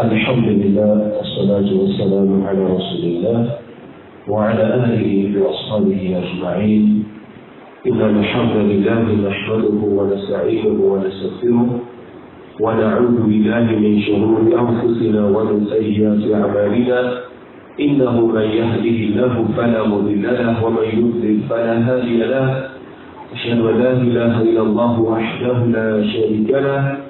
الحمد لله والصلاة والسلام على رسول الله وعلى آله وأصحابه أجمعين إن الحمد لله نحمده ونستعينه ونستغفره ونعوذ بالله من شرور أنفسنا ومن سيئات أعمالنا إنه من يهده الله فلا مضل له ومن يضلل فلا هادي له أشهد أن لا إله إلا الله وحده لا شريك له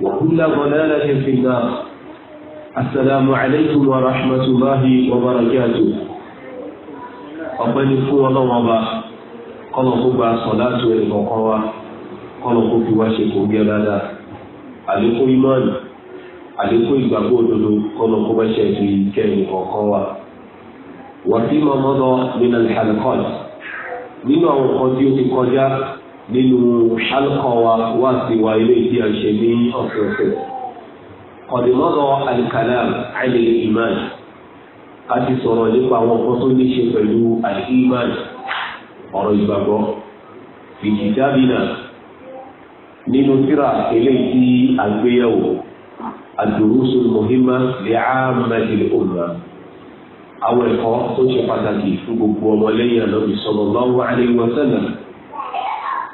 وكل ضلالة في النار السلام عليكم ورحمة الله وبركاته ọpẹ́ni fún ọlọ́wọ́n ọba kọ́lọ̀ kó gba sọ̀dáàtò ẹnì kọ̀ọ̀kan wa kọ́lọ̀ kó fi wá ṣe kò gẹ́ dáadáa àlékún ìmọ̀ọ́nì àlékún ìgbàgbọ́ òdodo kọ́lọ̀ kó bá ṣe fi kẹ́ ẹnì wa. wà á fi mọ́ mọ́dọ̀ nínú àlùkọ́ọ̀lù nínú àwọn nǹkan tí ó ti kọjá nínú ṣálùkọ́ wa wá sí wa ilé ìdí àṣẹ ní ọ̀sọ̀ọ̀sẹ̀ ọ̀dìmọ́rọ̀ alkalam àìlè iman a ti sọ̀rọ̀ nípa àwọn ọkọ̀ tó ní ṣe pẹ̀lú al-iman ọ̀rọ̀ ìgbàgbọ́ ìjìdábìnà nínú tírà eléyìí tí àgbéyẹ̀wò ad-durusul muhimma li'ammatil umma àwọn ẹ̀kọ́ tó ṣe pàtàkì fún gbogbo ọmọlẹ́yìn Ànábì sallallahu alaihi wa sallam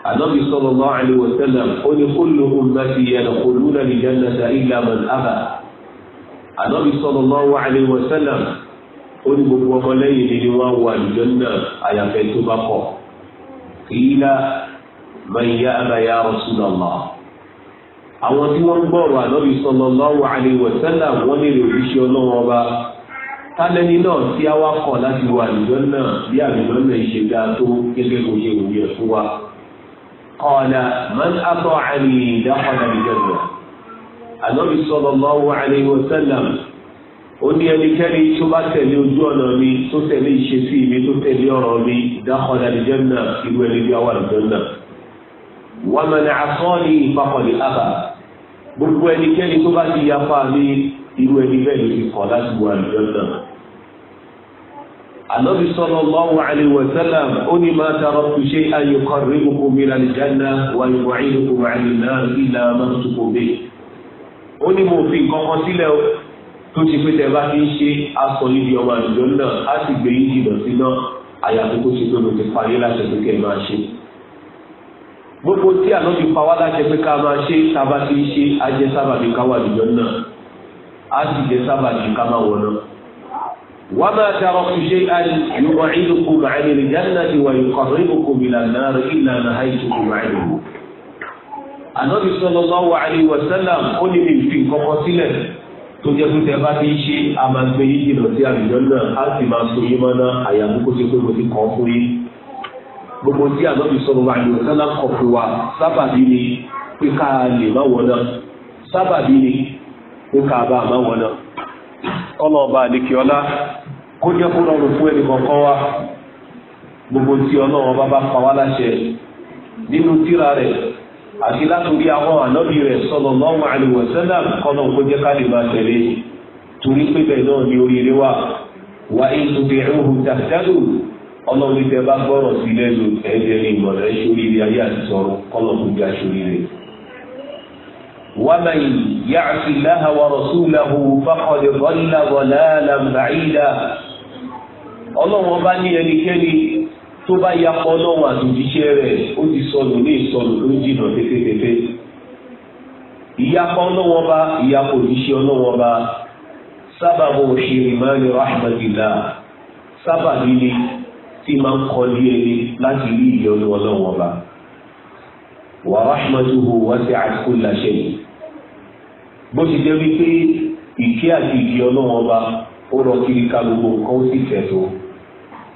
anabi صلى الله عليه وسلم ó ní kullu ummati yadkhuluna al-jannata illa man aba anabi sallallahu alaihi wa sallam ó ní gbogbo ọmọlẹ́yìn ni ni wọ́n wà al-janna àyàfẹ́ tó bá kọ̀ qila man ya'ba ya rasulallah àwọn tí wọ́n gbọ́rọ̀ anabi sallallahu alaihi wa sallam wọ́n nílò ìṣe ọlọ́wọ́n ọba tálẹ́ni náà tí a wá kọ̀ láti wà al-janna bí àlùjọ́ náà ṣe dáa tó gẹ́gẹ́ bó ṣe wù fún wa kọ́ọ̀lá man atọ́ àmì ìdápadà ìjọba ànábi sallallahu alayhi wa sallam ó ní ẹnikẹ́ni tó bá tẹ̀lé ojú ọ̀nà mi tó tẹ̀lé ìṣesí mi tó tẹ̀lé ọ̀rọ̀ mi dákọ̀dá àlùjánnà irú ẹni bí àwọn àlùjánnà. wọ́n mọ̀ ní asọ́ọ̀lì ìpapọ̀lì àbà gbogbo ẹnikẹ́ni tó bá ti yapa mi irú ẹni bẹ́ẹ̀ ló ti kọ̀ láti wọ àlùjánnà anabi sallallahu alayhi wa sallam ó ní ma taraktu shay'an yuqarribukum min al-janna wa yub'idukum 'an an-nar illa masukun bihi. ó ní mo fi nǹkan kan sílẹ̀ o tó ti pé tẹ bá ti ń ṣe aṣọ ibi ọmọ àdúgbò náà á sì gbé yín jìnnà sí náà àyàfi kó ṣe pé mo ti parí láti ẹgbẹ́ kẹ́ máa ṣe. gbogbo tí anabi pa wá láti ẹgbẹ́ ká máa ṣe tá a bá ti ń ṣe á jẹ́ sábàbí ká wà àdúgbò náà á sì jẹ́ sábàbí ká máa wọ̀ náà. وما تركت شيئا يبعدكم عن الجنة ويقربكم إلى النار إلا نهيتكم عنه Ànábì sallallahu alayhi wa sallam ó ní mi fi kọ́kọ́ sílẹ̀ tó a máa gbé yín jìnnà sí àlùjọ náà á sì máa so yín mọ́ná àyàfi kó ọlọ́ọ̀bá àdékíọ́lá kó jẹ́ kó rọrùn fún ẹnì kọ̀ọ̀kan wa gbogbo tí ọlọ́wọ́ bá bá pa wá láṣẹ nínú tíra rẹ àti látòrí àwọn ànábì rẹ̀ sallallahu alaihi wasallam kọ́nà kó jẹ́ ká máa tẹ̀lé torí pé náà ni oríire wà ومن يعص الله ورسوله فقد ضل ضلالا بعيدا ọlọ́run ọba ní ẹnikẹ́ni tó bá yapọ̀ ọlọ́run àtòjíṣẹ́ rẹ̀ ó ti sọnù ní ìsọnù tó jìnnà tẹ́tẹ́tẹ́tẹ́ ìyapa ọlọ́run ọba ìyapa òjíṣẹ́ ọlọ́run ọba sábàbù ṣèlémánì rahmatillah sábàbí ni tí máa ń kọ́ lé ẹni láti rí ìyọnu ọlọ́run ọba wa rahmatuhu wasi'at kulla shay' bó ti jẹ́ wípé ìkẹ́ àti ìkẹ́ ọlọ́run ọba ó lọ kiri ká gbogbo nǹkan ó sì fẹ̀ tó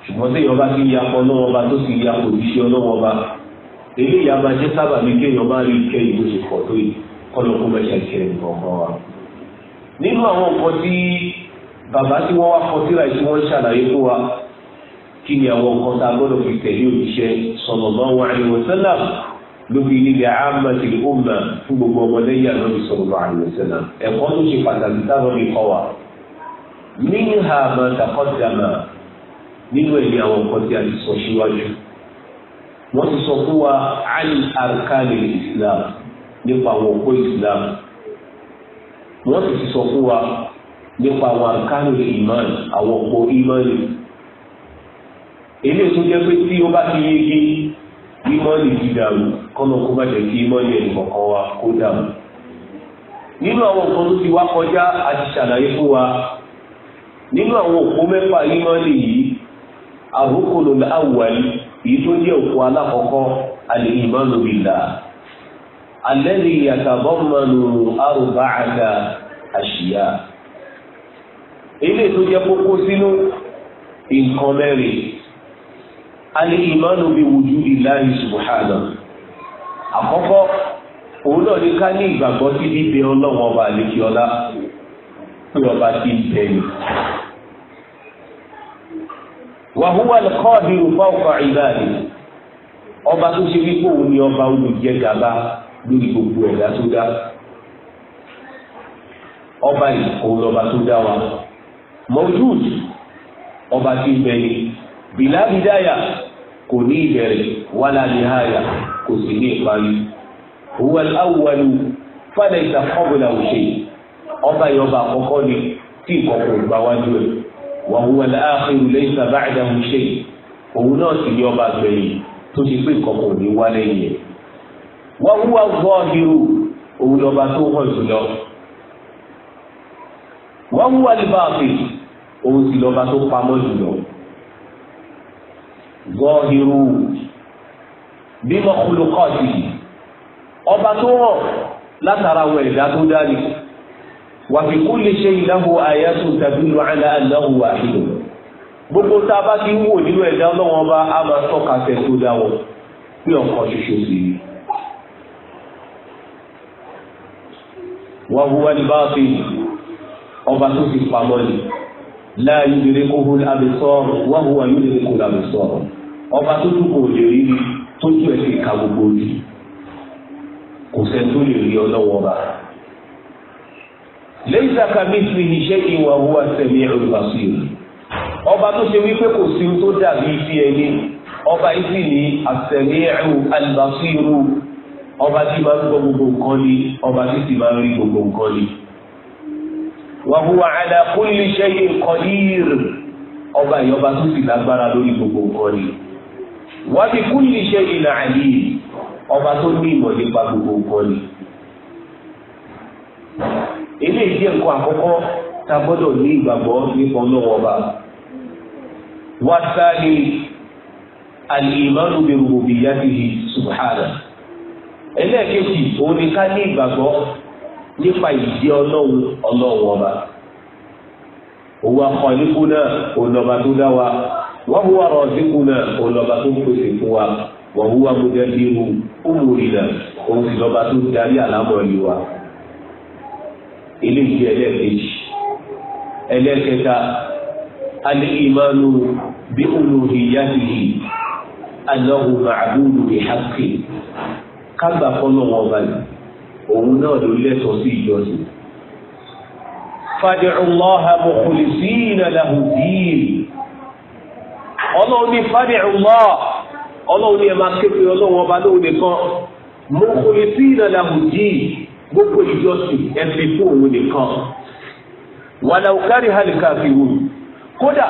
ṣùgbọ́n téèyàn bá ti yakọ ọlọ́run ọba tó sì yakọ òṣìṣẹ́ ọlọ́run ọba eléyìí a máa ṣe sábà ní kéèyàn bá rí ìkẹ́ ìbò ṣe pọ̀ tó yìí kọ́lọ́ kó mẹ́ṣẹ̀ ṣe nǹkan wa. nínú àwọn nǹkan tí bàbá tí wọ́n wá kọ síra tí wọ́n ń ṣàlàyé fún wa kí ni àwọn nǹkan tá a gbọ́dọ̀ fi tẹ̀lé òṣìṣẹ́ sallallahu lóbi nílẹ̀ àmàṣìlì ọmọ fún gbogbo ọmọlẹ́yìn ànábi sallallahu alaihi wasallam ẹ̀kọ́ tó ṣe pàtàkì táwọn mi kọ́ wa nínú ha máa takọ́dàmà nínú ẹ̀mí àwọn nǹkan tí a ti sọ síwájú wọ́n ti sọ fún wa ali arkani islam nípa àwọn òpó islam wọ́n ti sọ fún wa nípa àwọn arkani iman àwọn òpó imani èyí tó jẹ́ pé tí ó bá ti yege ìmọ̀lì dídàrú kọ́nà kó má jẹ́ kí ìmọ̀lì ẹ̀yìn kọ̀ọ̀kan wa kó dàrú. nínú àwọn nǹkan tó ti wá kọjá àti ṣàlàyé fún wa nínú àwọn òpó mẹ́fà ìmọ̀lì yìí àbúkòlò àwùwálì èyí tó jẹ́ òpó alákọ̀ọ́kọ́ alẹ́ ìmọ̀lù bìlà alẹ́ ni yàtàbọ̀mọ̀nù àrùbá àga àṣìyà. eléyìí tó jẹ́ kókó sínú nǹkan mẹ́rin alìmánu bí wùjú ìláyé subhánà àkọ́kọ́ òun náà ní ká ní ìgbàgbọ́ sí bíbẹ ọlọ́wọ́n ọba àlekí ọlá pé ọba ti ń bẹ ni. wàhúwà lẹ́kọ́ọ̀dì rúfà ọkọ̀ ìbáàdì ọba tó ṣe wípé òun ni ọba olùjẹgàba lórí gbogbo ẹ̀dá tó dá ọba yìí tó dá wa mọ́júùd ọba ti ń bẹ bìlá bìdáyà kò ní ìbẹ̀rẹ̀ wàlá nìháyà kò sì ní ìparí huwa al-awwalu falaysa qablahu shay ọba ìyọba àkọ́kọ́ ni tí ìkọ̀kọ̀ gbà wájú ẹ̀ wa huwa al-akhiru laysa ba'dahu shay òun náà sì ní ọba àgbẹ̀yìn tó ti pé ìkọ̀kọ̀ ní wá lẹ́yìn ẹ̀ wa huwa al-zahiru òun lọ́ba tó hàn jùlọ wa huwa al-batin òun sì lọ́ba tó pamọ́ jùlọ gọ́hìrù bímọ kulukọ́ọ̀tì ọba tó hàn látara wọ ẹ̀dá tó dárí wa fi kulli shay'in lahu ayatun tadullu ala annahu wahid gbogbo tá a bá ti wò nínú ẹ̀dá ọlọ́wọ́n bá a máa tọ́ka tẹ̀ tó dá wọn pé ọkàn ṣoṣo sí i. wa huwa al ọba tó ti pamọ́ ni la yudrikuhu al-absar wa huwa yudriku al-absar ọba tó tún kò lè rí tójú ẹ̀ sì ka gbogbo rí kò sẹ́ni tó lè rí ọlọ́wọ́ bá. laysa kamithlihi shay'un wa huwa as-sami'ul basir ọba tó ṣe wípé kò sí tó dàbí fi ẹni ọba yìí sì ní as-sami'u al-basir ọba tí máa ń gbọ́ gbogbo nǹkan ni ọba tí sì máa ń rí gbogbo nǹkan ni wa huwa ala kulli shay'in qadir ọba ìyọba tó sì lágbára lórí gbogbo nǹkan ni wa bi kulli shay'in alim ọba tó ní ìmọ̀ nípa gbogbo nǹkan ni. eléyìí jẹ́ nǹkan àkọ́kọ́ tá a gbọ́dọ̀ ní ìgbàgbọ́ nípa ọlọ́wọ́ ọba. wá sáré al-imanu bi rububiyyatihi subhanahu. ẹlẹ́ẹ̀kejì òun ni ká ní ìgbàgbọ́ nípa ìdí ọlọ́run ọlọ́run ọba òwò akọ nípò náà ònàba tó dá wa wọ́n wà rọ̀ sípò náà ònàba tó pèsè fún wa wọ́n wà múdẹ́ bí irú òmùrì náà òun sì lọ́ba tó darí àlámọ̀ wa eléyìí ẹlẹ́ẹ̀kejì ẹlẹ́ẹ̀kẹta alẹ́ ìmánu bí olùhìyàtìlì aláwo màdúró bí kágbà fọlọ́wọ́n ọba òun náà ló lẹ́tọ̀ọ́ sí ìjọsìn. fad'u Allaha mukhlisina lahu ọlọ́run ní fad'u ọlọ́run ní ẹ máa ọlọ́run ọba lóhùn nìkan mukhlisina lahu ddin gbogbo ìjọsìn ẹ fi fún òun nìkan. walau karihal kafirun kódà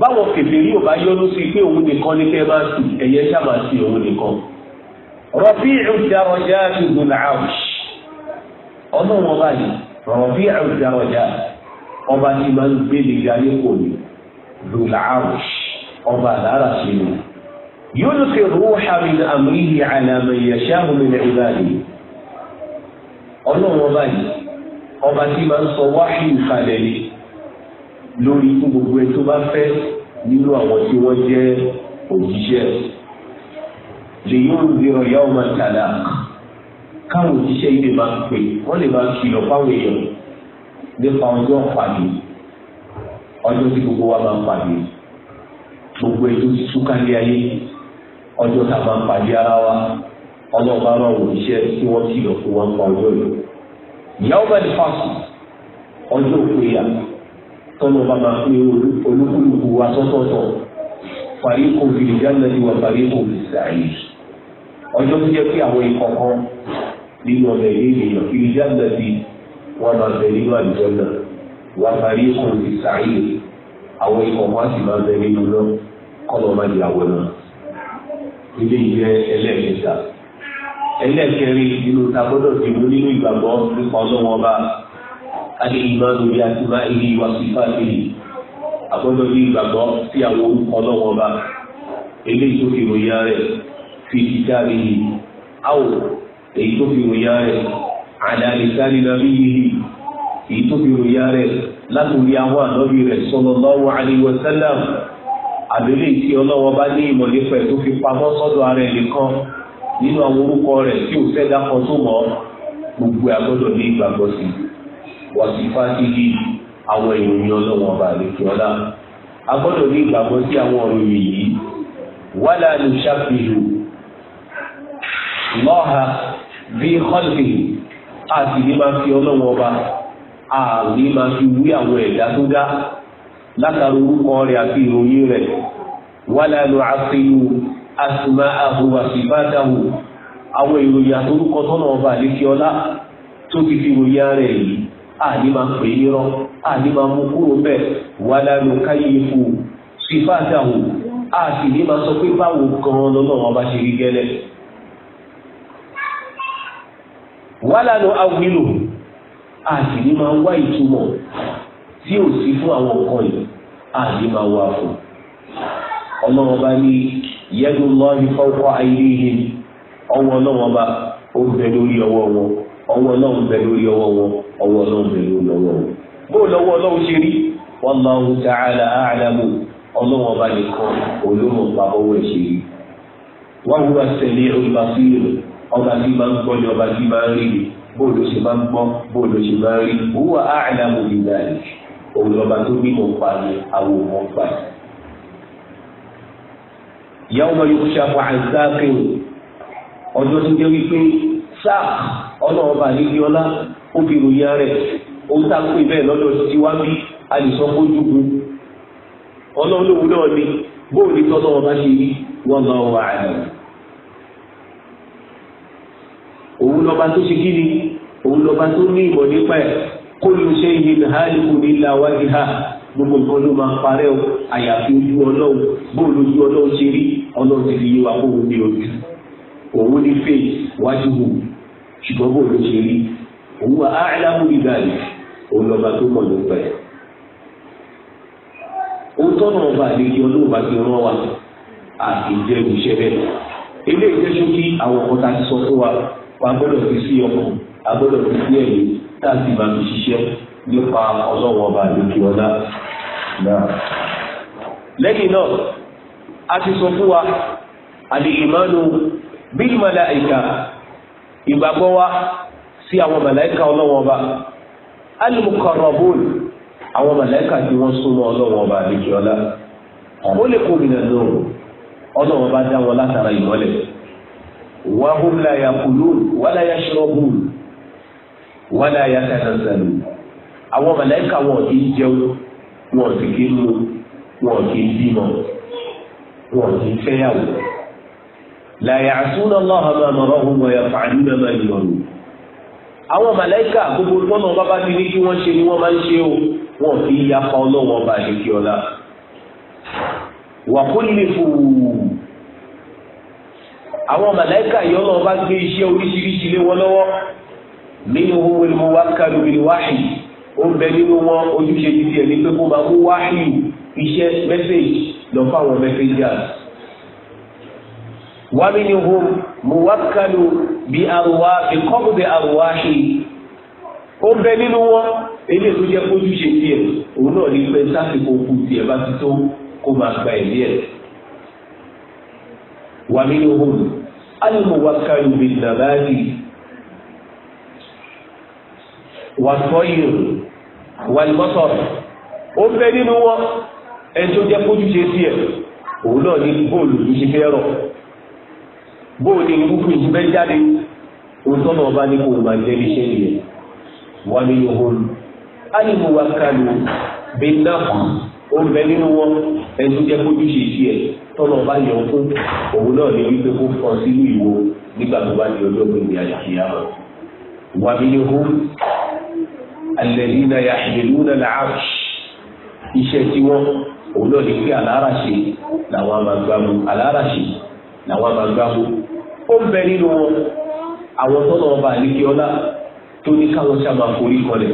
báwọn kèfèrí ò bá yọ́nú sí pé òun nìkan ní kẹ́ máa sùn ẹ̀yẹ sábà sí òun nìkan. rafi'u darajati ọlọ́run ọba yìí rọ̀rọ̀ bí àrùdá ọjà ọba tí máa ń gbé lè ga ayé kò ní lùlàárù ọba àdára sí ni. yóò lè fi rúwà mi ní àmúyí àlàmì ìyàṣẹ́ àmúmi ní ìbáàdì. ọlọ́run ọba yìí ọba tí máa ń sọ wáhíù kalẹ̀ ni lórí fún gbogbo ẹ tó bá fẹ́ nínú àwọn tí wọ́n jẹ́ òjíṣẹ́. lè yóò lè rọ̀ yá tàdá káwọn òṣìṣẹ́ yìí lè máa pè wọ́n lè máa kìlọ̀ fáwọn èèyàn nípa ọjọ́ pàdé ọjọ́ tí gbogbo wa máa pàdé gbogbo ètò ti lé ayé ọjọ́ tá a máa pàdé ara wa ọlọ́ọ̀bá máa wò iṣẹ́ tí wọ́n kìlọ̀ fún wa pa ọjọ́ yìí. ìyàwó bá ti fàṣù ọjọ́ òpéyà tọ́lọ́ bá máa pé olúkúlùkù wa sọ́tọ̀ọ̀tọ̀ fàríkò fìdí jáde ní wa fàríkò fìdí sàáyé ọjọ́ tí jẹ́ pé àwọn ìkọ̀kan nínú ọmọ ẹ̀yẹ ènìyàn kí ní jáde ti wọ́n máa bẹ nínú àjọ náà wọ́n parí kùn sí sàáyè àwọn ikọ̀ wọn sì máa bẹ nínú náà kọ́nà máa di àwọn náà ilé ìjẹ ẹlẹ́ẹ̀kẹta ẹlẹ́ẹ̀kẹrin nínú ta gbọ́dọ̀ ti mú nínú ìgbàgbọ́ nípa ọlọ́wọ́n ọba adé ìmánu bí atúmá ilé ìwà sífà ìlì àgbọ́dọ̀ ní ìgbàgbọ́ sí àwọn orúkọ ọlọ́wọ́n ọba eléyìí tó fi ròyìn rẹ̀ fi ti dáre yìí èyí tó fi ròyà rẹ̀ àdàlìsáni nàbí yìí èyí tó fi ròyà rẹ̀ látòrí àwọn ànábì rẹ̀ sallallahu alaihi wasallam àbẹ̀lẹ̀ tí ọlọ́wọ́ bá ní ìmọ̀lẹ́ pẹ̀ tó fi pamọ́ sọ́dọ̀ ara ẹ̀ nìkan nínú àwọn orúkọ rẹ̀ tí ò fẹ́ dákan tó mọ̀ gbogbo àgbọ̀dọ̀ ní ìgbàgbọ́ sí wàsífà ti di àwọn ìròyìn ọlọ́wọ́ ọba àlejò ọlá agbọ́dọ̀ ní ìgbàgbọ́ sí àwọn ìròyìn yìí wàlá ní ṣàfihàn lọ́ha bí kọ́lùkì àti ní máa fi ọlọ́wọ́ ọba àmì máa fi wí àwọn ẹ̀dá tó dá látara orúkọ rẹ̀ àti ìròyìn rẹ̀ wala nu'athilu asma'ahu wa sifatahu àwọn ìròyìn àtorúkọ tọ́nà ọba àlékí ọlá tó ti fi ròyìn ara ẹ̀ yìí àní máa pè é nírọ́ àní máa mú kúrò bẹ́ẹ̀ wala nukayyifu sifatahu àti ní máa sọ pé báwo gan-an lọ́nà ọba ṣe rí gẹ́lẹ́ wàlànà awìlò a sì ní máa wá ìtumọ̀ tí ò sí fún àwọn nǹkan yìí a máa wá fún ọlọ́wọ́n bá ní yẹ́dù lọ́ọ̀hì fọ́fọ́ ayélujára ọwọ́ ọlọ́wọ́n bá ó bẹ lórí ọwọ́ wọn ọwọ́ ọlọ́wọ́n bẹ lórí ọwọ́ wọn ọwọ́ ọlọ́wọ́n bẹ lórí ọwọ́ wọn bó lọ́wọ́ ṣe rí ọba tí máa ń gbọ́ ni ọba tí máa ń rí ni bóò ló ṣe máa ń gbọ́ bóò ló ṣe máa ń rí wúwà áàlà òyìnbá rẹ̀ òun lọ́ba tó ní mọ̀ pa ni àwọn pa ni. ọjọ́ tó jẹ́ wípé rẹ̀ òun tá a pè bẹ́ẹ̀ lọ́dọ̀ náà ni ṣe rí wọ́n lọ́wọ́ òun lọ́ba tó ṣe kí ni òun lọ́ba tó ní ìmọ̀ nípa ẹ̀ kó ló ṣe yí hálìkù nílà wájú ha gbogbo nǹkan ló máa parẹ́ o àyàfi ojú ọlọ́run bóun lójú ọlọ́run ṣe rí ọlọ́run ti fi yé wa kóun ní ojú òun ní fèèjì wájú hù ṣùgbọ́n bóun ló ṣe rí òun wà á ẹ̀dáwó ìgbàlè òun lọ́ba tó mọ̀ nípa ẹ̀ òun tọ́nà ọba àlejò ọlọ́ọ̀bá ti rán wa àti ìjẹ́ ìṣẹ́ bẹ́ẹ̀ eléyìí jẹ́ sókí wà gbọ́dọ̀ fi sí ọkàn a gbọ́dọ̀ fi sí ẹ̀yìn láti máa fi ṣiṣẹ́ nípa ọlọ́wọ́ ọba àdókè ọlá náà. lẹ́yìn náà a ti sọ fún wa àlè ìmánu bíi màláìka ìgbàgbọ́ wa sí àwọn màláìka ọlọ́wọ́ ọba alimukarabul àwọn màláìka tí wọ́n súnmọ́ ọlọ́wọ́ ọba ọlá ó lè kó ọlọ́wọ́ ọba dá wọn látara ìmọ́lẹ̀. wahum la yakulun wala yashrabun wala yatanazzalun àwọn màláíkà wọn kì í jẹun wọn sì kì í mu wọn kì í bímọ wọn kì í fẹ́yàwó la ya'suna Allaha ma amarahum wa yaf'aluna ma yu'marun àwọn màláíkà gbogbo tọ́nà bábá ti ní kí wọ́n ṣe ni wọ́n máa ń ṣe o wọn kì í yapa ọlọ́wọ́n bá a lè kí ọlá wà kó lè fòwò àwọn màláìka yìí ọlọ́run bá gbé iṣẹ́ oríṣiríṣi lé wọn lọ́wọ́ nínú owó ìlú wa kálù ìlú wáhì ó ń bẹ nínú wọn ojúṣe ti tiẹ̀ ní pé kó máa mú wáhì iṣẹ́ mẹ́sẹ̀gì lọ fáwọn mẹ́sẹ̀gìàs. wá nínú owó mu wá kálù bí àrùwá ìkọ́bù bí àrùwá ṣe ó ń bẹ nínú wọn eléyìí tó jẹ́ kójúṣe tiẹ̀ òun náà ní pé sáfìkò kù tiẹ̀ bá ti tó kó máa gba ẹ̀mí ẹ̀ wà nínú hùn alùmọ̀wákàlù bí nàbáàlì wà tọ́yìn wà lọ́sọ̀rọ̀ ó fẹ́ nínú wọn ẹni tó jẹ́ kójú ṣe sí ẹ̀ òun náà ní bóòlù yìí ṣe fẹ́ rọ̀ bóòlù ní kúkú yìí fẹ́ jáde òun tọ́nà ọba ní kò máa jẹ́ iṣẹ́ yẹn wà nínú hùn alùmọ̀wákàlù bí nàbáàlì ó fẹ́ nínú wọn ẹni tó jẹ́ kójú ṣe sí ẹ̀ tọ́nà bá yọ fún òun náà ní wípé kó fọ́n sínú ìwo nígbà tó bá di ọjọ́ gbèndé àyàkíyà rẹ̀. wà mí ni hó alẹ́bí náà yà ìlú náà là á iṣẹ́ tí wọ́n òun náà ní pé aláràṣe làwọn amagbámu aláràṣe làwọn amagbámu ó ń bẹ nínú wọn àwọn tọ́nà ọba àlékiọ́lá tó ní káwọn ṣá máa forí kọlẹ̀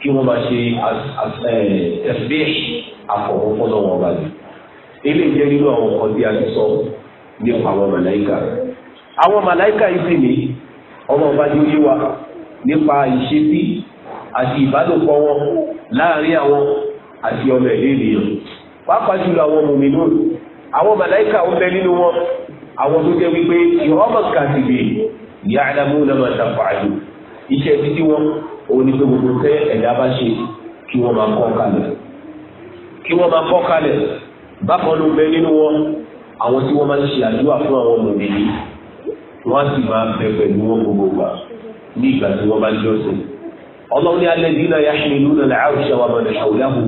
kí wọ́n máa ṣe ẹ̀fẹ́ eh, àfọwọ́fọ́nà wọn balẹ̀ eléyìí jẹ́ nínú àwọn nǹkan tí a ti sọ nípa àwọn màláìka àwọn màláìka yìí sì ní ọmọ ọba tí ó yé wa nípa ìṣesí àti ìbálòpọ̀ wọn láàrin àwọn àti ọmọ ẹ̀dẹ́ ènìyàn pàápàá jùlọ àwọn mòmìnú àwọn màláìka ó bẹ nínú wọn àwọn tó jẹ́ wípé ìhọ́mọ̀ kàtìbì ìyá àdàmú náà máa ṣàfààní iṣẹ́ títí wọn òun ni pé gbogbo tẹ́ ẹ̀dá bá ṣe kí wọ́n máa kọ́ kalẹ̀ kí wọ́n máa kọ́ kalẹ̀ bákan ló bẹ nínú wọn àwọn tí wọ́n máa ń ṣe àdúrà fún àwọn mòmìnì wọ́n á sì máa bẹ pẹ̀lú wọn gbogbo gbà ní ìgbà tí wọ́n bá jọ́sìn ọlọ́run ní alẹ́ dínà yá ṣe ìlú náà láàrú ṣàwọn ọmọdé ṣàwùláhù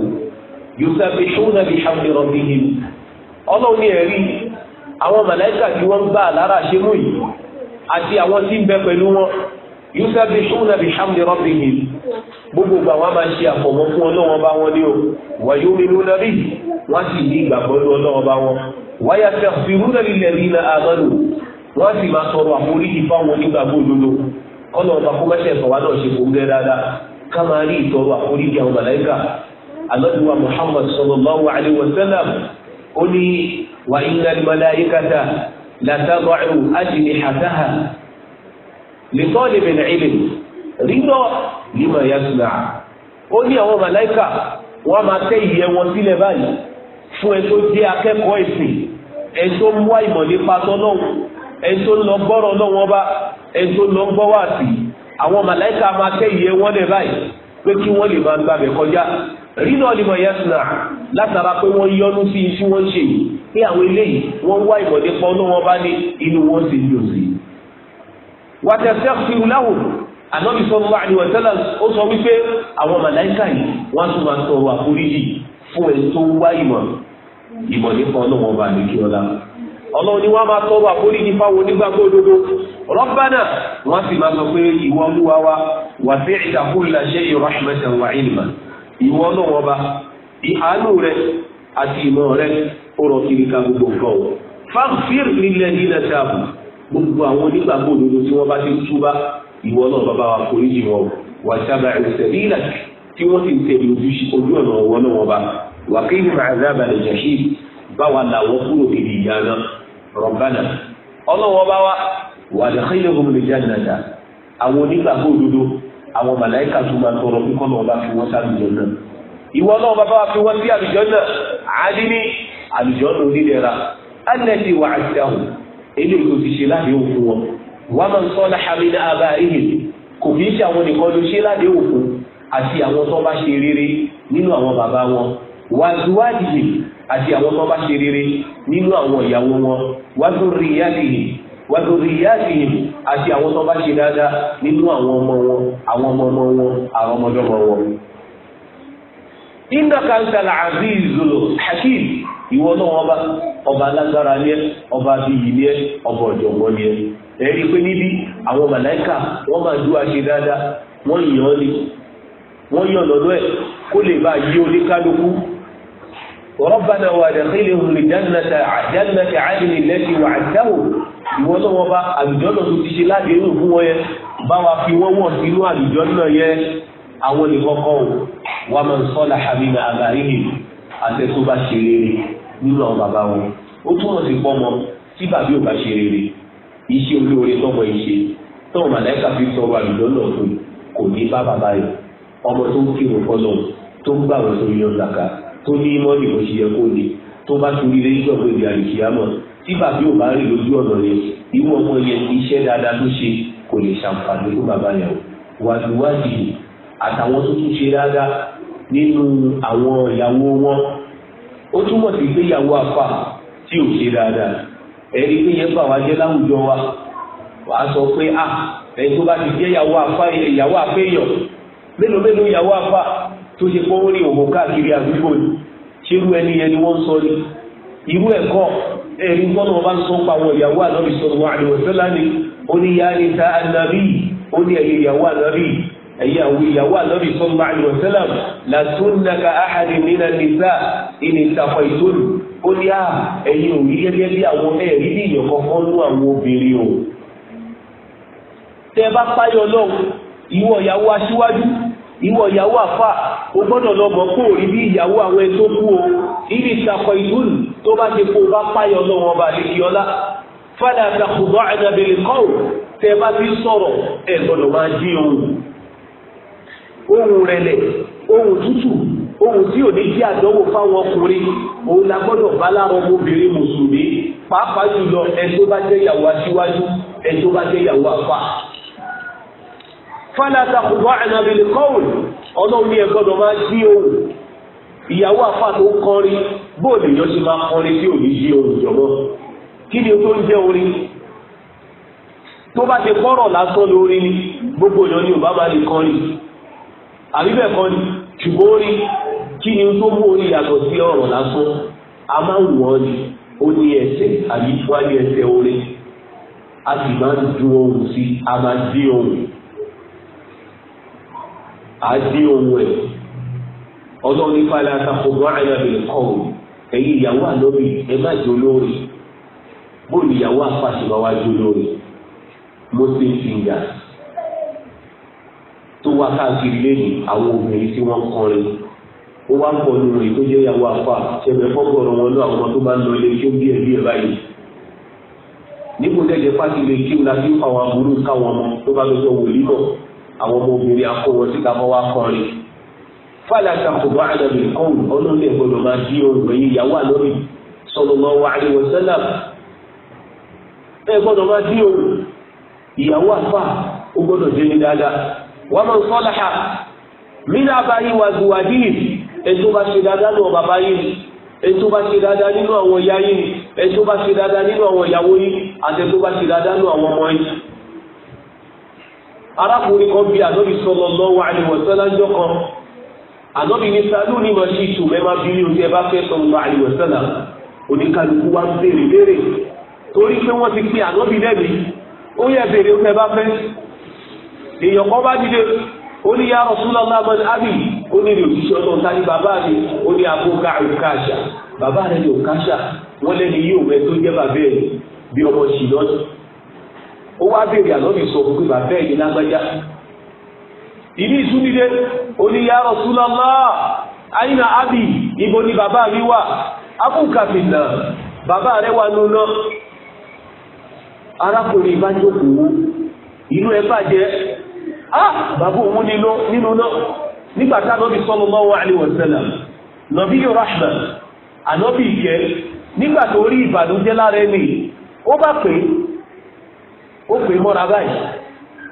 yóò fi ṣóúnà bí ṣàwùlẹ̀ rọ̀bì yìí ọlọ́run ní ẹ̀rí àwọn màláìkà tí wọ́n ń bá àlárà ṣe mú yìí yusabihuna bihamdi rabbihim gbogbo gba wọn máa ṣe àfọ̀mọ́ fún ọlọ́wọ́n bá wọn ní o wa yu'minuna bihi wọ́n sì ní ìgbàgbọ́ ní ọlọ́wọ́n bá wọn wa yastaghfiruna na amanu Nwasi sì máa sọ̀rọ̀ àforíjì fáwọn onígbàgbọ́ òdodo ọlọ́wọ́n bá kó mẹ́sẹ̀ náà ṣe kó ń gẹ́ dáadáa ká máa rí ìtọ́rọ̀ àforíjì àwọn alọ́dúnwà muhammad lẹ́kọ́ lè bẹ̀rẹ̀ ilẹ̀ rínà lima yasuna ó ní àwọn màláìkà wọ́n máa tẹ́ ìyẹ́ wọn sílẹ̀ báyìí fún ẹ tó jẹ́ akẹ́kọ̀ọ́ ẹ̀sìn ẹ tó ń wá ìmọ̀ nípa tọ́lọ́hùn ẹ tó ń lọ gbọ́rọ̀ lọ́wọ́ bá ẹ tó ń lọ gbọ́ wá sí àwọn màláìkà máa tẹ́ ìyẹ́ wọn lẹ̀ báyìí pé kí wọ́n lè máa gbàgbẹ́ kọjá rínà lima yasuna látara pé wọ́n yọnu sí iṣu wọn ṣe yìí pé àwọn eléyìí wọ́n wá ìmọ̀ nípa ọlọ́wọ́ bá ní inú wọn sì ní òsì wàtẹ̀sẹ̀kìrù láwò ànábì sallallahu alaihi wa sallam ó sọ wípé àwọn màláìkà yìí wọ́n tún máa tọrọ àforíjì fún ẹ̀ tó wá ìmọ̀ ìmọ̀ nípa ọlọ́wọ́n bá lè kí ọlá ọlọ́run ni wọ́n máa tọrọ àforíjì fáwọn onígbàgbọ́ òdodo Rabbana wọ́n sì máa sọ pé ìwọ olúwa wa wasi'ta kulla shay'in rahmatan wa ilman ìwọ ọlọ́wọ́n bá ìhàánú rẹ àti ìmọ̀ rẹ ó rọ kiri ká gbogbo nǹkan o faghfir lilladhina tabu gbogbo àwọn onígbàgbọ́ òdodo tí wọ́n bá ti ń túbá ìwọ náà bàbá wa foríjì wọn wà sábà ẹsẹ̀ nílà tí wọ́n ti ń tẹ̀lé ojú ọ̀nà wọn náà wọn bá wà kí ní àzábà lè jẹ̀ṣí báwa làwọn kúrò kìdì ìyá náà rọ̀bánà ọlọ́wọ́ bá wa wà lẹ́kẹ́lẹ́ omi lè jáde nàdà àwọn onígbàgbọ́ òdodo àwọn màláìkà tó máa tọrọ kíkọ́ náà bá fi wọ́n sábì jọ náà ìwọ náà bàbá wa fi wọ́n ele ló ti ṣe láti òkú wọn wàá máa ń sọ láhàmínà àbá ìhìn kò kì í ṣe àwọn nìkan ló ṣe láti òkú àti àwọn tó bá ṣe rere nínú àwọn bàbá wọn wàzúwádìí àti àwọn tó bá ṣe rere nínú àwọn ìyàwó wọn wàzúrìyádìí wàzúrìyádìí àti àwọn tó bá ṣe dáadáa nínú àwọn ọmọ wọn àwọn ọmọ ọmọ wọn àwọn ọmọdọ́mọ wọn. indakantala azizul hakim ìwọ náà ọba ọba alágbára ni ọba abiyì ni ọba ọ̀jọ̀gbọ́n ni ẹ ẹ̀rí pé níbi àwọn màláìkà wọ́n máa dúwà ṣe dáadáa wọ́n yàn ni wọ́n yàn lọ́dọ̀ ẹ̀ kó lè bá yí oníkálukú ربنا ọba tó ti ṣe láti inú fún wọn wa fi wọ́n wọ̀ sínú àwọn oníkọ́kọ́ o wà máa ń sọ́lá hamina abarihim àti tó bá ṣe rere nínú àwọn bàbá wọn ó túmọ̀ sí pọ́mọ tí bàbí ò bá ṣe rere iṣẹ́ olóore tọ́mọ ìṣe tọ́mọ màláìka fi tọrọ àlùdọ́nà tó kò ní bá bàbá rẹ̀ ọmọ tó ń kírun fọlọ́ tó ń gbàwọ̀ tó yan zaka tó ní mọ́nì bó ṣe yẹ kó ní tó bá torí lé nígbà gbèdé àlùkìyàmọ̀ tí bàbí ò bá rìn lójú ọ̀nà rẹ̀ irú ọmọ yẹn iṣẹ́ dáadáa tó ṣe kò lè ṣàǹfààní fún bàbá rẹ̀ o àtàwọn tó tún ṣe dáadáa nínú àwọn ìyàwó wọn ó túmọ̀ sí pé ìyàwó afa tí ò ṣe dáadáa ẹ̀rí pé yẹn bà wá jẹ́ láwùjọ wa wàá sọ pé à ah, ẹni tó bá ti jẹ́ ìyàwó afa ìyàwó afẹ́yàn mélòó mélòó ìyàwó afa tó ṣe pé rí òwò káàkiri àdúgbò ni ṣé irú ẹni yẹn ni wọ́n ń sọ ni irú ẹ̀kọ́ ẹ̀rí gbọ́dọ̀ wọn bá ń sọ pa àwọn ìyàwó ànábì sọ̀rọ̀ wọn àdìwọ̀sẹ́lá ó ní yáa ní ta ànábì ó ní ẹ̀yẹ ìyàwó ànábì ẹ̀yà àwọn ìyàwó ànábì sallallahu alaihi wasallam làtúnà ka ahadi nínà nìta ìní ìtàkọ̀ ìtòlù ó ní à ah, ẹ̀yin ò rí gẹ́gẹ́ bí àwọn ẹ̀rí ní ìyàn kankan àwọn obìnrin o. tẹ bá páyọ lọ́wọ́ ìwọ ìyàwó aṣíwájú ìwọ ìyàwó àfà o gbọ́dọ̀ lọ mọ̀ kó o rí bí ìyàwó àwọn ẹni tó kú o ìní ìtàkọ̀ ìtòlù tó bá ti kó bá páyọ lọ́wọ́ ọba ohun rẹ̀lẹ̀ ohun tútù ohun tí ò ní kí àdánwò fáwọn ọkùnrin òun la gbọ́dọ̀ bá láwọn obìnrin mùsùlùmí pàápàá jùlọ ẹni tó bá jẹ́ ìyàwó aṣíwájú ẹni tó bá jẹ́ ìyàwó àfà. fálátà kò bá ànàbìlì kọ́ọ̀n ọlọ́run ní ẹ gbọ́dọ̀ máa dí ohùn ìyàwó àfà tó kọrin bóòlù yọ sí máa kọrin tí ò ní dí ohùn jọmọ kí ni o tó ń jẹ́ orin tó bá ti kọ́rọ̀ lásán lórí ni gbogbo èèyàn ni ò bá máa lè kọrin àbíbẹ̀ kọ́ ni ṣùgbọ́n ó kí ni tó mú orí yàtọ̀ sí ọ̀rọ̀ lásán a máa ń wọ́n ni ó ní ẹsẹ̀ àbí wá ẹsẹ̀ orí a sì máa ń ju ohun sí a máa dé ohun a dé ohun ẹ̀ ọlọ́run ní fàlẹ́ àtàkùnrin àyàbẹ̀rẹ̀ kọ́ ò ẹ̀yin ìyàwó àlọ́bì ẹ má jẹ́ olórí bóyá ìyàwó àpàṣẹ máa wá jẹ́ olórí mo ti ń fi ń yà sí wá káàkiri lẹ́yìn àwọn obìnrin tí wọ́n kọrin ó wá ń pọ̀ nínú rẹ̀ tó jẹ́ ìyàwó afá ṣẹ̀fẹ̀ fọ́gbọ̀rọ̀ wọn lọ àwọn tó bá ń lọ ilé kí ó bí ẹbí ẹ̀ báyìí níbo lẹ́jẹ̀ fásitì lè kí la fi àwọn aburú káwọn ọmọ tó bá lọ́jọ́ wòlíì náà àwọn ọmọ obìnrin akọ wọn síta kọ́ wá kọrin fàlà takùbọ̀ àdàbì kọ́ọ̀n ọlọ́lẹ̀ gbọ́dọ̀ máa wọ́n máa ń sọ́lá ha mílá abáyé wa zuwadíì ètò bá ṣe dáadáa nínú bàbá yìí ètò bá ṣe dáadáa nínú àwọn ìyá yìí ètò bá ṣe dáadáa nínú àwọn ìyàwó yìí àti ètò bá ṣe dáadáa nínú àwọn ọmọ yìí. arákùnrin kan bí ànábì sallallahu alaihi wasallam jọ kan ànábì ní sálú ní ma ṣe ìtù mẹ́ma bí ní oṣù ẹ bá fẹ́ sallallahu alaihi wasallam oníkàlùkù wa ń béèrè béèrè torí pé wọ́n ti pín ànábì lẹ́bi ó yẹ béèrè ó fẹ́ bá fẹ́ èèyàn kan bá dìde ó ní ya Rasulullah man abi ó ní ìròyìn ọlọ́run ta baba bàbá mi ó ní abúgá òkàṣà bàbá rẹ̀ ní òkàṣà wọ́n lẹ́ni yóò mẹ́ tó jẹ́ bàbá ẹ̀ bí ọmọ sì ó wá béèrè àlọ́bì sọ pé bàbá ẹ̀ ní lágbájá ìní ìsúnilé ó ní àyìnà ibo ni bàbá mi wà bàbá rẹ̀ wà arákùnrin inú ẹ bàjẹ́ Ah! bàbá òun nílò nínú náà nígbà tá ànábì sallallahu alaihi wasallam nàbí yóò rahman ànábì ìkẹ́ nígbà tó rí ìbànújẹ́ lára ẹni ó bá pè é ó pè é mọ́ra báyìí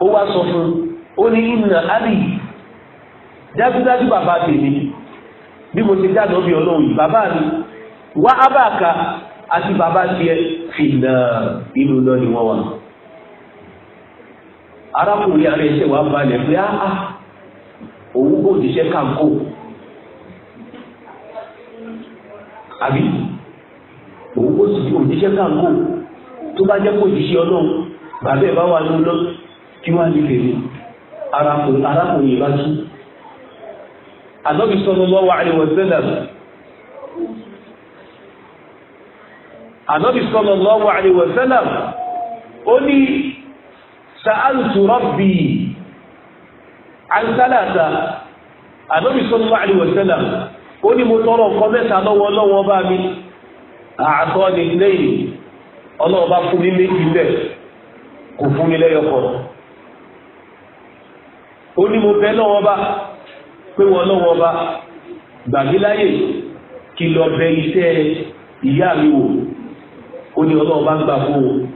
ó wá sọ fún ó ní ìnà àlì dájúdájú bàbá tèmi bí mo ti dáná bí ọlọ́run yìí bàbá mi wá abáàka àti bàbá tiẹ̀ fìlà ìlú náà ni wọ́n wà arákùnrin ààrẹ ṣe wàá balẹ̀ pé áá ah, ah, òun kò jíṣẹ́ káńkò àbí òun kò sì kò jíṣẹ́ káńkò tó bá jẹ́ kò jíṣẹ́ ọlọ́run bàbá ẹ̀ bá wà ní ọlọ́ kí wọ́n á di fèrè arákùnrin ìbá tú. ànábì sallallahu alaihi wasallam ànábì sallallahu alaihi wasallam ó ní sa'altu rabbi ansalata ànábì sallallahu alaihi wasallam ó ní mo tọrọ nǹkan mẹ́ta lọ́wọ́ lọ́wọ́ bá mi àtọ ní lẹ́yìn Ọlọ́run bá fún mi méjì bẹ́ẹ̀ kò fún mi lẹ́yọ̀kọ̀ ó ní mo bẹ̀ lọ́wọ́ bá pé wọn lọ́wọ́ bá gbàgbé láyè kí lọ bẹ̀ iṣẹ́ ìyá mi wò ó ní Ọlọ́run gbà fún wọn.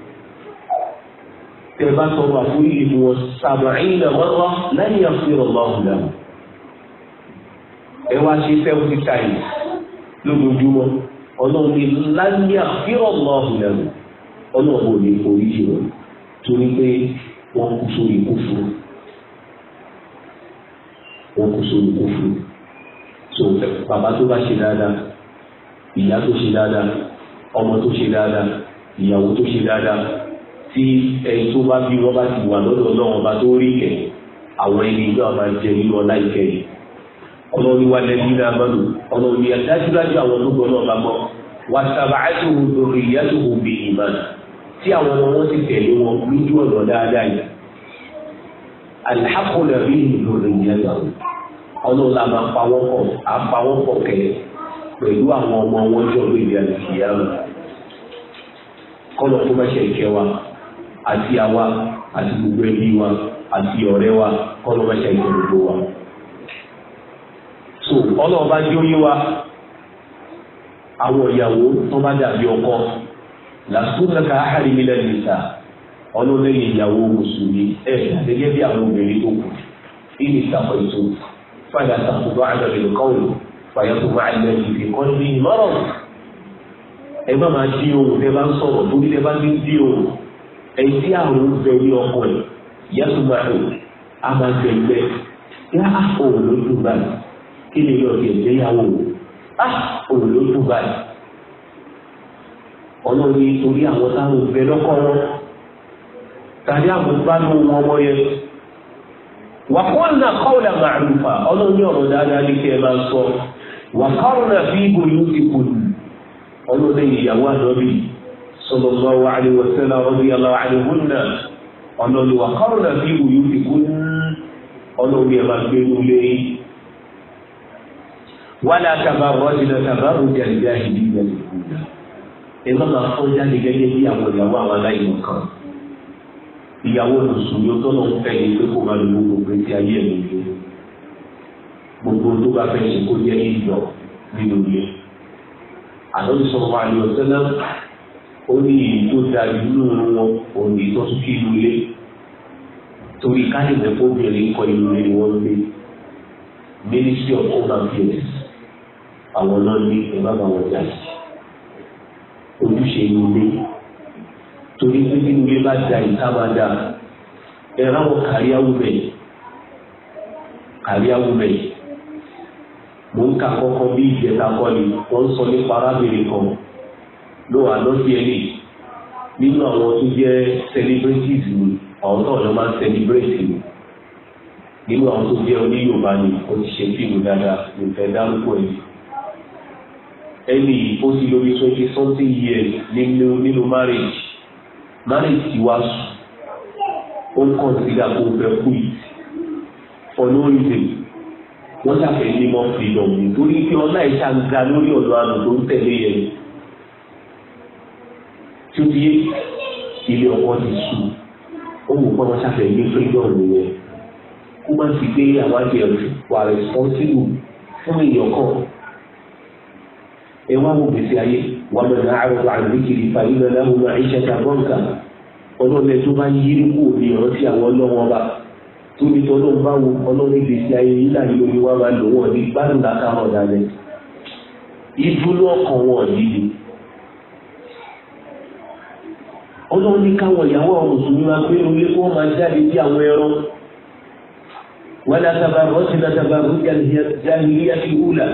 tẹ bá tọrọ àforíjì fún wọn sàbàáyìn àmọ́rọ́ lẹ́yìn àfihàn ọlọ́run náà ẹ wá ṣe seventy times lójoojúmọ́ ọlọ́run ní lẹ́yìn àfihàn ọlọ́run náà ọlọ́run ò ní foríjì wọn torí pé wọ́n kú sórí kúfúrú wọ́n kú sórí kúfúrú so bàbá tó bá ṣe dáadáa ìyá tó ṣe dáadáa ọmọ tó ṣe dáadáa ìyàwó tó ṣe dáadáa tí ẹni tó bá bí wọ́n bá ti wà lọ́dọ̀ náà ọba tó rí kẹ̀ àwọn ẹni náà máa jẹ nínú ọlá ìkẹ́ yìí ọlọ́run wa lẹ́bí náà mọ́nu ọlọ́run yẹn dájúdájú àwọn tó gbọ́ náà bá gbọ́ wà sábà àìsùn lórí ìyàtọ̀ òbí ìmọ̀ tí àwọn ọmọ wọn ti tẹ̀lé wọn lójú ọ̀nà dáadáa yìí alihakunle bí lórí ìyàtọ̀ ọlọ́run la máa pa wọ́n pọ̀ á pa wọ́n pọ̀ kẹ́ pẹ̀lú àwọn ọmọ wọn jọ lórí ìyàtọ̀ kọ́lọ̀ tó bá ṣe ìkẹwàá àti àwa àti gbogbo ẹbí wa àti ọ̀rẹ́ wa kọ́lọ́mọṣẹ́ ìgbòho wa. so ọlọ́run bá jẹ́ oyé wa àwọn ìyàwó tó bá dàbí ọkọ làkúnlẹ́ka áhàrí nílẹ̀ nìta ọlọ́lẹ́yìn ìyàwó mùsùlùmí ẹ̀ gẹ́gẹ́ bí àwọn obìnrin tó kù ìní ìtàkọ̀ ètò fàdà tàkùbọ̀ àdàbẹ̀ kọ́ọ̀lù fàyàtùmọ̀ àdàbẹ̀ ìfìkọ́ ní mọ́rọ̀ ẹ bá máa dín ohun tẹ bá ń sọ̀rọ̀ torí tẹ bá ń dín ohun ẹtí àwọn bẹ ní ọkọ yìí yẹtùmá ẹ a máa ya yá òun ló dùn kí ni yóò fi ẹgbẹyàwó a òun ló dùn báyìí ọlọ́run yìí torí àwọn táwọn bẹ lọ́kọ́ wọn tàbí àwọn bá ló wọn wọ́n yẹ ti sallallahu alayhi wa sallam radiyallahu anhunna ọ̀nà ni wà kọ́rọ̀nà bí wùyú ti kú ọ̀nà òbí ẹ̀ máa gbé nulẹ̀ yìí. wàlá tabarrajna tabarruja al-jahiliyyati al-ula ẹ má máa fọ́n jáde gẹ́gẹ́ bí àwọn ìyàwó àwọn aláìmọ̀ kan ìyàwó mùsùlùmí ó tọ́nà ń fẹ́ ni pé kò máa lo gbogbo ti ayé ẹ̀ nìyẹn gbogbo tó bá fẹ́ ṣe kó jẹ́ ìjọ nínú ilé àlọ́ ìsọ̀rọ̀ àlè ọ̀sẹ̀ náà ó ní èyí tó da ìlú òun wọn òun èyí tó tún kí inú ilé torí kálíwẹ̀ fóbìnrin kọ inú ilé ni wọ́n gbé ministry of home affairs àwọn náà ní ẹ̀bá bá wọn jáde ojúṣe inú ilé torí pé inú ilé bá da ìta bá da ẹ̀rọ àwọn kàríyáwó bẹ̀ kàríyáwó bẹ̀ mo ń ka kọ́kọ́ bí ìjẹta kọ́ni wọ́n ń sọ nípa arábìnrin kan ló wà lọ́sí ẹ̀lì nínú àwọn tó jẹ́ celebrities ni àwọn náà ló máa ń celebrate ni nínú àwọn tó jẹ́ oní Yorùbá ni ó ti ṣe fíìmù dáadáa ló fẹ́ dárúkọ ẹ̀ ẹni ó ti lórí twenty something years nínú nínú marriage marriage ti wá sùn ó consider kó fẹ́ kú yìí for no reason wọ́n ṣàfẹ́ ní more freedom nítorí pé ọlá ìṣàǹgá lórí ọ̀dọ̀ àrùn tó ń tẹ̀lé yẹn tí ó di ilé ọkọ ti sùn ó wù kọ́ wọn ṣàfẹ́ ilé freedom nìyẹn kó má ti gbé àwọn àjẹrù wà responsible fún èèyàn ọkọ ẹ wá wo gbèsè ayé wà lọ́nà àrùn àdìkiri fàyínà láwùn náà iṣẹ́ ta bọ́ǹkà tó bá yí kú ìrántí àwọn ọlọ́wọ́n bá tóbi tó bá wo ọlọ́run ayé wá máa lò wọ́n ní dalẹ̀ ìdúró ọkàn ọlọ́run ní káwọn ìyàwó àwọn mùsùlùmí máa gbé orí kó máa jáde bí àwọn ẹran wàlá tabarọ ti na tabarọ jahili àti hula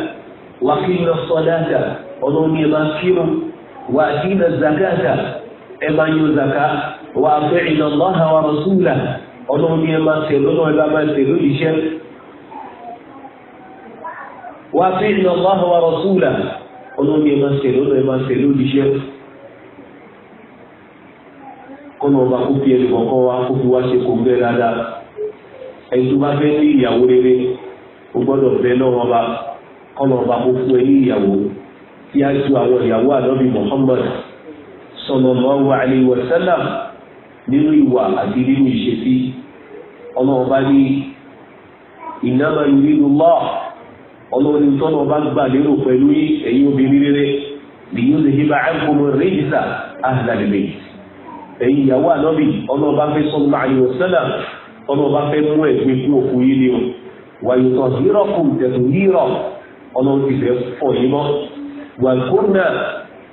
wà kí n lọ sọdáàtà ọlọ́run ní ẹ máa kírun wà kí n lọ zakata ẹ zaka wà fẹ́ ìnàlọ́hà wà rọ̀ṣúlà ọlọ́run ní ẹ máa tẹ̀ lọ́nà ẹ bá máa wà fẹ́ ìnàlọ́hà wà rọ̀ṣúlà ọlọ́run ní ẹ máa tẹ̀ lọ́nà ẹ máa tẹ̀ kọ́nà ọba kó fi ẹnì kọ̀ọ̀kan wá kó fi wá ṣe kó bẹ́ẹ̀ dáadáa ẹni tó bá fẹ́ ní ìyàwó rere o gbọ́dọ̀ bẹ lọ́wọ́ ọba kọ́nà ọba kó fún ẹ ní ìyàwó tí a ju àwọn ìyàwó ànábì Muhammad sallallahu alaihi wasallam nínú ìwà àti nínú ìṣesí ọlọ́wọ́ bá ní ìnáma ìrìnnú lọ́ ọlọ́wọ́ ní tọ́nà ọba gbà lérò pẹ̀lú ẹ̀yin obìnrin rere lèyí ó lè yí bá ẹ̀kọ́ mọ́ rẹ́jísà àhàlàlẹ́mẹ́yìí ẹ̀yin ìyàwó ànábì ọlọ́ọ̀bá fẹ́ sọ́nà àyọ̀sẹ́là ọlọ́ọ̀bá fẹ́ mú ẹ̀gbin fún òkú yín ni o wàyùtọ̀ hírọ̀ kù tẹ̀tù hírọ̀ ọlọ́run ti fẹ́ fọ̀ yín mọ́ wàkúnnà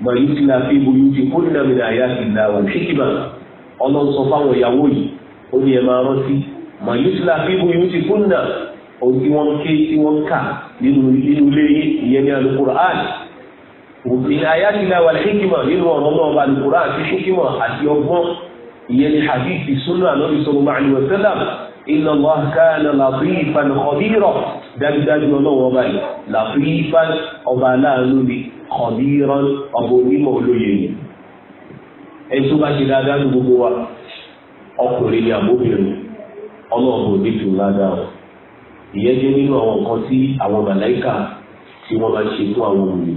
màlúùtìlà fi buyú ti kúnnà mi náà yá ti dàrú kíkìmà ọlọ́run sọ fáwọn ìyàwó yìí ó ní ẹ máa rántí màlúùtìlà fi buyú ti kúnnà ohun tí wọ́n ké tí wọ́n kà nínú ilé yìí ìyẹn ní òbí ayáṣílá wà hikima nínú ọ̀rọ̀ náà wà lùkúrá àti hikima àti ọgbọ́n ìyẹn ni hadith sunna lórí sọ̀rọ̀ máàlì wẹ̀sẹ̀lá iná lọ káàna làfíìfàn kọ̀dírọ̀ dájúdájú ọlọ́wọ́ báyìí làfíìfàn ọba aláàánú ni kọ̀dírọ̀ ọba onímọ̀ olóye ni. ẹ̀sùn bá ṣe dáadáa ní gbogbo wa ọkùnrin ni àbóbìnrin ọlọ́ọ̀bù nítú ládàá ìyẹn jẹ́ nínú àwọn nǹkan tí àwọn màláìkà tí wọ́n máa ń ṣe fún àwọn òbí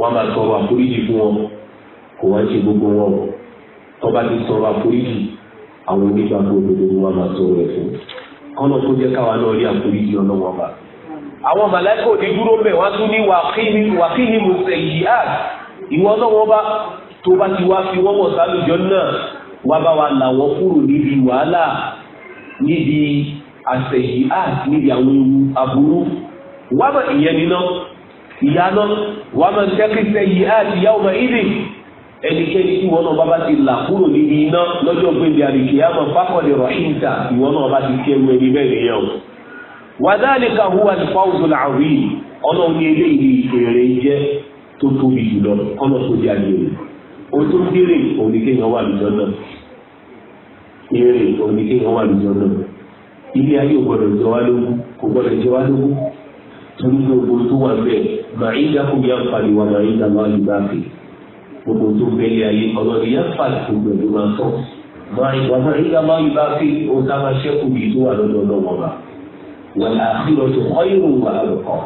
wọ́n máa sọ̀rọ̀ àforíjì fún wọn kò wá ń ṣe gbogbo wọn o tó bá ti sọ̀rọ̀ àforíjì àwọn onígbàgbọ́ òdodo ni wọ́n máa sọ̀rọ̀ ẹ̀fọ́ kọ́nà tó jẹ́ káwa náà rí àforíjì ọlọ́wọ́n bá. àwọn màláíkà òní dúró mẹ́ wọ́n tún ní wàkíní mùsẹ̀ yìí á ah! ìwọ ọlọ́wọ́n bá tó bá ti wá fi wọ́n mọ̀ sálùjọ́ náà wá bá wa là wọ́n kúrò níbi wàhálà níbi àṣẹ̀yìí á ah! níbi àwọn ewu aburú wá bá ìyẹn níná ìyá náà wàá máa tẹ́kí sẹ́yìn àti ìyá ọmọ ìdè ẹnikẹ́ni tí wọn náà bá bá ti là kúrò níbi iná lọ́jọ́ gbẹ̀dẹ̀ àlìkìyàmọ̀ fákọ̀lẹ̀ rọ̀ṣìntà ìwọ́n náà bá ti fi ẹrù ẹni bẹ́ẹ̀ nìyẹn o. wàdálìkà huwa al-fawzul azim ọ̀nà òní eléyìí ìṣèrè jẹ́ tó tóbi jùlọ ọ̀nà tó di àjèrè o tó dérè oníkéyàn wà lùjọ náà dérè oníkéyàn wà lùjọ náà ilé ayé ò gbọdọ̀ jẹ wá lógún kò gbọdọ̀ jẹ wá lógún torí gbogbo tó wà bẹ́ẹ̀ màáyídà kò yá fàlì wà màáyídà máa lù bá fi gbogbo tó bẹ́lẹ̀ ayé ọlọ́ni yá fàlì gbogbo ẹ̀lú máa sọ wà màáyídà máa lù bá fi ohun tá a máa ṣẹ́kù bíi tó wà lọ́dọ̀ lọ́wọ́ bá wà láàfin ọ̀tún ọ̀yìnrún wà lọ́kọ̀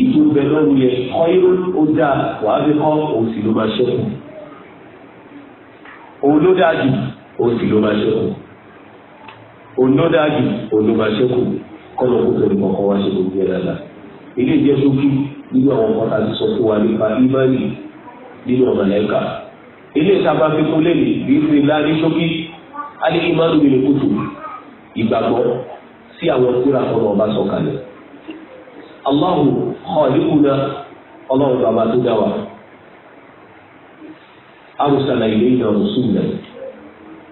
ìtú bẹ lọ́rù yẹ ọ̀yìnrún ó dáa wà á fi kọ́ òsì ló máa ṣẹ́kù òun ló dáa jù òsì ló máa ṣẹ́kù òun ló dáa jù òun ló máa ṣẹ́kù kọ́ lọ́kùnrin kọ̀ọ̀kan wá ṣe gbogbo ẹ̀ dáadáa. ilé ìjẹ́ sókè nínú àwọn ọmọ tá a ti sọ fún wa nípa ìmọ̀lì nínú ọ̀nà lẹ́ka ilé ìtaba fífún lè ní bí fi ńlá ní sókè alẹ́ ìmọ̀lì nínú kùtù ìgbàgbọ́ sí àwọn kúrà fún ọba sọ̀kalẹ̀ Allahu khaliquna ọlọ́run bàbá tó dá wa arusala ilayna rusula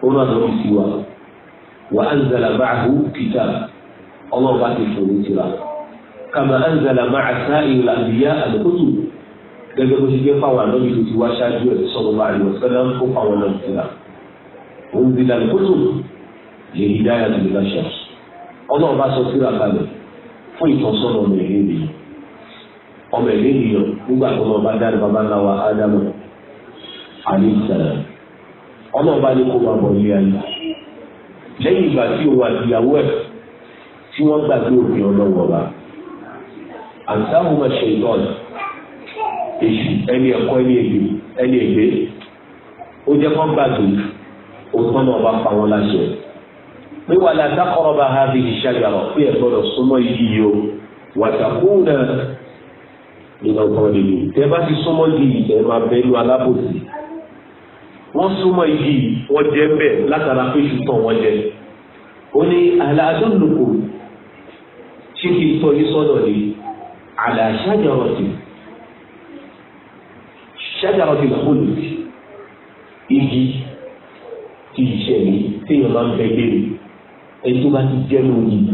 ó sí wa ọlọ́run bá kàmá anzala máa sáàyè làbíyá àdókòtò gẹ́gẹ́ bó ṣe jẹ́ fáwọn ànábì tó ti wá ṣáájú ẹ̀ sọ̀rọ̀ bá àlùwọ̀ sẹ́lá ń kó fáwọn náà ti rà òun ti dànù kótó lè yí dáyà tó lè bá ṣe ọlọ́run bá sọ síra kalẹ̀ fún ìtọ́sọ́nà ọmọ ẹ̀rẹ́ ènìyàn ọmọ ẹ̀rẹ́ ènìyàn nígbà tó lọ́ọ́ bá dáná bàbá ńlá wa ádámù àlè ìsàlẹ̀ ọlọ́run bá ní kó máa bọ̀ ilé ayé lẹ́yìn ìgbà tí òun àti ìyàwó ẹ̀ tí wọ́n gbàgbé òfin ọlọ́wọ́ bá àǹsáhùnmá ṣe ìtọ́n èṣù ẹni ẹ̀kọ́ ẹni ègbè ẹni ègbè ó jẹ́ kán gbàgbé òtún náà bá pa wọn láṣẹ. pé wàlá dákọ̀rọ̀ bá ha bí ìṣàjàrọ̀ pé ẹ̀ gbọ́dọ̀ súnmọ́ yìí yìí o wàtàkùnà ìlọ̀gbọ̀n nìyí tẹ́ bá ti súnmọ́ yìí ẹ̀ máa bẹ́lú alábòsí wọ́n súnmọ́ igi wọ́n jẹ́ bẹ́ẹ̀ látara pé ṣùtọ̀ wọ́n jẹ́. ó ní aláàdúnnùkù ṣé kí tọ́ yín sọ́dọ̀ ni àlà ṣájàrọ̀tì ṣájàrọ̀tì lọ́kùnrin igi ti ìṣẹ̀ mi téèyàn bá ń fẹ́ gbére ẹni tó bá ti jẹ́nu yìí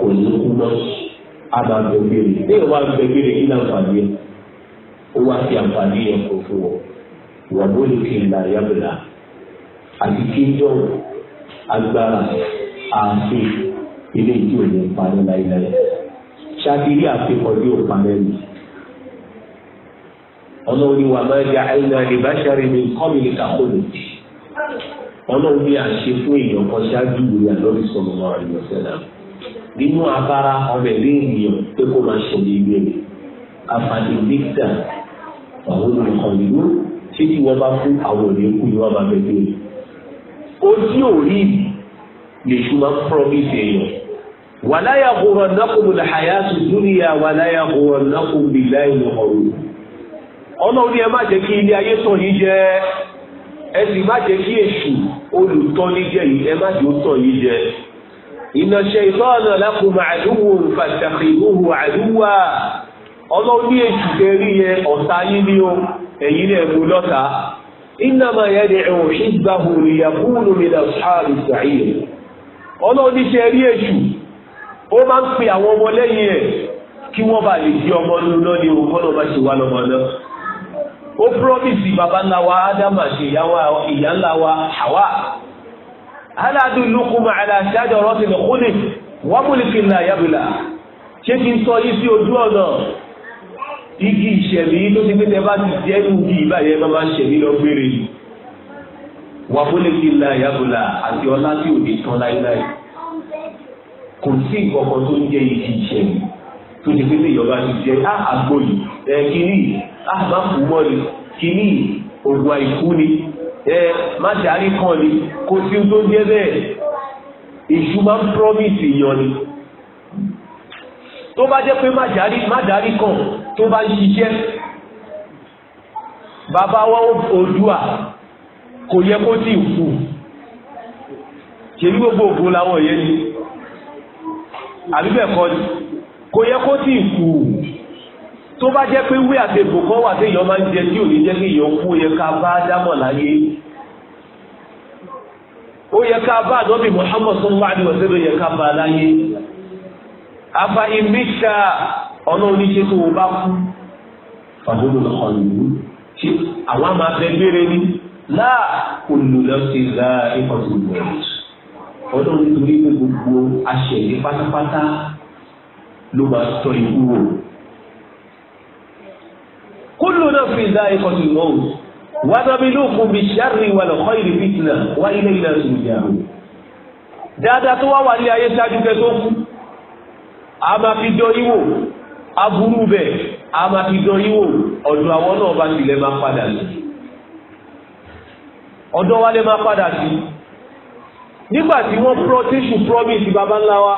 kò ní kú mọ́ a máa fẹ́ gbére téèyàn bá ń fẹ́ gbére kí náà fà yẹ ó wá sí àǹfààní yẹn kó fún ọ wà bóyá kí n là yàgbẹ̀lá àti kí n jọ agbára ààfin ilé ìjọ yẹn ṣàtìrí àfikọ̀dé òpin rẹ̀ nì. ọlọ́run ni wà máa ja ẹ̀yìnà ìbáṣẹ́rì ní kọ́mìnì kàkóni. ọlọ́run ni àṣẹ fún èèyàn kan ṣáájú ìwé àlọ́rí sọ̀rọ̀ wọn àyọ̀sẹ̀ náà. nínú afárá ọbẹ̀ ní ènìyàn pé kó máa ṣẹlẹ̀ ilé rẹ̀. àfàdìdíkítà àwọn olùkọ́ ìlú títí wọ́n bá fún àwọn òníkù ni wọ́n bá bẹ̀ dé. ojú òrí lè ṣùgbọ́n promise èèyàn wàlá yà kúrò nàkùn lè hayà dúnìyà wàlá ọlọ́run ni ẹ má jẹ́ kí ilé ayé sọ yìí jẹ́ ẹ sì má jẹ́ kí èṣù olùtọ́ni jẹ́ yìí ẹ má jẹ́ ó sọ yìí jẹ́. inna shaytana lakum aduwwun fattakhidhuhu aduwwa ọlọ́run ní èṣù kẹrí yẹ ọ̀tá yín ni ó náà mú lọ́ta ó máa ń pe àwọn ọmọ lẹ́yìn ẹ̀ kí wọ́n bá lè di ọmọ nínú náà ní òun kọ́nà má ṣe wá lọ́mọ náà ó promise baba ńlá wa ádámà ṣe ìyá ńlá wa Hawa aládùn lukú ma ala shajarati al-khuldi wa mulkin la yabla ṣé kí n sọ yìí sí ojú ọ̀nà igi ìṣẹ̀lẹ̀ tó ti pété bá ti di ẹnu bí ìbáyẹn máa máa ṣẹ̀lẹ̀ lọ gbére wà mulkin la yabla àti ọlá tí ò ní tán láíláí kò sí ìkọ̀kan tó ń jẹ́ ìṣe ìṣẹ̀lẹ̀ tó ti pété ìjọba ti jẹ́ á àgbo yìí ẹ kìíní á má kú mọ́ ni kìíní ògùn àìkú ni ẹ má darí kan ni kò sí tó ń jẹ́ bẹ́ẹ̀ èṣù máa ń promise èèyàn ni tó bá jẹ́ pé má darí kan tó bá ń ṣiṣẹ́ bàbá wa Oòduà kò yẹ kó tí ì kú ṣèlú gbogbo ògo làwọn yẹn ni àbí bẹ́ẹ̀ kọ́ ni kò yẹ kó tí ì kú tó bá jẹ́ pé wí àti èbò kan wà téèyàn máa ń jẹ tí ò ní jẹ́ kí èèyàn kú yẹ ká bá dámọ̀ láyé ó yẹ ká bá àdọ́bì Muhammad sallallahu alaihi wasallam yẹ ká bá láyé afa imisa ọlọ́run ní tó bá kú fàdúró lọ́kàn nìyí àwọn àmọ́ abẹ́gbére ni láà olùlọ́sí láà ẹ̀kọ́ tó lọ́wọ́ ọlọ́run nítorí pé gbogbo aṣẹ̀lẹ̀ pátápátá ló bá tọ́ ikú wò. kúlù náà fi dá ikọ̀ tó lọ́wọ́ wàdàbílùkù bí sáré wà lọ́kọ́ ìrì fìtìnà wá ilé ìlà sùnjà. dáadáa tó wá wà ní ayé ṣáájú kẹ tó kú a máa fi dán yín wò aburú bẹ́ẹ̀ a máa fi dán yín ọ̀dọ̀ àwọn náà bá tilẹ̀ máa padà sí ọ̀dọ̀ wa lè máa padà sí nígbà tí wọ́n prọ́tíṣù promise baba ńlá wa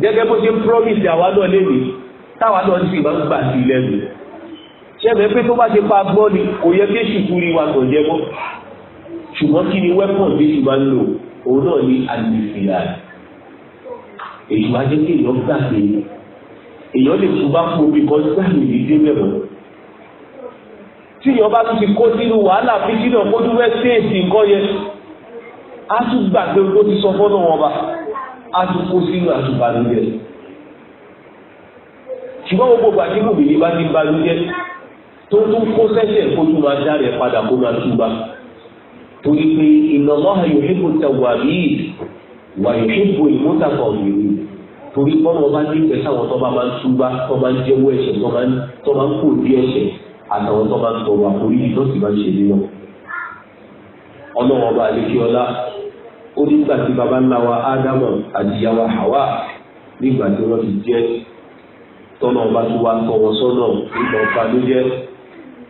gẹ́gẹ́ bó ṣe promise àwa náà léwe táwa náà sì máa ń gbà sí lẹ́nu ṣẹ́fẹ̀ẹ́ pé tó bá ṣe pa gbọ́ kò yẹ kí èṣù kúri wa kàn jẹ́ mọ́ ṣùgbọ́n kí ni weapon bí èṣù máa ń lò òun náà ni àdìsíyà èṣù á jẹ́ kí èèyàn gbà pé èèyàn lè tún bá fún omi kan gbà mí ní débẹ̀ mọ́ tí èèyàn bá tún ti kó sínú wàhálà fíjìnà kó dúró ẹ́ sí èsì nǹkan yẹn a tún gbàgbé ó ti sọ fọ́nà wọn bá a tún kó sínú àtúbàlújẹ ṣùgbọ́n gbogbo gbàdúgbò bìbí bá ti balùjẹ tó tún kó sẹ́sẹ̀ kó tún máa dáre padà kó máa túbà torí pé inna Allaha yuhibbu at-tawwabin wa yuhibbu al-mutatahhirin torí bọ́mọ bá nífẹ̀ẹ́ sáwọn tó bá máa ń túbá tó máa ń jẹ́wọ́ ẹ̀ṣẹ̀ tó máa ń kó di ẹ̀ṣẹ̀ àtàwọn tó máa ń tọrọ àforíjì tó sì máa ń ṣe nínú ọlọ́wọ́ ọba àlekíọ́lá ó nígbà tí baba ńlá wa ádámù àdìyàwó Hawa nígbà tí wọ́n ti jẹ́ tọ́nà ọba tó wá tọ́ wọn sọ́nà nígbà ọba ló jẹ́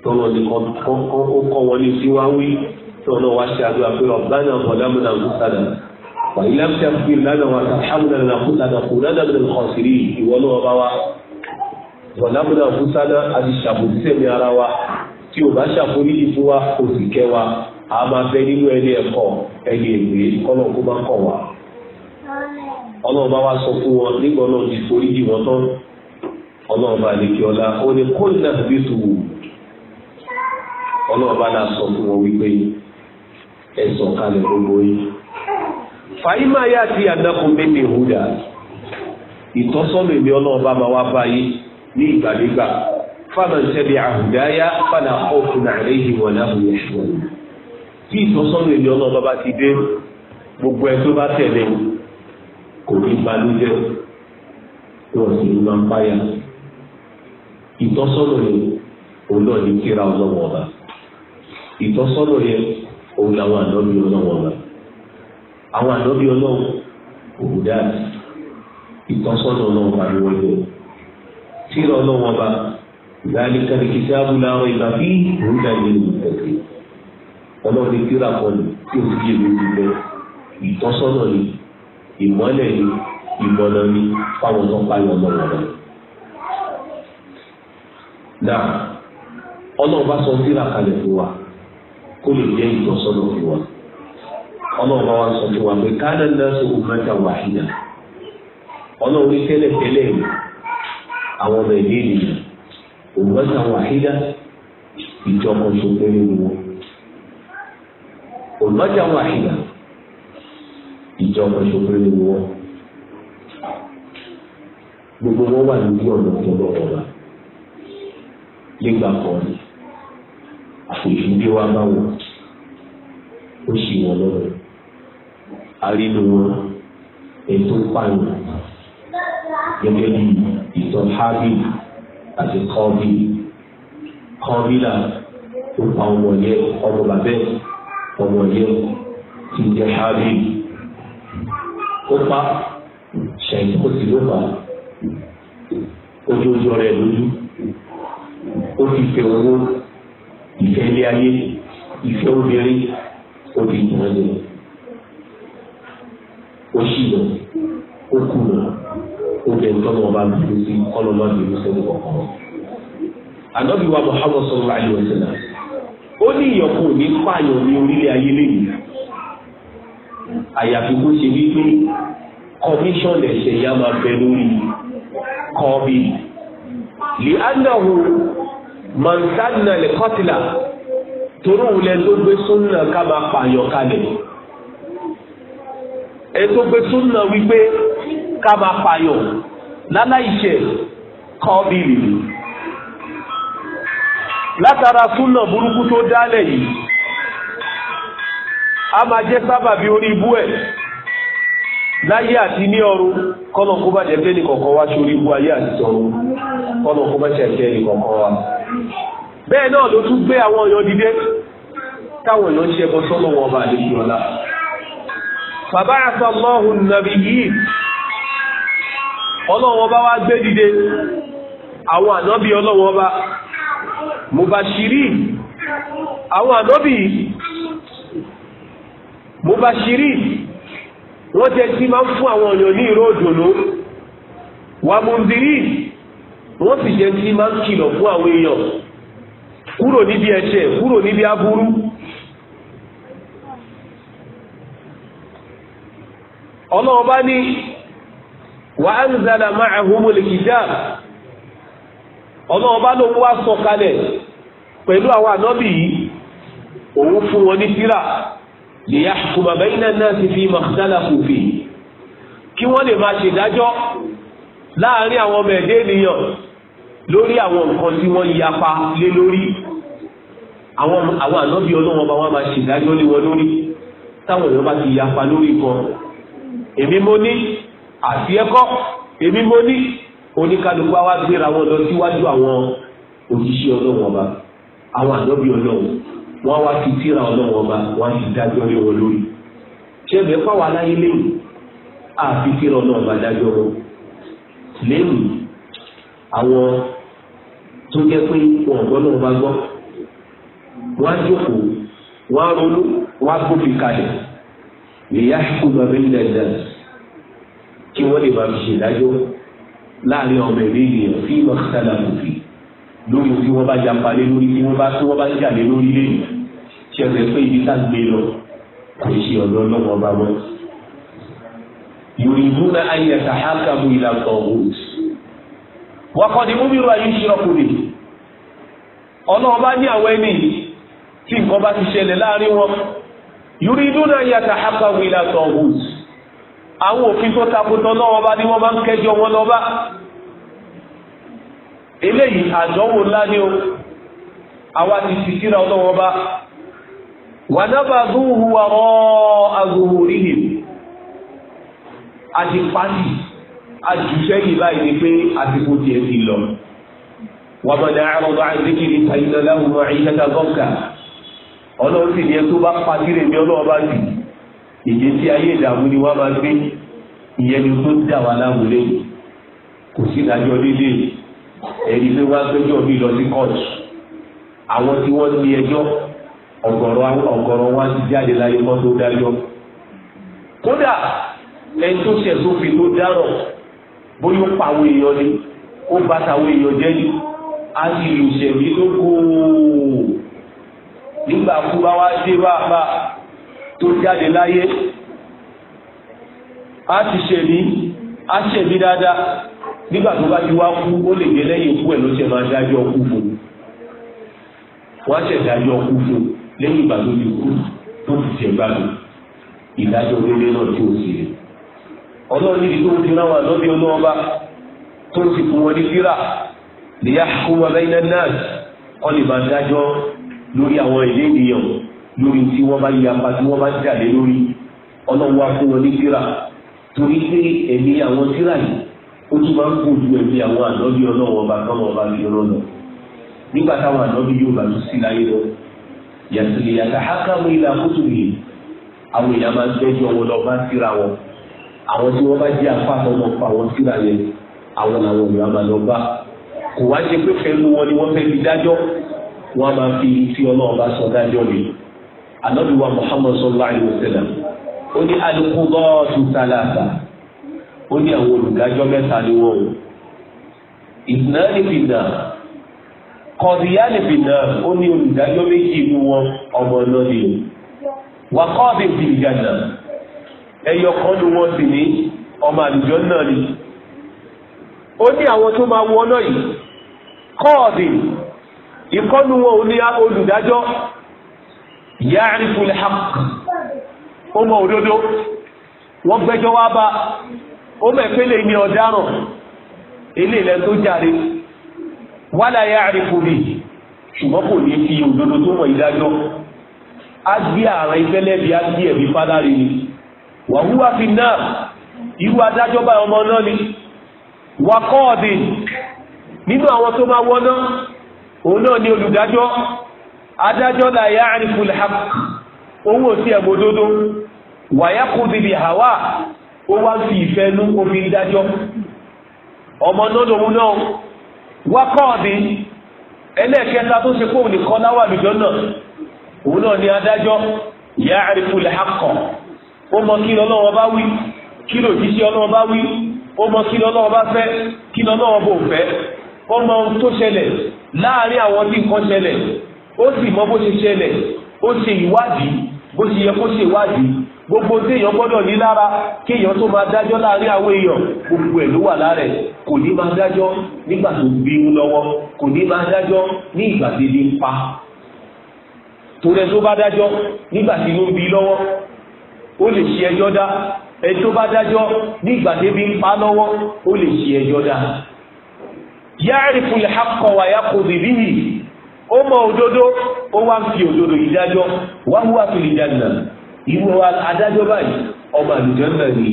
tọ́nà nìkan ó kọ́ wọn ní tí wá wí tọ́nà wá ṣe àdúrà pé ọ̀bánà ọ̀dàmù náà ń sàdà wàyí lápẹ́ àpè lánàá wa ta hàmúlẹ̀ náà kó sàdà kó lánàá náà kàn sí rí ìwọ náà bá wa ọ̀dàmù náà kó sàdà àti ṣàbòsí sẹ́mi ara wa tí ò bá ṣàforíjì fún wa kò sì a máa bẹ nínú ẹni ẹ̀kọ́ ẹni ègbé kọ́nà kó má kọ̀ wá ọlọ́run bá wá sọ fún wọn nígbà náà ti forí jì wọ́n tán ọlọ́run bá lè kí ọlá ó ní kó ní àbí tùwù ọlọ́run bá náà sọ fún wọn wípé kalẹ̀ gbogbo yìí yá ti àdàkùn mi ní ìhùdà máa wá ní fáwọn àhùdáyá fáwọn tí ìtọ́sọ́nà èmi ọlọ́run bá ti dé gbogbo ẹ tó bá tẹ̀lé kò ní balùjẹ́ wọn sì ní máa ń báyà ìtọ́sọ́nà yẹn òun náà ní kíra ọlọ́wọ́ ọba ìtọ́sọ́nà yẹn òun làwọn ànábì ọlọ́wọ́ ọba àwọn ànábì ọlọ́wọ́ òun ìtọ́sọ́nà ọlọ́wọ́ ọba ni wọ́n lò kíra ọlọ́wọ́ ọba ìgbàlíkàlì kìtàbù láwọn ìgbà bí òun dàgbé ní ìtẹ̀kẹ́ ọlọ́run ní kíra kan lò tí o fi èmi wù lọ ìtọ́sọ́nà ni ìmọ́lẹ̀ ni ìmọ̀nà ni fáwọn tó pa ìwọ̀n lọ́wọ́ rẹ̀. Nà ọlọ́run bá sọ kíra kalẹ̀ fún wa kó lè jẹ́ ìtọ́sọ́nà fún wa. Ọlọ́run bá wa sọ fún wa pé káàdà náà sọ ummata wahida. Ọlọ́run ní tẹ́lẹ̀tẹ́lẹ̀ mi àwọn ọmọ ìdí ènìyàn ummata wahida ìjọ kan ṣoṣo nínú wọn ọ̀nàjà wàhídà ìjọba ṣoṣo ni wọ́n gbogbo wọn wà lórí ọ̀nà ọ̀gbọ̀n ọ̀la nígbà kan ni àfòjú bí wàá bá wọn ó sì wọn lọ́rọ̀ arínú wọn ètò pààyàn gẹ́gẹ́ bí ìtàn hábìl àti kọ́bí kọ́bílà ó pa ọmọ yẹn ọmọ bàbá ẹ̀ ọmọ yẹn ti ń jẹ habib ó pa ṣẹyìn ó sì ló pa ojoojọ rẹ lójú ó ti fẹ́ owó ìfẹ́ ilé ayé ìfẹ́ obìnrin ó ti tàn án lọ ó sì lọ ó kù lọ ó bẹ tọ́nà ọba lùdú sí kọ́nà má bínú sẹ́nu kọ̀ọ̀kan. ànábìwá muhammadu sallallahu alayhi wa sallam ó ní ìyọ̀kùn ní pààyàn ní orílẹ̀ ayé lẹ́yìn àyàfi kó ṣe wípé commission ẹ̀ṣẹ̀ yá máa bẹ lórí kọ́ọ̀bì li'annahu man sanna al-qatla torí òun lẹ́nu tó gbé súnà ká máa pààyàn kalẹ̀ ẹ̀ tó gbé súnà wípé ká máa pààyàn láláìṣẹ̀ kọ́ọ̀bì rèé. látara súnà burúkú tó dálẹ̀ yìí a máa jẹ́ bí orí ibú ẹ̀ láyé àti ní ọ̀run kọ́nà kó bá jẹ́ pé nìkọ̀ọ̀kan wá sórí ibú ayé àti tọ̀run kọ́nà kó bá jẹ́ pé wá. bẹ́ẹ̀ náà ló tún gbé àwọn èèyàn dídé táwọn èèyàn ṣe ẹbọ sọ́nà wọn bá lè bàbá yìí bá wá mubashirin àwọn ànábì mubashirin wọ́n jẹ́ tí máa ń fún àwọn èèyàn ní ìró òdòdó wà mundirin wọ́n sì jẹ́ tí máa ń kìlọ̀ fún àwọn èèyàn kúrò níbi ẹ̀ṣẹ̀ kúrò níbi aburú ọlọ́run ní wà á ń zàdà máa ẹ̀hún mọ̀lẹ́kìjà ọlọ́run ló ń wá sọ̀kalẹ̀ pẹ̀lú àwọn ànábì yìí òun fún wọn ní tírà li yahkuma bayna an-nasi fima ikhtalafu fi kí wọ́n lè máa ṣèdájọ́ láàárín àwọn ọmọ ẹ̀dẹ́ ènìyàn lórí àwọn nǹkan tí wọ́n yapa lé lórí àwọn àwọn ànábì ọlọ́wọ́n bá wọn máa ṣèdájọ́ lé wọn lórí táwọn èèyàn bá ti yapa lórí kan èmi mo ní àti ẹ̀kọ́ èmi mo ní oníkálukú àwa gbéra wọn lọ síwájú àwọn òjíṣẹ́ ọlọ́wọ́n bá àwọn ànábì ọlọ́run wọ́n wá fi tíra ọlọ́run ọba wọ́n á sì dájọ́ lé wọn lórí ṣẹ́bẹ̀ẹ́ fáwọn aláyé lẹ́yìn àfi tíra ọlọ́run ọba dájọ́ wọn lẹ́yìn àwọn tó jẹ́ pé wọn gbọ́dọ̀ ọba gbọ́ wọ́n á jókòó wọ́n ronú wọ́n gbófin kalẹ̀ lèyà ṣùkúmọ abẹ́lẹ̀ náà kí wọ́n lè máa fi ṣèdájọ́ láàrin ọmọ ìrìn ènìyàn fí ìmọ̀ kátàlá kò fi lórí tí wọ́n bá japa lé lórí tí wọ́n bá tí wọ́n bá jà lé lórí lé ṣẹlẹ̀ pé ibi tá gbé lọ kò ṣe ọ̀dọ́ ọlọ́wọ́n bá wọn. yorùbá náà ayé sàhákà mú ilà tọ̀wọ̀ wakọ̀ ni mú mi rú ayé ṣírọ́kù ni ọlọ́wọ́n bá ní àwọn ẹni tí nǹkan bá ti ṣẹlẹ̀ láàrin wọn yorùbá náà ayé sàhákà mú ilà tọ̀wọ̀ àwọn òfin tó takò náà wọn bá ní wọn bá ń kẹjọ wọn lọ bá eléyìí àdánwò ńlá ni o àwa ti fi síra ọlọ́wọ́ bá wàdábà dúhù àrọ́ agbòhò ríhì àti pàdì àjùsẹ́yìn báyìí ni pé àsìkò tiẹ̀ ti lọ wàbọ̀dà àrọ̀dọ̀ àìsíkiri àìsàláhùn àìsàkà gọ́ǹkà ọlọ́run sì ni ẹ tó bá pàdírè ní ọlọ́run bá jù ìdí tí ayé ìdààmú ni wọ́n máa gbé ìyẹn ni tó dà wà láwùlé kò sí ìdájọ́ líle yìí ẹni ló wá gbẹ́jọ́ mi lọ sí kóòtù àwọn tí wọ́n ní ẹjọ́ ọ̀gọ̀rọ̀ wa ti jáde láyé kó tó dájọ́ kódà ẹni tó ṣẹ̀ sófin tó dárọ̀ bóyá ó pa àwọn èèyàn ni ó bá tàwọn èèyàn jẹ́ ni a sì lù ṣẹ̀mí tó kóó nígbà kú bá wá dé bá bá tó jáde láyé a ti ṣẹ̀mí a ṣẹ̀mí dáadáa nígbà tó bá ti wá kú ó lè jẹ lẹ́yìn ikú ẹ̀ ló ṣe máa dájọ́ kú fún wọ́n ṣẹ̀ dájọ́ kú fún lẹ́yìn ìgbà tó ti kú tó ti ṣe gbàgbé ìdájọ́ orílẹ̀ náà tí ó sì rè ọlọ́run níbi tó ń fi ráwọn ànábì ọlọ́ọba tó ń sì fún wọn ní fíra lèyà kó wọn bẹ́ẹ̀ náà náà lè máa dájọ́ lórí àwọn ilé ènìyàn lórí tí wọ́n bá yí apá tí wọ́n bá jáde lórí ọlọ́run wá fún wọn ní fíra torí pé ẹ̀mí àwọn fíra yìí ó ti máa ń kó ojú ẹbí àwọn ànábì ọlọ́wọ́ ọba tọ́lọ́ ọba fi rán lọ nígbà táwọn ànábì yóò bá tún sí láyé lọ yàtúlẹ̀ yàtà hákàmù ilà kótó yìí àwọn èèyàn máa ń gbẹ́jọ́ wọn lọ bá síra wọn àwọn tí wọ́n bá jẹ́ afáfọ́ wọn fa wọn síra yẹn àwọn làwọn èèyàn lọ bá kò wá jẹ pé Muhammad sallallahu alayhi wa sallam ó ní alukó ó ní àwọn olùdájọ́ mẹ́ta ni wọ́n o ìdùnnàní fìdà kọ̀dìyàní fìdà ó ní olùdájọ́ méjì inú wọn ọmọ náà ni o wà kọ́ọ̀dì fìdìgànà ẹyọ kan ni wọ́n sì ní ọmọ àlùjọ náà ni ó ní àwọn tó máa wọ náà yìí kọ́ọ̀dì ìkọ́nu wọn ò ní olùdájọ́ ya'riful haqq ó mọ òdodo wọ́n gbẹ́jọ́ wá bá ó mẹ́fẹ́lẹ̀ ní ọ̀daràn ilé ilẹ̀ tó jáde wálá yá àrífò rí ṣùgbọ́n kò ní fi òdodo tó mọ̀ ìdájọ́ á gbé ààrẹ ìfẹ́lẹ́bí á gbé ẹ̀mí fádárí ni wàhúwà fi náà irú adájọ́ bá ọmọ náà ni wakọ́ọ̀dì nínú àwọn tó máa wọ́ná òun náà ni olùdájọ́ adájọ́ la yá àrífò lẹ́hàk owó sí ẹ̀mọ́ òdodo wàyákùdì ó wá fi ìfẹ́ nú obìnrin dájọ́ ọmọ nọ́dọ̀mú náà wá kọ́ọ̀dì ẹlẹ́ẹ̀kẹta tó ṣe kóhùn nìkan láwà àlùjọ náà òun náà ni adájọ́ ìyá àrífúlẹ̀ akọ̀ ó mọ kí lọ́lọ́wọ́ bá wí kí lòjíṣẹ́ ọlọ́wọ́ bá wí ó mọ kí lọ́lọ́wọ́ bá fẹ́ kí lọ́lọ́wọ́ bò fẹ́ ó mọ ohun tó ṣẹlẹ̀ láàárín àwọn tí nǹkan ṣẹlẹ̀ ó sì mọ bó ṣe ṣẹlẹ̀ ó ṣe ìwádìí bó ṣe yẹ kó ṣe ìwádìí gbogbo tí èèyàn gbọ́dọ̀ ní lára kí èèyàn tó máa dájọ́ láàrin àwọn èèyàn gbogbo ẹ̀ ló wà lára kò ní máa dájọ́ nígbà tó bínú lọ́wọ́ kò ní máa dájọ́ ní ìgbà tí ebi ń pa torí ẹ tó bá dájọ́ nígbà tí inú ń bí lọ́wọ́ ó lè ṣe ẹjọ́ dá ẹ tó bá dájọ́ nígbà tí ebi ń pa lọ́wọ́ ó lè ṣe ẹjọ́ dá ya'rifu al-haqqa wa yaqdi bihi ó mọ òdodo ó wá ń fi òdodo ìdájọ́ wa huwa fil janna irú adájọ́ báyìí ọmọ àlùjọ náà ni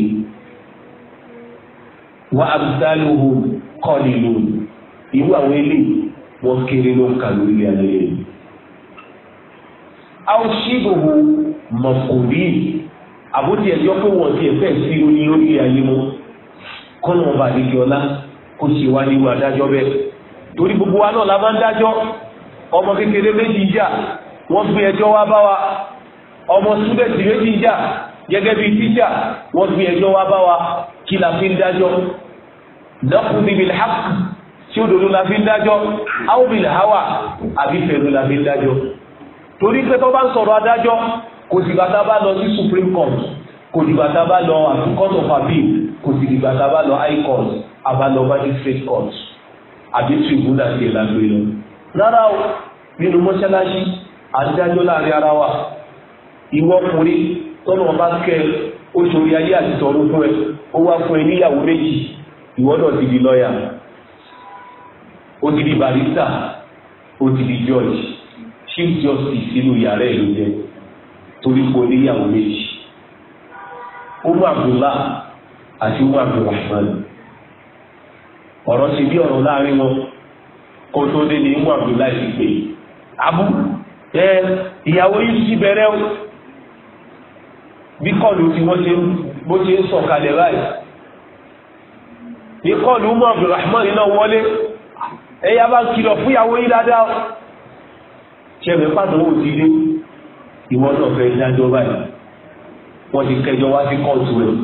wà á sálóhù kọ́ni lónìí irú àwọn eléyìí wọ́n kéré ló ń kà lórí ayẹyẹ yìí. a ó ṣíbòhù mọ̀kòrí àbótí ẹjọ́ pé wọ́n ti ẹ̀fẹ́ sí oní lórí ayé mọ́ kọ́nà ọba àdéjọ́lá kó ṣe wá nírú adájọ́ bẹ́ẹ̀ torí gbogbo wa náà la máa ń dájọ́ ọmọ kékeré méjì jà wọ́n gbé ẹjọ́ wá bá wa ọmọ súdẹ̀tì méjì ń jà gẹ́gẹ́ bíi tíṣà wọ́n gbé ẹjọ́ wá bá wa kí la fi ń dájọ́ lọ́kùnrin bíi hàk tí ó dòdò la fi ń dájọ́ áwọ̀ bíi hàwà àbí fẹ̀rù la fi ń dájọ́ torí pé tó bá ń sọ̀rọ̀ adájọ́ kò dìgbà tá bá lọ sí supreme court kò dìgbà tá a bá lọ court of appeal kò sì dìgbà bá lọ high court a bá lọ magistrate court àbí tribunal ti ìlànà ìlú rárá o nínú mọ́ṣáláṣí àdájọ́ láàrin ara wa ìwọ ọkùnrin tọ́nà ọba kẹ ó sori ayé àti tọrọ fún ẹ ó wá fún ẹ níyàwó méjì ìwọ náà ti di lọ́yà ó ti di barista ó ti di judge chief justice sínú yàrá ẹ̀ ló jẹ torí kò níyàwó méjì umu abdullah àti umu abdulrahman ọ̀rọ̀ ṣe bí ọ̀rọ̀ láàrin wọn kó tó dé ní umu abdullah ti pè abu ẹ ìyàwó yìí ti bẹ̀rẹ̀ o bí kọlù tí wọ́n ṣe bó ṣe ń sọ̀kalẹ̀ báyìí ní kọlù mọ́ abdulrahman náà wọlé ẹ̀yà bá kìlọ̀ fúyàwó yín dáadáa ṣẹ̀mẹ̀ pàtàkì ti dé ìwọ́n náà fẹ́ dájọ́ báyìí wọ́n ti kẹjọ wá sí kóòtù rẹ̀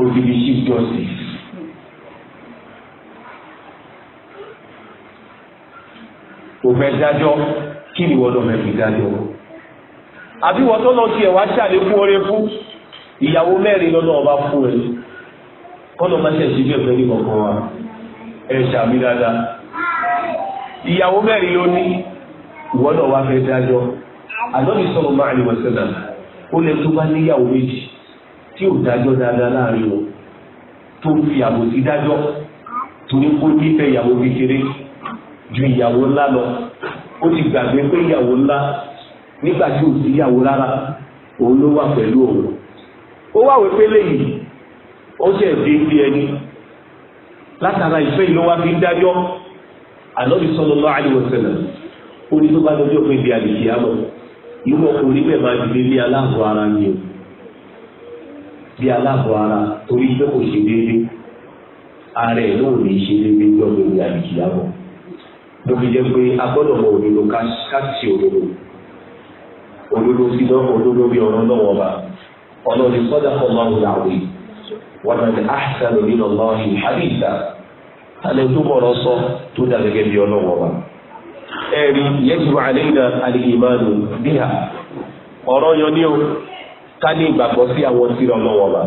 òbíbi chief justice. kò fẹ́ dájọ́ kí ni wọ́n náà fẹ́ fi àbí wọ́n tó lọ sí ẹ̀wá ṣàlékún oore fún ìyàwó mẹ́rin lọ́nà ọba fún ẹ kọ́nà má ṣẹ̀ṣì bí ẹ̀fẹ́ ní kọ̀ọ̀kan wa ẹ ṣàmì dáadáa ìyàwó mẹ́rin ló ní ìwọ náà wá fẹ́ dájọ́ àdọ́bí sọ̀rọ̀ máa ní wọ́sẹ̀dà ó lẹ tó bá níyàwó méjì tí ò dájọ́ dáadáa láàrin wọn tó ń fi àbòsí dájọ́ torí kó nífẹ̀ẹ́ ìyàwó kékeré ju ìyàwó ńlá lọ ó ti gbàgbé pé ìyàwó ńlá nígbà tí ò sí ìyàwó rárá òun ló wà pẹ̀lú òun ó wà wípé léyìí ó ṣe ẹ̀dẹ́ ilé ẹni látara ìfẹ́ ìlú wa fi ń dájọ́ àlọ́bí sallallahu alaihi wasallam ó ní tó bá lọ́jọ́ pé ibi àlèkè àmọ́ irú ọkùnrin bẹ́ẹ̀ máa dìde bí aláàbọ̀ ara ni o bí aláàbọ̀ ara torí pé kò ṣe déédéé ara ẹ̀ lóun ní ṣe déédéé lọ́gbẹ̀ẹ́ ibi àlèkè àmọ́ lóbi jẹ́ pé agbọ́dọ̀ mọ òdodo ká ṣe òdodo. olódó sí lọ́wọ́ olódó bí ọ̀rọ̀ lọ́wọ́ ọba ọlọ́ọ̀ni sọ́dà ọlọ́run làwé wọn àti àṣà lórí lọ́lọ́ọ̀hìn àbíìta alẹ́ tó kọ̀ọ̀rọ̀ sọ tó dà gẹ́gẹ́ bí ọlọ́wọ́ ọba. ẹ̀rí yẹ́sù àlẹ́yìn alìkìmánu bíhà ọ̀rọ̀ yan ní o ká ní ìgbàgbọ́ sí àwọn tí ọlọ́wọ́ ọba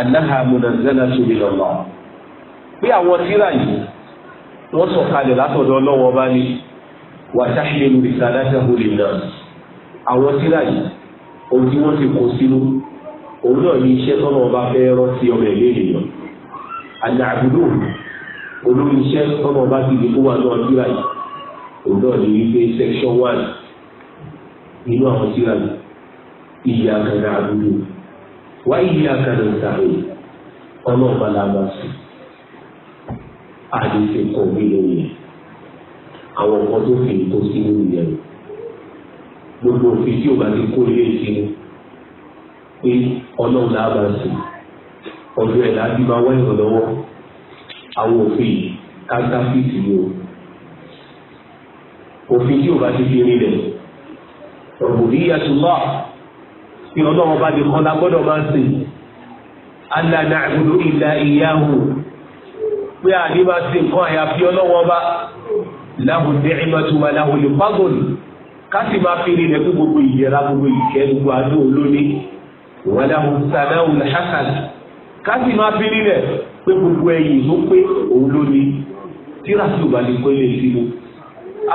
anáhà múnazẹ́lá sórí lọ́lọ́ pé àwọn tíra yìí wọ́n sọ̀kalẹ̀ látọ̀dọ̀ ọlọ́wọ́ ọba ni àwọn tírà yìí ohun tí wọ́n ti kó sínú òun náà ní iṣẹ́ tọ́nà ọba fẹ́ rántí ọmọ ẹ̀lẹ́ ènìyàn àti àbúrò olórí iṣẹ́ tọ́nà ọba ti di kó wà náà yìí òun náà ní wípé section one nínú àwọn tírà yìí ìyá kàdà àbúrò wá ìyá kàdà ìsàlẹ̀ ọ̀nà ọba làbà sí àdéhùn kọ̀wé lóye àwọn kan tó fi kó sínú ìyẹn gbogbo òfin tí o bá ti kó ilé ìṣe ni pé ọlọ́run náà bá sùn ọdún ẹ̀ láti máa wá ìrànlọ́wọ́ àwọn òfin yìí káńtáfíìsì ni o òfin tí o bá ti fi rinlẹ̀ rububiyyatullah tí ọlọ́run bá ti kọ́ la gbọ́dọ̀ máa sìn alla na'budu illa iyyahu pé àdébà sí nǹkan àyàfi ọlọ́run ọba lahu ni'matu wa lahu al-fadl. Kasi máa fi rí rẹ̀ fún gbogbo ìyẹra gbogbo ìkẹ́ gbogbo adó olóní ìwádàmú sanáwó hasan kásì máa fi rí rẹ̀ pé gbogbo ẹ̀yìn ló pé òun ló ní tíra tí ò bá ní pé lè sínú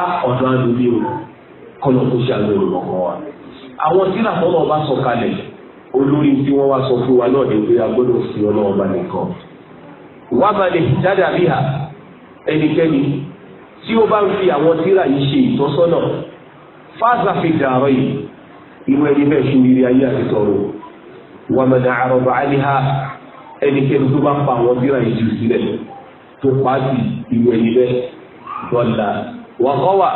á ọ̀dọ́ àlùmí o kọ́nà kó ṣe àlọ́ ìrọ̀kọ́ wa àwọn tíra tọ́lọ́ ọba sọ kalẹ̀ olórí tí wọ́n wá sọ fún wa náà ní pé a gbọ́dọ̀ fi ọlọ́ọ̀ba nìkan wá balẹ̀ dáadáa bí ha ẹnikẹ́ni tí ó bá ń fi àwọn tíra yìí ṣe ìtọ́sọ́nà fásáfi dàrọ yìí ìwé ẹni bẹ́ẹ̀ ṣe oríire ayé àti tọrọ wà mọ̀nà àrọ̀bà àníhà ẹnikẹ́ni tó bá pa àwọn bíra ìjù sílẹ̀ tó pàtì ìwé ẹni bẹ́ẹ̀ dọ́là wà kọ́wà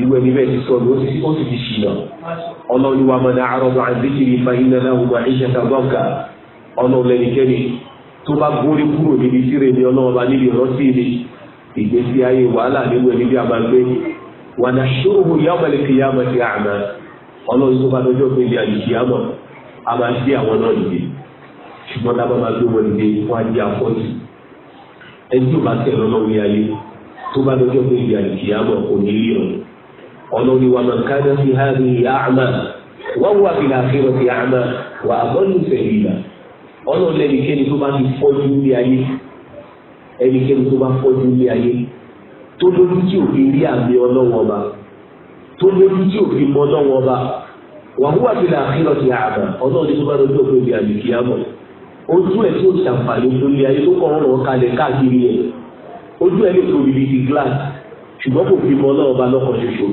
ìwé ẹni bẹ́ẹ̀ ti sọ̀rọ̀ ó sì ti ṣìnà ọlọ́run wà mọ̀nà àrọ̀bà àdékiri fàyínà náà wà ìṣẹ́ tàbọ́ǹkà ọlọ́run ẹnikẹ́ni tó bá wa nahshuruhu yawmal qiyamati a'ma ọlọ́run tó bá lọ́jọ́ pé ilé àlùkìyàmọ̀ a máa ṣe àwọn náà nìyẹn ṣùgbọ́n tá a bá máa gbé wọn nìyẹn wọ́n á afọ́jú ẹni tó bá tẹ̀ lọ́nà orí tó bá lọ́jọ́ pé ilé àlùkìyàmọ̀ kò rí ọ̀run ọlọ́run wa man kana fi hadhihi a'ma wa huwa fil akhirati a'ma wa adallu sabila ọlọ́run ẹnikẹ́ni tó bá ti fọ́jú ilé ayé ẹnikẹ́ni tó bá fọ́jú ilé ayé tó lójú tí òfin rí àmì ọlọ́wọ́ ọba tó lójú tí òfin mọ ọlọ́wọ́ ọba wàhúwà fi là áhìn ọ̀sẹ̀ àbà ọlọ́ọ̀dẹ tó bá lọ sí òfin ìbíàmì kì í àmọ̀ ojú ẹ̀ tí ó ṣàǹfààní olórí ayé tó kọ̀ ọ̀rọ̀ kalẹ̀ káàkiri ẹ̀ ojú ẹ̀ lè tóbi bíi ti glass ṣùgbọ́n kò fi mọ ọlọ́wọ́ ọba lọ́kọ̀ ṣoṣo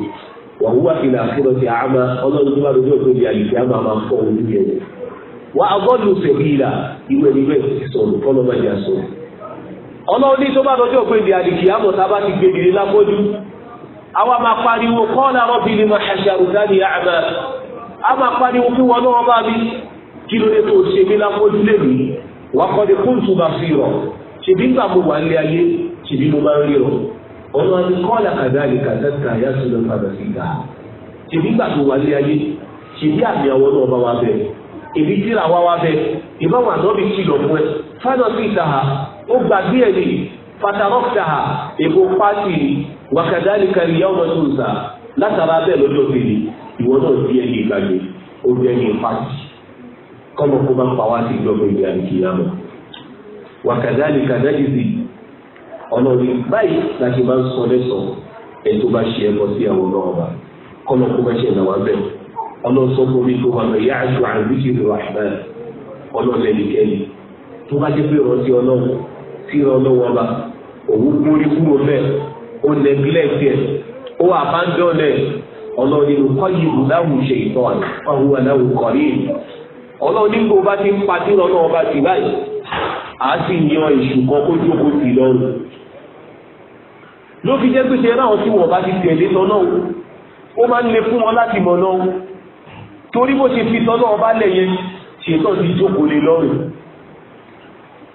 wàhúwà fi là áhìn ọ̀sẹ̀ àbà ọlọ́ọ̀dẹ tó bá lọ sí òfin ìbíàmì kì í àmọ̀ máa fọ ojú ẹ̀ wà á gbọ́dọ̀ sẹ̀bí ìlà ìwé ìwé sọ̀rọ̀ kọ́lọ́ ọlọ́run ní tó bá dọjọ́ ògbéǹde àdìkì àmọ̀ tá a bá ti gbèdè ní lápọ́jú àwa máa pariwo kọ́ọ̀lá rọ́bì ni máa ṣàṣà òdání àmà a máa pariwo kí wọn náà bá mi kí ló dé tó ṣe mí lápọ́jú lèmi wà kọ́ ni kóńtù bá fi rọ̀ ṣèbí gbà mo wà nílé ayé ṣèbí mo máa ń rí ọ ọlọ́run ní kọ́ọ̀lá kàdáàlì kàdáàkà yá sílẹ̀ padà sí ga ṣèbí gbà mo wà nílé ayé ṣèbí àmì àwọn náà bá wá bẹ̀ èbí tíra wá wá bẹ̀ ìbáwọn àná ó gbàgbé ẹ̀ ní fatarọ́fà èkó pàṣẹ wàkàdálì kàrí yàwó tó ń sà látara bẹ́ẹ̀ lọ́jọ́ kejì ìwọ náà di ẹni ìgbàgbé ó di ẹni ìpàṣẹ kọ́mọ kó bá pa wá sí ìjọba ìgbà ìkìyàmọ̀ wàkàdálì kàdájì sí ọ̀nà òní báyìí láti máa ń sọ lẹ́sọ̀ ẹ̀ tó bá ṣe ẹbọ sí àwọn náà ọba kọ́mọ kó bá ṣe ẹ̀nà wá bẹ́ẹ̀ ọlọ́sọ́kọ́ mi tó bá jẹ́ pé ọ̀rọ̀ ọlọ́run síra ọlọ́wọ́ ọba òun gbórí kúrò bẹ́ẹ̀ ó neglect ẹ̀ ó abandon ẹ̀ ọlọ́ọ̀nìyàn kọ́ yìí láwùú ṣe ìtọ́ àná ọ̀hún aláwùú kọ́ rí ọlọ́ọ̀nìyàn bó bá ti ń pa síra ọlọ́wọ́ ọba sí báyìí à á sì yan èṣù kan kó jókòó sí lọ́rùn ló fi jẹ́ pé ṣe ráhùn tí wọ́n bá ti tẹ̀lé lọ́nà ó máa ń le fún wọn láti mọ̀ náà torí bó ṣe fi tọ́lọ́ ọba lẹ̀ yẹn ṣètò ti jókòó lé lọ́rùn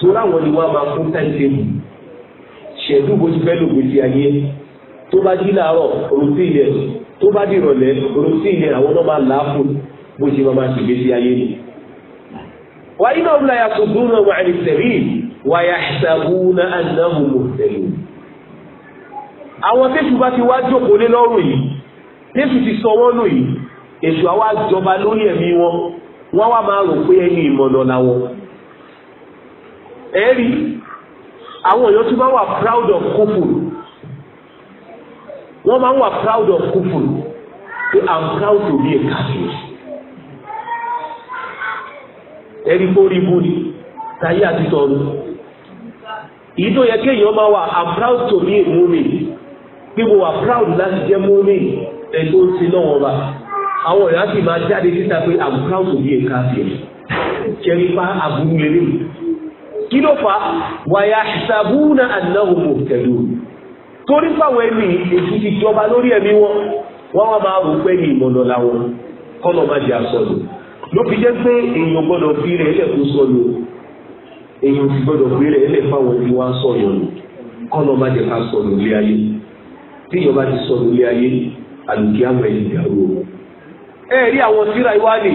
torí àwọn ni wọ́n máa fún táìsẹ̀mù ṣẹ̀dú bó ti fẹ́ lò gbèsè ayé tó bá jí làárọ̀ orúsí ilẹ̀ tó bá di ìrọ̀lẹ́ orúsí ilẹ̀ àwọn náà máa làáfù bó ṣe máa máa ṣègbèsè ayé ni. wà iná ọ̀la yàtọ̀ gbóná wà ní sẹ̀rí wà yà ṣàbùnà ànáhùn mọ̀ sẹ̀rí. àwọn tẹ́sù bá ti wá jókòó lé lọ́rùn yìí tẹ́sù ti sọ wọ́n lò yìí èṣù àwa jọba lórí ẹ̀mí wọn wọ́n wá máa rò pé ẹni ìmọ̀nà làwọn ẹ̀rí àwọn èèyàn tí wọ́n wà proud of kúfùrù wọ́n máa ń wà proud of kúfùrù pé i'm proud to be a Catholic ẹ̀rí kórí bú ni táyé àti tọ́nu èyí tó yẹ kéèyàn máa wà i'm proud to be a mumin pé mo wà proud láti jẹ́ mumin ẹ̀ tó ń sin náà wọ́n bá àwọn èèyàn sì máa jáde síta pé i'm proud to be a Catholic jẹ́rìí pa àbúrú lélẹ́yìn kí ló fà wàyà sàbúnà annahum muhtadun torí fáwọn ẹni èsì ti jọba lórí ẹ̀mí wọn wọn wá máa rò pé ní ìmọ̀nà làwọn kọ́nà má di àsọlù ló fi jẹ́ pé èèyàn gbọ́dọ̀ fi rẹ̀ ẹlẹ́ kó sọlù èèyàn ti gbọ́dọ̀ fi rẹ̀ ẹlẹ́ fáwọn ẹni wá sọ̀yọ̀ kọ́nà má jẹ́ ká lé ayé tí ìjọba ti sọlù lé ayé àlùkí àwọn ẹni dàrú rí àwọn síra iwájú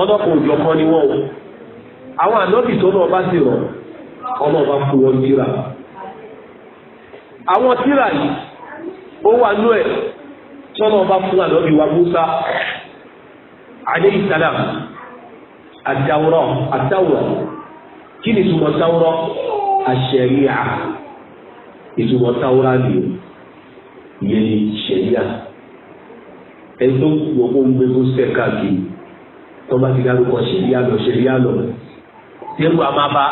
ọ̀dọ́kùnrin ọ̀jọ̀kan ni wọ́n o àwọn ànábì tó náà bá sì rọ ọlọ́ọ̀bá fún wọn tíra àwọn tíra yìí ó wà nú ẹ̀ tọ́nà ọba fún ànábì wa Musa alayhi salam àdáwúrọ̀ àdáwúrọ̀ kí ni ìtumọ̀ táwúrọ̀ àṣẹríà ìtumọ̀ táwúrọ̀ àlè ìyẹn ni ṣẹríà ẹni tó wọ́pọ̀ ń gbé kó sẹ́ka kì í tọ́ba ti dárúkọ ṣẹríà lọ ṣẹríà lọ tẹ́rù àmàbá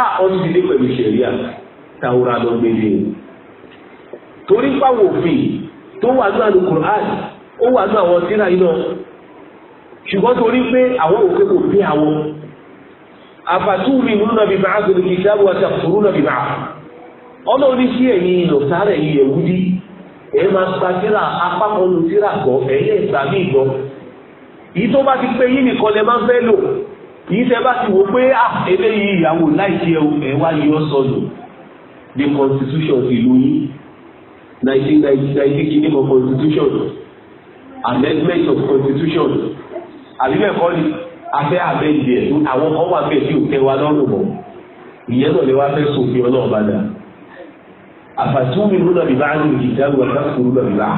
a ọtí lé pẹ̀lú ṣẹ̀ríà tàwùrà lọ gbélé o torí pàwọ̀ òfin tó wà ní Al-Qur'an ó wà ní àwọn tírà iná ṣùgbọ́n torí pé àwọn òfin kò bí àwọn àfàtúwì nínú nàbí bàá gbèrè kìí sábà wà sàfùrù nàbí bàá ọlọ́run ní sí ẹ̀yin ìlọ̀sárẹ̀ yìí ẹ̀wúdí ẹ̀ máa gba tírà apákọ̀ọ́nù tírà gbọ́ ẹ̀yẹ́ ìgbà mí gbọ́ yìí yìí tẹ́ bá ti wò pé à eléyìí ìyàwó láìsí ẹ wá yọ sọnù the constitution ìlú yìí nineteen ninety ninety kìíní kan constitution amendment of constitution àbíbẹ̀kọ́ ni afẹ́ abẹ́ǹdì ẹ̀ àwọn kan wà bẹ́ẹ̀ tí ò tẹ́ wa lọ́rùn mọ́ ìyẹn náà lè wá fẹ́ sòfin ọlọ́run bá dáa àfàtúwìn múnà bíbá ní ìdáhùn ẹ̀ká kúrú náà bíbá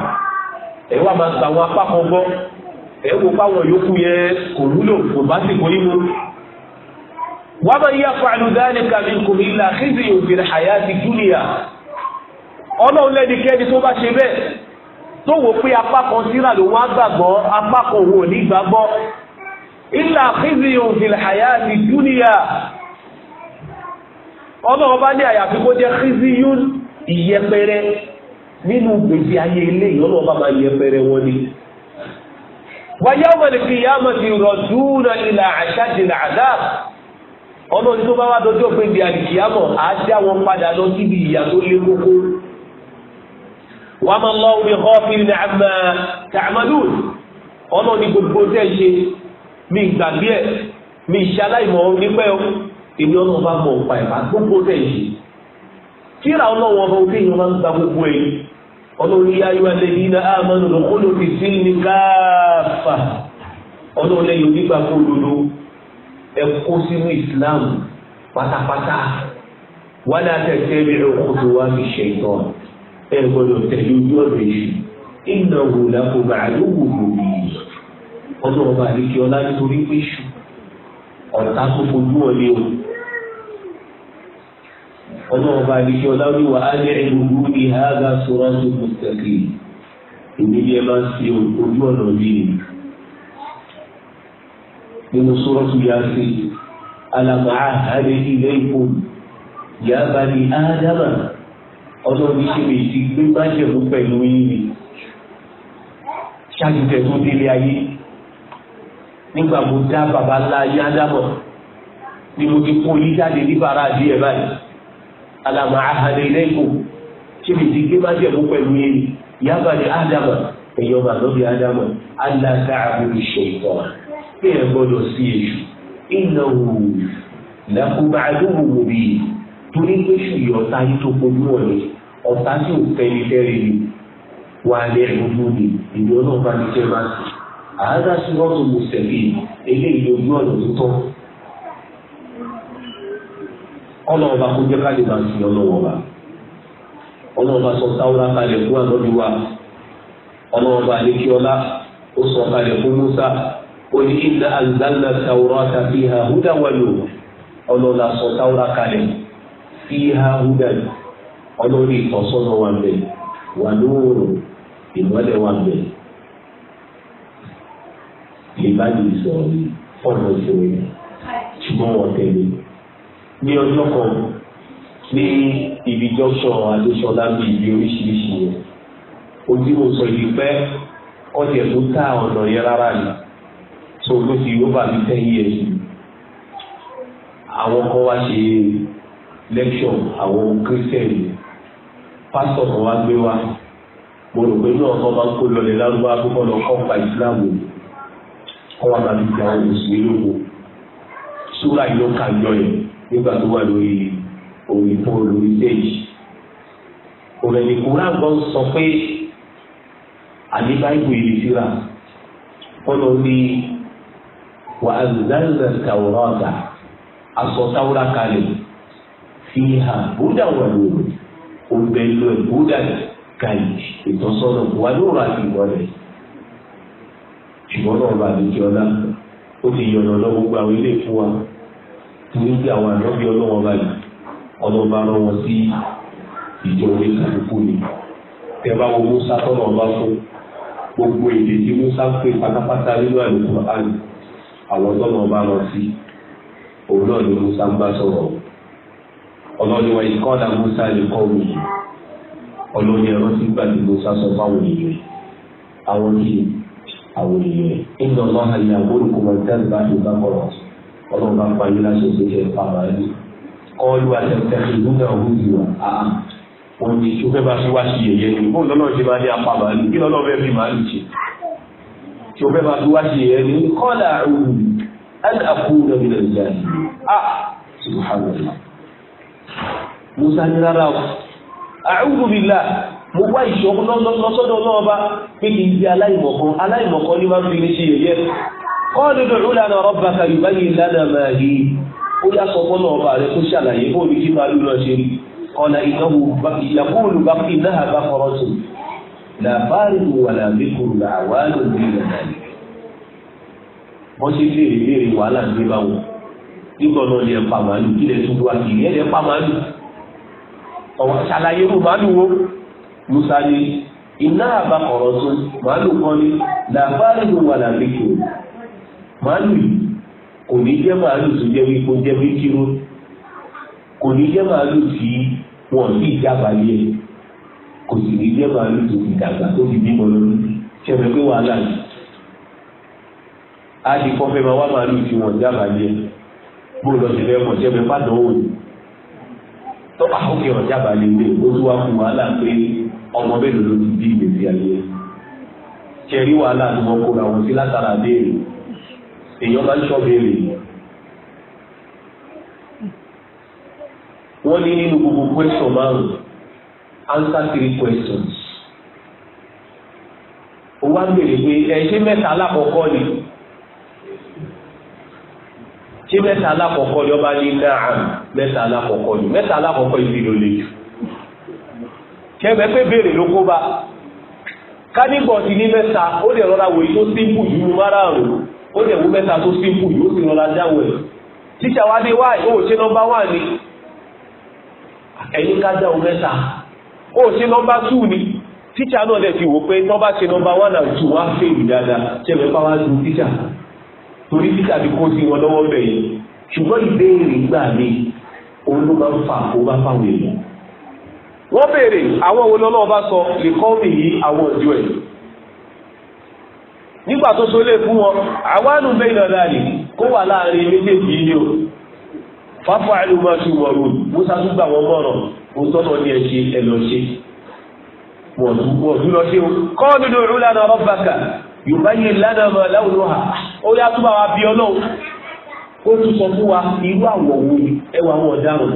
ẹ̀ wá máa gba àwọn apá kan gbọ́ ẹ wo fáwọn yòókù yẹn kò wúlò kò bá sì kó yín mú. wàá máa yá fàánù dáálẹ̀ kàmí kò ní ilà kízi òfin àyà ti dúnìyà ọlọ́run lẹ́nikẹ́ni tó bá ṣe bẹ́ẹ̀ tó wò pé apá kan síra ló wá gbàgbọ́ apá kan òun ò ní gbàgbọ́ ilà kízi òfin àyà ti dúnìyà ọlọ́run bá ní àyàfi kó jẹ́ kízi yún ìyẹpẹrẹ nínú gbèsè ayé ilé ìyọ́nà ọba máa yẹpẹrẹ wọn ni wa yawmal qiyamati yuraduna ila ashadil adab ọlọ́run tó bá wá dọjọ́ pé di àdìkìyàmọ̀ á dá wọn padà lọ síbi ìyà tó lé kókó. wa ma Allahu bi ghafilin amma ta'malun ọlọ́run gbogbo tẹ́ ṣe mi gbàgbé ẹ̀ mi ṣaláìmọ̀ nípẹ́ o èmi ọlọ́run bá mọ̀ ọ̀pá ẹ̀ bá gbogbo tẹ́ ṣe. kíra ọlọ́run ọba òkè yẹn máa ń gba gbogbo ẹ̀yìn ọlọ́run yá yọ alẹ́bí iná àmọ́nù lọ́kọ́lù fi sí ní káàfà ọlọ́run lẹ́yìn onígbà kó dodo ẹ kó sínú islam pátápátá wọn náà tẹ̀sí ẹ̀mí ọkùnrin wa fi ṣe ìtọ́ ẹ gbọ́dọ̀ tẹ̀lé ojú ọ̀rọ̀ èyí iná wò lápò bàálù wò lórí ọlọ́run bá àdéjọ́ láti torí pé ṣù ọ̀tá tó fojú wọn ni o ọlọ́run bá ní kí ọlọ́run wà á ní ẹ̀rùrù ní àgà sọ̀rọ̀ tó kù sẹ́kì èmi bí ẹ máa ń ṣe ojú ọ̀nà yìí nínú sọ̀rọ̀ tó yá sí alàmà àhàdé ilé ìkó yá bá ní ádámà ọlọ́run ní ṣe lè ti gbé májẹ̀mú pẹ̀lú yín ni ṣáàjú tó délé ayé nígbà mo dá bàbá ńlá yá dámọ̀ ni mo ti kó yí jáde ní bàrá àdìyẹ báyìí alàmà ahàdé ilé ìkó ṣé mi ti gbé má jẹ̀mú pẹ̀lú yẹn yàgbà ní ádámà ẹ̀yọ́ mà lóbi ádámà alága àbúrò ṣèkọ́ pé ẹ gbọ́dọ̀ sí èṣù iná wù làkúmà àdúgbò wò bí torí pé ṣù yọ ọ̀tá yìí tó kojú ọ̀lẹ́ ọ̀tá tí ò fẹ́ni fẹ́rẹ̀ ni wà á lẹ́ ẹ̀rọ ní ìdí ọlọ́ọ̀bá ní kẹ́ máa sì àádá sí tó mú sẹ̀lẹ̀ eléyìí lójú ọ̀nà tó tọ́ ọlọ́run bá kó jẹ́ ká lè máa sin ọlọ́run ọba ọlọ́run bá sọ táwọ́lá kalẹ̀ fún ànọ́bí wa ọlọ́run bá lè kí ọlá ó sọ kalẹ̀ fún Musa ó ní inna anzalna tawrata fiha hudan wa nur ọlọ́run bá sọ táwọ́lá kalẹ̀ fiha hudan ọlọ́run ìtọ́sọ́nà wa bẹ̀ wa nur ìmọ́lẹ̀ wa bẹ̀ ìbájú ìsọ̀rọ̀ fọ́nà ìṣòro yìí ṣùgbọ́n wọ́n tẹ̀lé ní ọjọ́ kan ní ibi junction adéṣọlá bí ibi oríṣiríṣi yẹn ojú yìí pẹ́ ọ̀jẹ̀ tó ta ọ̀nà yẹn rárá ni tó ló fi rọ́bà mi sẹ́yìn ẹ̀ sí àwọn kan wá ṣe lẹ́kṣọ̀ àwọn kírísítẹ̀nì pásítọ̀ kan wá gbé wá mo rò pé náà kọ́ máa ń kó lọlẹ̀ lárúbá púpọ̀ lọ kọ́ pa ìsìláàmù kọ́ wa máa fi gbà àwọn mùsùlùmí lóko súrà yìí ló kà yọ yẹn nígbà tó wà lórí omi tó lórí stage òrẹ̀lẹ̀ kúrán kan sọ pé àní báyìí yìí síra kọ́nà ní wà á zanzà tàwùrọ̀dà aṣọ táwùrà kalẹ̀ fi hà búdà wà lórí òbẹ̀lú ẹ̀ búdà kàyí ìtọ́sọ́nà wà lórí àti ìwọlẹ̀ ṣùgbọ́n náà bàbá ìjọba ó ti yọ̀nà lọ́wọ́ gbà wọlé fún wa torí pé àwọn ànábì ọlọ́wọ́n báyìí ọlọ́wọ́n bá rán wọn sí ìjọ orí kàdúkù ni tẹ bá wo Musa tọ́nà ọba fún gbogbo èdè tí Musa ń pè pátápátá nínú àlùkò àlù àwọn tọ́nà ọba rán sí òun náà ni Musa ń bá sọ̀rọ̀ ọlọ́ni wa ìkọ́lá Musa lè kọ́ mi ọlọ́ni ẹ̀rọ sí gbàdé Musa sọ fáwọn èèyàn àwọn èèyàn àwọn èèyàn ìnáwó àyàwó ìkọ̀wé tẹ́lẹ̀ bá ti bá kọ̀rọ̀ sí ọlọ́run bá parí láti ìgbésẹ̀ pàrọ̀ ẹni kọ́ọ̀lù àtẹ̀tẹ̀kì lúnà òwúrì wa àá wọ́n ní tó fẹ́ bá fi wá sí yẹ̀yẹ́ ni bóun lọ́nà ṣe bá ní apá màálù kí lọ́nà fẹ́ fi màálù ṣe tó fẹ́ bá fi wá sí yẹ̀yẹ́ ni kọ́ọ̀lù àrùn ẹni àkú lọ́nà ìjà ni a subhanallah musa ní rárá o a'udhu billah mo wá ìṣọ́ lọ́sọ́dọ̀ ọlọ́ọ̀ba pé kì í di aláìmọ̀kan aláìmọ̀kan ní wá fi lè ṣe yẹ̀yẹ́ kọ́ọ̀lù dùn ún lánàá ọba kàyùbá yìí lánàá máa yí ó yá sọ fọ́nà ọba rẹ kó ṣàlàyé bó ní kí màálù náà ṣe rí ọ̀nà ìnáwó ìyàkóòlù bá fi náà bá fọ́rọ́ tó làbáàrì wà làbíkùn làwálò ní ìlànà rẹ̀ wọ́n ṣe léèrè léèrè wàhálà ní báwọn nígbà náà lè pa màálù kí lè tún wá kiri ẹ̀ lè pa màálù ọ̀wọ́ ṣàlàyé mu màálù wo musa ni iná àbá kọ̀rọ̀ tó màálù kan ní làbáàrì wà làbíkùn màálù yìí kò ní jẹ́ màálù tó jẹ́ wípé ó jẹ́ méjìló kò ní jẹ́ màálù tí wọ́n sì jábàálẹ̀ ẹ̀ kò sì ní jẹ́ màálù tó fi dàgbà tó fi bímọ lórí ṣẹlẹ̀ pé wàhálà yìí á di kọ́fẹ́ máa wá màálù tí wọ́n jábàálẹ̀ bó lọ sí lẹ́mọ̀ ṣẹlẹ̀ pàdánwò ni tó bá òkè ọ̀jábàálẹ̀ lé ó tún wá fún wàhálà pé ọmọ mélòó ló ti bí ìgbésí ayé ṣẹlẹ̀ wàhálà tó mọ kóra wọn sí látara déèrè èèyàn máa ń ṣọ́bẹ̀rẹ̀ wọ́n ní nínú gbogbo question márùn-ún answer three questions ó wá béèrè pé ẹ ṣé mẹ́ta alákọ̀ọ́kọ́ ni ṣé mẹ́ta alákọ̀ọ́kọ́ ni ọba ní náà mẹ́ta alákọ̀ọ́kọ́ ni mẹ́ta alákọ̀ọ́kọ́ yìí ló le jù kẹfẹ́ pé béèrè ló kó bá kánígbọ̀n ti ní mẹ́ta ó lè rọra wòye tó simple jù márùn-ún ó dẹ̀ wú mẹ́ta tó simple yóò sì rọra dáwọ̀ ẹ̀ tíṣà wa ní wáì ó ṣe nọmba wà ní ẹ̀yìn ká dáwọ̀ mẹ́ta ó ṣe nọmba tù ní tíṣà náà dẹ̀ fi wò pé tó bá ṣe nọmba wà náà tù wá fèrè dáadáa ṣẹlẹ̀ pàwá ju tíṣà torí tíṣà ti kó sí wọn lọ́wọ́ bẹ̀yẹn ṣùgbọ́n ìbéèrè gbà mí òun ló máa ń fà kó bá fáwọn èèyàn wọ́n béèrè àwọn wo sọ lè kọ́ mi yí àwọn ìjọ ẹ̀ nígbà tó so lè fún wọn àwánù bẹ́ẹ̀ lọ́la rè kó wà láàrin méjèèjì ni o fáfá ẹni máa ṣe wọ̀rù musa tún gbà wọn mọ̀ràn kó tọ́nà ní ẹ̀ṣẹ̀ ẹ̀ lọ ṣe wọ̀dú lọ ṣe o kọ́ ọ́ nínú ìrúlá náà rọ́bàkà yorùbá yìí lánàá máa láwùjọ hà ó yá túbọ̀ wá bí ọlọ́run ó tún sọ fún wa irú àwọ̀ wo ni ẹwà wọn ọ̀daràn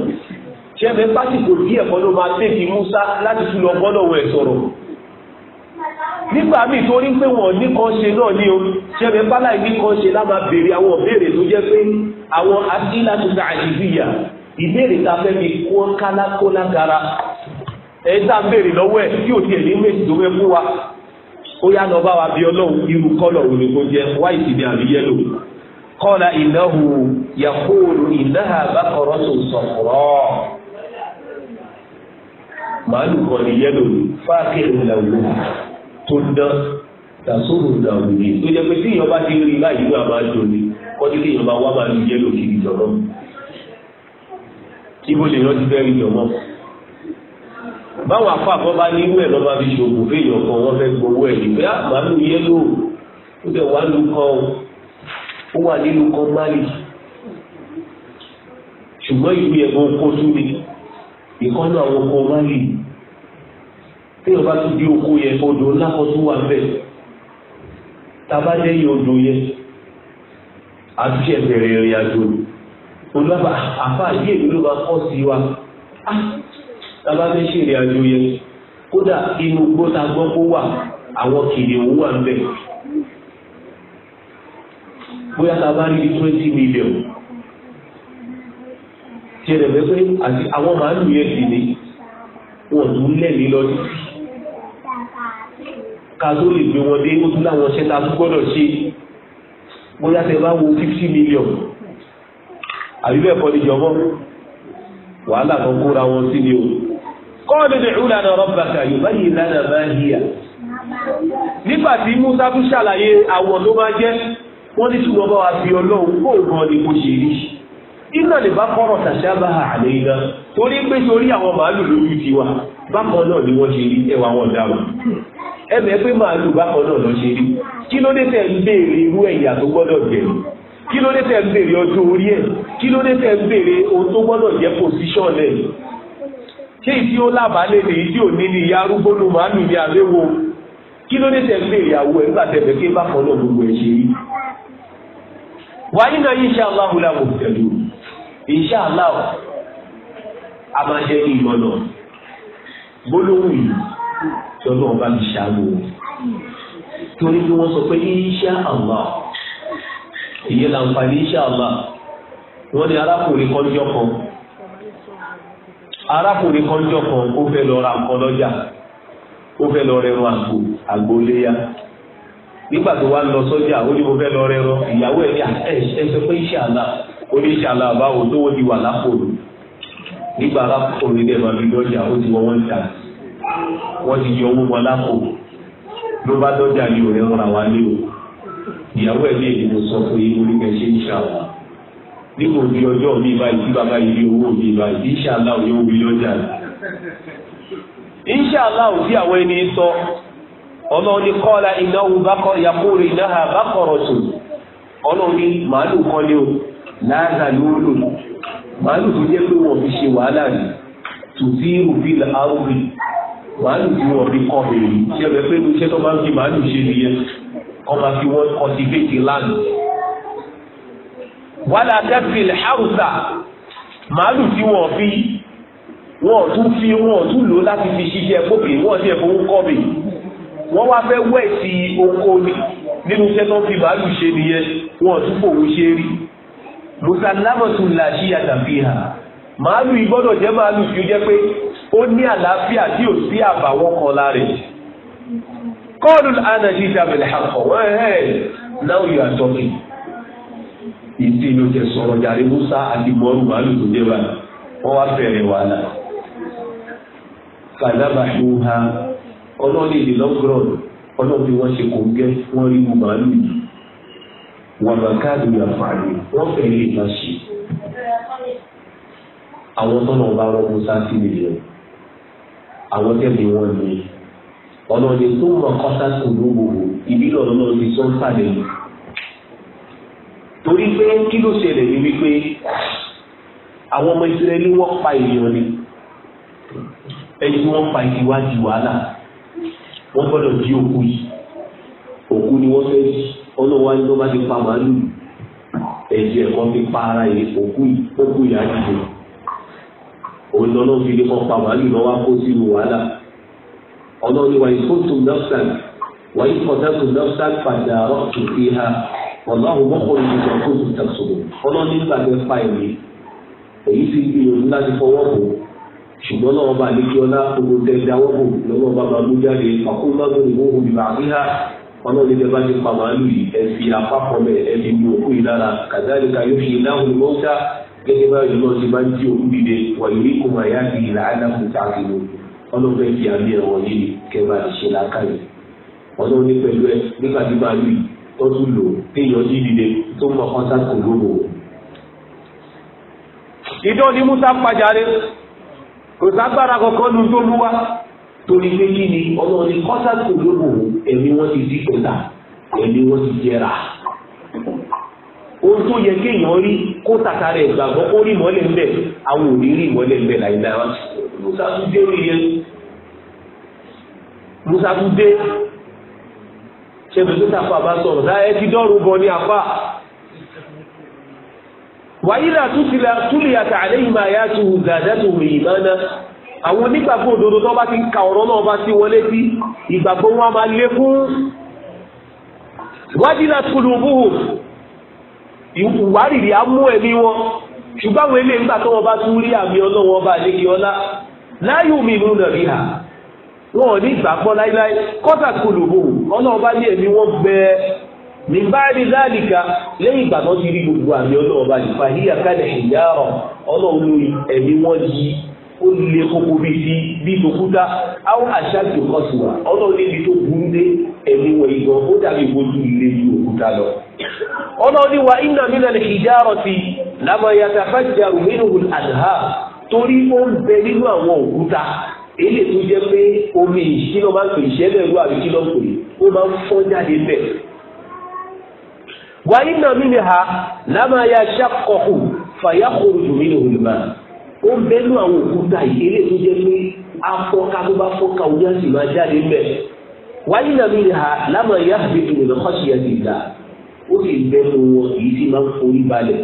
ṣẹ́ẹ̀mẹ́ pásítọ̀ díẹ̀ kan ló máa tẹ̀sí nígbà míì torí pé wọ́n ní kan ṣe náà ní o ṣẹlẹ̀ bálá ìní kan ṣe láma béèrè àwọn ìbéèrè tó jẹ́ pé àwọn asílá tó ta ìbéèrè ta fẹ́ fi kó kálákólágara ẹ̀ tá béèrè lọ́wọ́ ẹ̀ ní méjì tó fẹ́ fún wa ó yá lọ bá wa bí ọlọ́run irú kọ́lọ̀ òun ni kò wáìtì àbí tó ń dán tàṣóòrò ìdààmú ni tó jẹ́ pé tí èèyàn bá ti rí báyìí wà máa dùn ni kọ́ tí èèyàn bá wá máa lu yẹ́lò kiri jọ̀rọ̀ ibo lè rántí fẹ́ rí jọ̀mọ́ báwọn afọ àfọ bá ní irú ẹ̀ lọ́ba fi ṣògùn fèèyàn kan wọ́n fẹ́ gbowó ẹ̀ ní pé á máa lu yẹ́lò ó bẹ̀ wá lu kan ó wà nínú kan máàlì ṣùgbọ́n ìlú ẹ̀gbọ́n kó tún ni ìkọ́nà àwọn kan máàlì tí o bá tún di oko yẹ odò ńlá kan tún wà bẹ́ẹ̀ tàbá lẹ́yìn odò yẹ àtúnṣe bẹ̀rẹ̀ ìrìn àjò olùbàbà àfa àyè mi ló máa kọ́ sí wa tàbá fẹ́ ṣe ìrìn yẹ kódà inú gbọ́ta gbọ́ kó wà àwọn kìnìún wà bẹ́ẹ̀ bóyá tàbá rí twenty million tiẹ̀ lẹ́gbẹ́ pé àwọn màálù yẹn sì ni wọ́n tún lẹ́mìí lọ sí ká tó lè gbé wọn dé ó tún láwọn ṣẹ́ ta gbọ́dọ̀ ṣe bóyá tẹ bá wo fifty million àbí bẹ́ẹ̀ kọ́ ni jọ̀mọ́ wàhálà tó kóra wọn sí ni o kọ́ọ̀dù ní ìlànà rabbaka yubayyin lana ma hiya nígbà tí Musa tún ṣàlàyé àwọn ló máa jẹ́ wọ́n ní túnbọ̀ bá wa fi ọlọ́run kó gan ni kò ṣe rí iná lè bá kọ́rọ̀ tàṣàbà àlẹ́ iná torí pé torí àwọn màálù lójú tiwa bákan náà ni wọ́n ṣe rí ẹwà wọn dáhùn ẹ̀mí ẹ pé màálù bákan náà lọ ṣe rí kí ló dé tẹ̀ ń béèrè irú ẹ̀yà tó gbọ́dọ̀ jẹ kí ló dé tẹ̀ ń béèrè ọjọ́ orí ẹ̀ kí ló dé tẹ̀ ń béèrè ohun tó gbọ́dọ̀ jẹ́ pòsíṣọ̀n ẹ̀ ṣé ìdí ó lábàálẹ̀ lè ìdí òní ni ìyá arúgbó ló màálù ní àléwo kí ló dé tẹ̀ ń béèrè àwọ̀ ẹ̀ nígbà tẹ̀ fẹ́ ké bákan náà gbogbo ẹ̀ ṣe rí wàá nínú ayé iṣẹ́ aláwo làwọn òṣèlú iṣẹ́ a máa jẹ́ ìmọ̀ náà tí ọlọ́run bá lè ṣàánú wọn torí bí wọ́n sọ pé insha allah ìyẹn làǹfààní insha allah wọ́n ní arákùnrin kọ́jọ́ kan arákùnrin kọ́jọ́ kan ó fẹ́ lọ ra nǹkan lọ́jà ó fẹ́ lọ rẹran àgbò nígbà tó wá lọ sọ́jà ó ní mo fẹ́ lọ ìyàwó ẹ̀ ní ah, pé ó ní tó wọ́n ti wà lápò wọ́n ti yọ owó wọn lápò ló bá dọ́jà ní òun àwọn alẹ́ o ìyàwó ẹ̀ sọ fún ori ṣe ń ṣà wá nígbà òbí ọjọ́ mi báyìí tí bàbá yìí rí owó mi báyìí ìṣàlá òye òbí ìṣàlá òbí àwọn ẹni sọ kọ́lá ìnáwó bákọ́ ìnáhà bákọ̀rọ̀ tó màálù kọ́lé o màálù tó jẹ́ pé wọ́n fi ṣe wàhálà màálù tí wọ́n fi kọ́ èrè tí ẹ̀rẹ́ pé ní iṣẹ́ tó máa ń fi màálù ṣe nìyẹn kọ́ máa fi wọ́n cultivate land. wàhálà tẹ́fìlì haúsá màálù tí wọ́n fi wọ́n tún fi wọ́n tún lò láti fi ṣiṣẹ́ kóbì wọ́n ti ẹ̀fọ́ kọ́ mi wọ́n wá fẹ́ wẹ̀sì oko ni nínú iṣẹ́ tó ń fi màálù ṣe nìyẹn wọ́n tún fòun ṣe rí musalamatu la ṣíyàtà fi hàn màálù yìí gbọ́dọ̀ jẹ́ màálù tí ó jẹ́ pé ó ní àlàáfíà tí ò sí àbàwọ́n kan lára ẹ̀ kọ́ọ̀lù àná ti dàbẹ̀ lẹ́hàkọ̀ wọ́n ẹ̀ náà yóò àtọ́kì ìdí ló jẹ sọ̀rọ̀ jàre musa àti mọ́rù màálù tó jẹ́ báyìí wọ́n wá bẹ̀rẹ̀ wàhálà kàdábà ṣùgbọ́n ọlọ́ọ̀lì ìdílọ́gọ́rọ̀dù ọlọ́ọ̀bí wọ́n ṣe kò ń gẹ́ àwọn tọ́nà bá wọn kó sáfì nìyẹn àwọn tẹ̀lé wọn ni ọ̀nà ni tó mọ kọ́sá tó lóbòwò ibi lọ́nà náà ti sọ ń sàlẹ̀ lọ. torí pé kí ló ṣẹlẹ̀ ní wípé àwọn ọmọ ìsirẹ́lì wọ́n pa èèyàn ni ẹni tí wọ́n pa ìwádìí wàhálà wọ́n gbọ́dọ̀ jí òkú yìí òkú ni wọ́n fẹ́ jí ọlọ́wọ́ ni wọ́n bá ti pa màálù ẹ̀jẹ̀ kan fi pa ara yìí òkú yìí òkú yìí á dìbò òun lọ́nà fi lè kọ́ pa màálù lọ́wọ́ kó sínú wàhálà ọlọ́run ni wàyí kóòtù nọ́ọ̀sán wàyí kọ̀tàkù nọ́ọ̀sán padà rọ́ọ̀tù fi ha ọlọ́run mọ́kànlá ìjọ kóòtù tàṣùbọ̀ ọlọ́run nígbà tẹ pa èmi èyí ti gbìyànjú láti fọwọ́ bò ṣùgbọ́n náà ọba àdékíọ́lá gbogbo tẹ dáwọ́ bò lọ́wọ́ bàbá mú jáde àkóńgbàgbọ́n ìwọ́hùn bíbá àríhà ọlọ́run ilé bá ti pa màálù yìí ẹ fi apá kan mẹ́ ẹ fi mú òkú yìí lára kàdáàlì ká yóò fi iná òun mọ́ta gẹ́gẹ́ bá yọ lọ́sí máa ń jí òun dìde wà ìwé kò máa yá di ìlà ádámù tààkìlò ọlọ́fẹ́ fi àmì ẹ̀wọ̀n yìí kẹba ṣe lákàyè ọlọ́run ní pẹ̀lú ẹ nígbà tí máa lù tọ́jú lò téèyàn jí dìde tó mọ kọ́ńtà kò lóko. ìdán ni Musa pàjáre kò ságbára kankan nu tó lúwa torí pé kí ni ọlọ́run ní kọ́ńtà kò lóko ẹ̀mí wọn ti dí ẹ̀mí wọn ti jẹrà ohun tó yẹ kéèyàn rí kó tàkàrẹ̀ ìgbàgbọ́ kó rí ìmọ́lẹ̀ ń bẹ̀ àwọn òní rí ìmọ́lẹ̀ ń bẹ̀ láìláì wá musa tún dé orí yẹn musa tún dé ṣẹ́gun tó tàpá bá sọ̀rọ̀ láyé ti dọ́rùn bọ ní apá wàyílà tútìlà túlìyà tààlẹ́ ìmọ̀ àyà tó gàdá tó rìn ìmọ̀ náà àwọn onígbàgbọ́ òdodo tó bá ti ka ọ̀rọ̀ náà bá ti wọlé sí ìgbàgbọ́ wọn a máa lékún wájú náà kúlù búhù ìwárìrì á mú ẹ̀mí wọn ṣùgbọ́n àwọn eléyìí nígbà tó wọn bá tún rí àmì ọlọ́wọ́n bá lékè ọlá láyé omi ìlú nà rí hà wọn ò ní gbàgbọ́ láíláí kọ́tà kòlòbò bá ní ẹ̀mí wọn gbẹ́ẹ́ ní báyìí láàdìka lẹ́yìn ìgbà tó ti rí gbogbo àmì ọlọ́wọ́n bá nípa yíyá kálẹ̀ ìyá ọ̀ ọlọ́wọ́n wọn yìí ó lè kókó bí ti bí tòkúta àwọn àṣàjò kan sì wà ọlọ́run níbi tó burú dé ẹ̀mí wọ̀ ìgbọ̀n ó dàbí ìwọ́dù lè ju òkúta wa ina mi náà lè fi já ọ̀rọ̀ sí làmọ̀yàtà fàjà òmìnirun àdá torí ó ń bẹ nínú àwọn òkúta èlé tó jẹ́ pé omi ìṣínà máa ń pè ìṣẹ́lẹ̀ ìlú àbí kí ló ń pè ó máa ń fọ́ jáde bẹ́ẹ̀. wa iná mi ni ha lámàyà ṣàkọ̀kù fàyàkùrù jùmí ni òlùmọ́ ó ń bẹ́nu àwọn òkúta ìkéré tó jẹ́ pé afọ́ká tó bá fọ́ká ojú àti máa jáde ńbẹ̀ wáyé nàmi ha lámà yá àbí ìrìnà kọ́sì si dìgbà ó sì bẹ́nu wọn èyí tí máa ń forí balẹ̀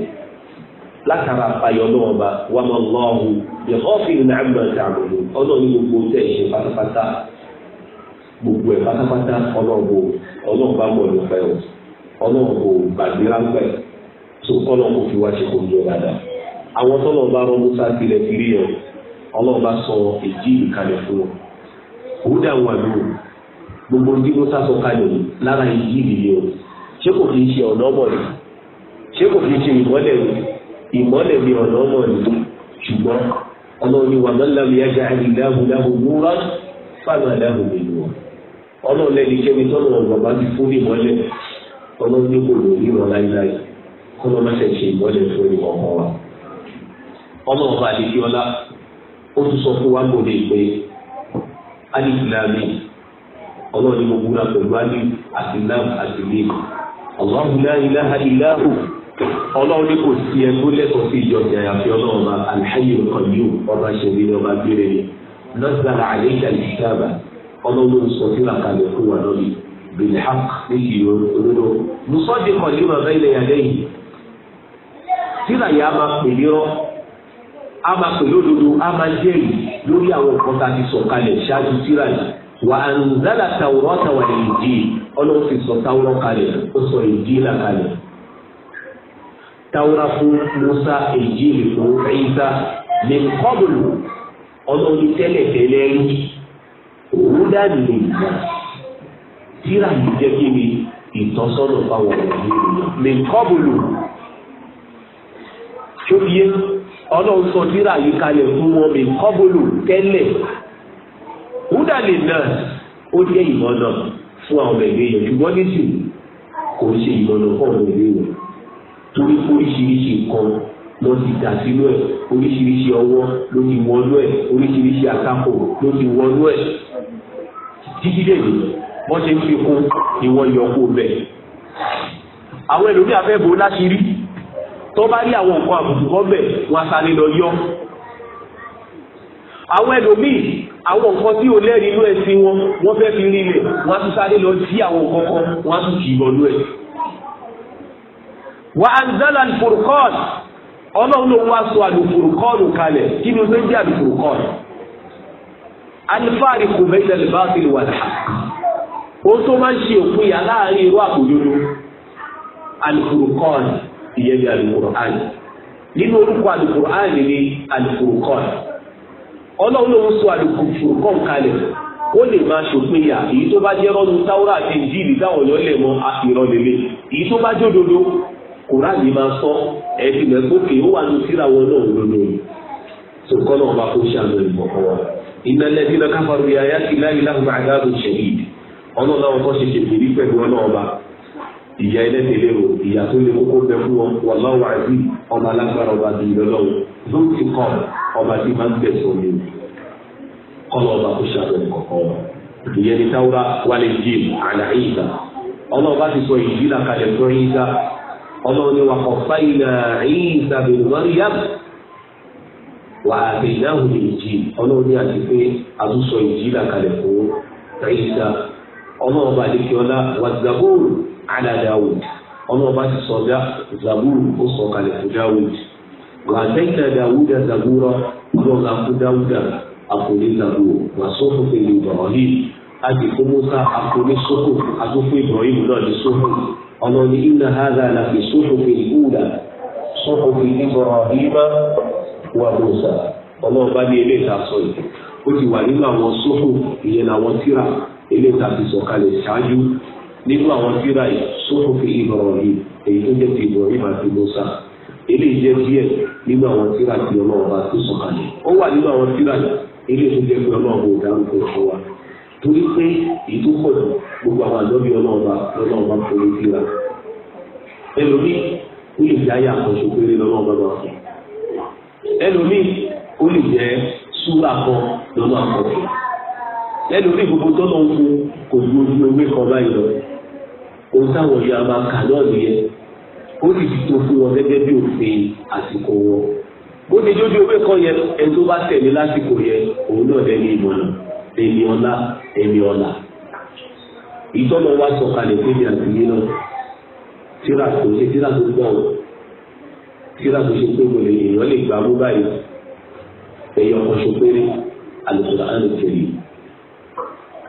látara àpayọ̀ náà bá wà máa ń lọ́ ọ̀hún bí ọ́fìn náà máa ní gbogbo tẹ̀ ṣe pátápátá gbogbo ẹ̀ pátápátá ọlọ́ọ̀bù ọlọ́ọ̀bá mọ̀ ọlọ́ọ̀bù fi wá ṣe kó ń àwọn tọ́lọ̀ bá rọ musa tilẹ̀ kiri yẹn ọlọ́run bá sọ èjì ìkàlẹ̀ fún wọn òwúdà wà lóhùn gbogbo tí musa sọ kalẹ̀ lára èjì ìdílé o ṣé kò fi ṣe ọ̀nà ọmọ rẹ ṣé kò fi ṣe ìmọ́lẹ̀ rẹ ìmọ́lẹ̀ mi ọ̀nà ọmọ rẹ ṣùgbọ́n ọlọ́run ni wàmọ́lá mi yájà àdìdáhùn dáhùn múra fáwọn àdáhùn mi lù wọn ọlọ́run lẹ́ni kẹ́mi tọ́lọ̀ ọ̀gbọ̀n bá ti fún ìmọ́lẹ̀ ọlọ́run ní kò lò ní wọn láíláí kọ́lọ́ má ṣe ṣe ìmọ́lẹ̀ fún ìwọ̀n kan wa ọlọ́run bá lè fi ọlá ó tún sọ fún wa gbòde pé alifilami ọlọ́run ni mo búra pẹ̀lú ali àti lam àti lim Allahu la ilaha illahu ọlọ́run ní kò sí ẹgbẹ́ lẹ́kọ̀ọ́ sí ìjọsìn àyàfi ọlọ́run bá alhayyul qayyum ọba ṣẹ̀bi ní ọba gbére ni lọ́sàrà àlejò àlìṣàbà ọlọ́run sọ sí làkàlẹ̀ fún wa lọ́bi bilhaq níbi òdodo nusọ́dẹ̀kọ̀ lima bayna yadayhi tíra yà a máa pè lódodo a máa jẹ́rìí lórí àwọn nǹkan tá a ti sọ̀kalẹ̀ ṣáájú tírà yìí wà á ń dára tàwùrọ̀ tàwà èdè ọlọ́run ti sọ táwùrọ̀ kalẹ̀ ó sọ èdè là kalẹ̀ táwùrọ̀ fún Musa èdè lè fún ẹ̀yìnká lè kọ́bùlù ọlọ́run tẹ́lẹ̀ tẹ́lẹ̀ rí rúdà lè gbà tírà jẹ́ kí ni ìtọ́sọ́nà báwọn ọ̀rọ̀ yìí lè kọ́bùlù tó yẹ ọlọ́run sọ tírà yìí kalẹ̀ fún wọn mi kọ́bólù tẹ́lẹ̀ húdàlè náà ó jẹ́ ìmọ̀nà fún àwọn ọmọ ẹ̀gbẹ́ yẹn ṣùgbọ́n nísìn kò ń ṣe ìmọ̀nà fún àwọn ẹ̀gbẹ́ yẹn torí oríṣiríṣi nǹkan lọ ti dà sínú ẹ̀ oríṣiríṣi ọwọ́ ló ti wọnú ẹ̀ oríṣiríṣi àtakò ló ti wọnú ẹ̀ títí dèmi wọ́n ṣe ń fi kún ìwọ̀n yọkú bẹ̀ àwọn ẹlòmíà fẹ́ bo láṣìírí tó bá rí àwọn nǹkan àbùkù kan bẹ̀ wọ́n sáré lọ yọ. àwọn ẹlòmíì àwọn nǹkan tí ò lẹ́rìí inú ẹ̀sìn wọn wọ́n fẹ́ fi rinlẹ̀ wọ́n á tún sáré lọ sí àwọn nǹkan kan wọ́n á tún kì í bọ̀ lú ẹ̀. wà á ń dálà ọlọ́run ló wá sọ alfurqan kalẹ̀ kí ni o fẹ́ jẹ́ alfurqan alifáàríkù bẹ́ẹ̀ lè bá ti wà láà ó tó máa ń ṣe òpin yà láàrin irú àpòjọ́dọ́ alifurukọ́ọ̀nì ìyẹn ní alukur'an nínú orúkọ alukur'an ni alukur'an ọlọ́run ló ń sọ alukur'an kalẹ̀ ó lè máa ṣòpinya èyí tó bá jẹ́ rọ́nu táwọ́rà àti jíìlì táwọn èèyàn lè mọ ìrọ̀lẹ́lẹ̀ èyí tó bá jó dodo kùránì máa sọ ẹ̀sìn lẹ́gbọ́kè ó wà ní síra wọn náà lónìí òní náà bá kó ṣàmì ìbọ̀kọ́ wọn. iná lẹ́bí náà káfàrú yàrá sí láyé láhùn àdáàbò ṣẹ̀yìn ọlọ́run náà wọ́n ṣe ṣèlérí pẹ̀lú ọlọ́run ìyá ẹlẹ́tẹ̀lẹ́ o ìyá tó lè kókó bẹ fún wọn wàláwà àbí ọba alágbára ọba àbí ìlọ́lọ́wọ́ lóòtì kọ́ ọba tí máa ń gbẹ̀sọ̀ mi kọ́lọ̀ ọba kó ṣàbẹ̀wò kọ̀kọ́ wa ìyẹn ní táwọn wálé jíìmù àlà ìgbà ọlọ́ọ̀bá ti sọ ìdí làkàlẹ̀ fún ìgbà ọlọ́ọ̀ni wà kọ̀ fáìlà ìgbà bẹ̀rù Maryam wà á bẹ̀ náà ní ìjì ọlọ́ọ̀ni ala Dawud ọlọ́ọ̀bá ti sọ zaburu ó sọ kalẹ̀ fún Dawud wàtẹ́tẹ̀ Dawuda zabura ọlọ́ọ̀bá fún Dawuda àkòlé zaburu wà sọ́fún fún Ibrahim àti fún Musa àkòlé sọ́fún àtúfún Ibrahim náà ní sọ́fún ọlọ́ọ̀ni iná hàdà láti sọ́fún fún ìhùdà sọ́fún fún Ibrahim wà Musa ọlọ́ọ̀bá ní ilé ìtasọ̀ yìí ó ti wà nínú àwọn sọ́fún ìyẹn àwọn tíra ilé ìtasọ̀ kalẹ̀ ṣáájú nínú àwọn tírà yìí sófòfì Ibrahim èyí tó jẹ́ ti Ibrahim àti Musa eléyìí jẹ́ díẹ̀ nínú àwọn tírà tí Ọlọ́run bá ti sọ kalẹ̀ ó wà nínú àwọn tírà yìí eléyìí tó jẹ́ pé Ọlọ́run kò dárúkọ fún wa torí pé ìdúpọ̀ gbogbo àwọn àjọbí Ọlọ́run bá Ọlọ́run bá forí tírà ẹlòmíì ó lè jẹ́ ayé àkànṣe péré lọ́wọ́ bàbá fún ẹlòmíì ó lè jẹ́ súrà kan lọ́wọ́ àkànṣe ẹlòmíì gbogbo tọ́lọ́ ń fún kò ju ojú ewé kan báyìí lọ ohun táwọn yóò máa kà náà nìyẹn ó sì ti tó fún wọn gẹ́gẹ́ bí òfin àsìkò wọn ó ti dójú owó kan yẹn ẹni tó bá tẹ̀lé lásìkò yẹn òun náà dẹni ìmọ̀nà ẹni ọlá ẹni ọlá ìtọ́nà wa sọ̀kalẹ̀ fún mi àti yín náà tíra tó ṣe tíra tó gbọ́ ọ tíra tó ṣe pé mo lè èèyàn lè gbà mú báyìí ẹ̀yọ̀ kan ṣe péré àlùkò àlùkò tẹ̀lé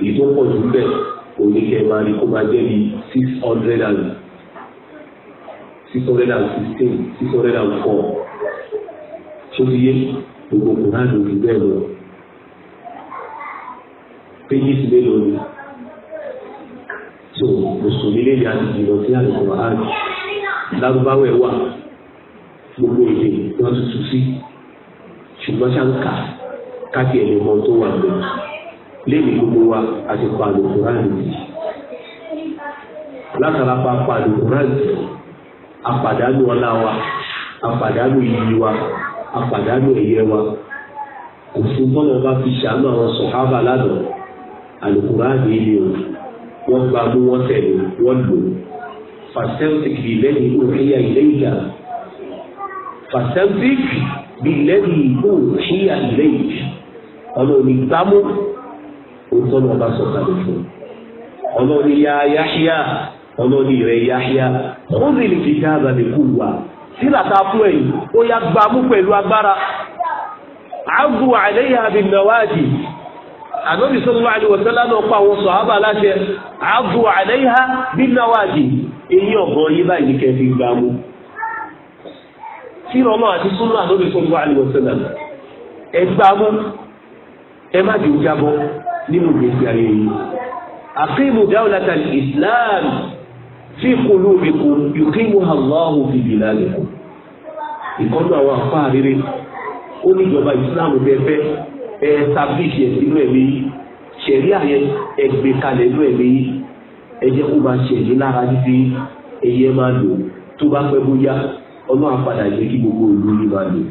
ìtọ́pọ̀ jù bẹ́ẹ̀ oníkẹ́ máa rí kó máa jẹ́ bí six hundred and six hundred and sixteen six hundred and four tó ti yé gbogbo kùnádùn ti bẹ́ẹ̀ lọ pages mélòó ni tó mùsùlùmí lélẹ̀ àti jìnnà sí àlùkò ààrùn lárúbáwẹ̀ wà gbogbo èdè wọn tuntun sí ṣùgbọ́n ṣáà ń kà káàkiri ẹ̀mọ́ tó wà lónìí lẹ́yìn gbogbo wa àti pàlùkù ráàlì látara pa pàlùkù ráàlì àpàdánù ọlá wa àpàdánù iyì wa àpàdánù ẹ̀yẹ wa kò sí tọ́lọ̀ bá fi ṣàánú àwọn sọ̀hábà lánàá àlùkù ráàlì ilé o wọ́n gba mú wọ́n tẹ̀lé wọ́n lò fàṣẹ́ntìk bíi lẹ́yìn òkèèyà ilé ìjà fàṣẹ́ntìk bíi lẹ́yìn òkèèyà ilé ìjà ọlọ́ọ̀nì gbámú òótọ́ náà bá sọ kalẹ̀ fún ọlọ́ni ya yáhíà ọlọ́ni rẹ̀ yáhíà ó sì lè fi dáàbà lè kú wa sílà tá a fún ẹ̀yìn ó yá gba mú pẹ̀lú agbára àgùn àlẹ́yà àbí nàwádìí ànábì sọ́dún àlè wọ̀sẹ́lá náà pa àwọn sọ̀hábà láṣẹ àgùn àlẹ́yà bí nàwádìí eyín ọ̀gbọ́n yín báyìí ní kẹfì gbà mú tí ọmọ àti súnmọ́ ànábì sọ́dún àlè wọ̀sẹ́lá ẹ gbà mú ẹ má jù jábọ́ nínú gbèsè ayé yìí aqimu dawlata islam fi qulubikum yuqimuha Allahu fi biladikum ìkọ́nù àwọn afá rere ó ní ìjọba islam fẹ́fẹ́ ẹ sábìsì ẹ̀ sínú ẹ̀mí yìí ṣẹ̀rí àyẹ ẹgbẹ́ kalẹ̀ nínú ẹ̀mí yìí ẹ kó máa ṣẹ̀rí lára títí ẹyẹ máa lò tó bá pẹ́ bóyá ọlọ́run àpàdà yẹ kí gbogbo ìlú yìí máa lò.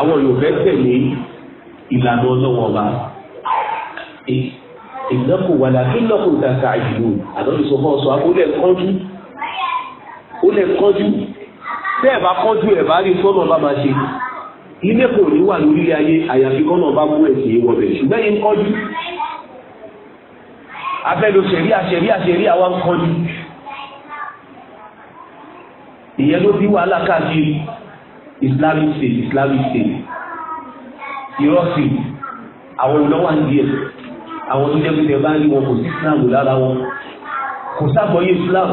àwọn Yorùbá tẹ̀lé ìlànà ọlọ́wọ́ ọba ìnáko wà láti lọ́kùn kàkà ìlú àdóbi sọ fún ọsọ ó lè kánjú ó lè kánjú tẹ́ ẹ̀ bá kánjú ẹ̀ bá rí sọ́nà ọba máa ṣe ilé kò ní wà lórí ayé àyàfi kọ́nà ọba mú ẹ̀sìn ìwọ̀ bẹ̀ ṣùgbọ́n yìí ń kánjú abẹ́lò ṣẹ̀rí àṣẹ̀rí àṣẹ̀rí àwa ń kánjú ìyẹn ló bí wàhálà káàkiri Islamic State Islamic State ìrọ́sì àwọn olówó àti díẹ̀ àwọn tó jẹ́pẹ̀tẹ̀ bá rí wọn kò sí islam lára wọn kò sábọ̀yé islam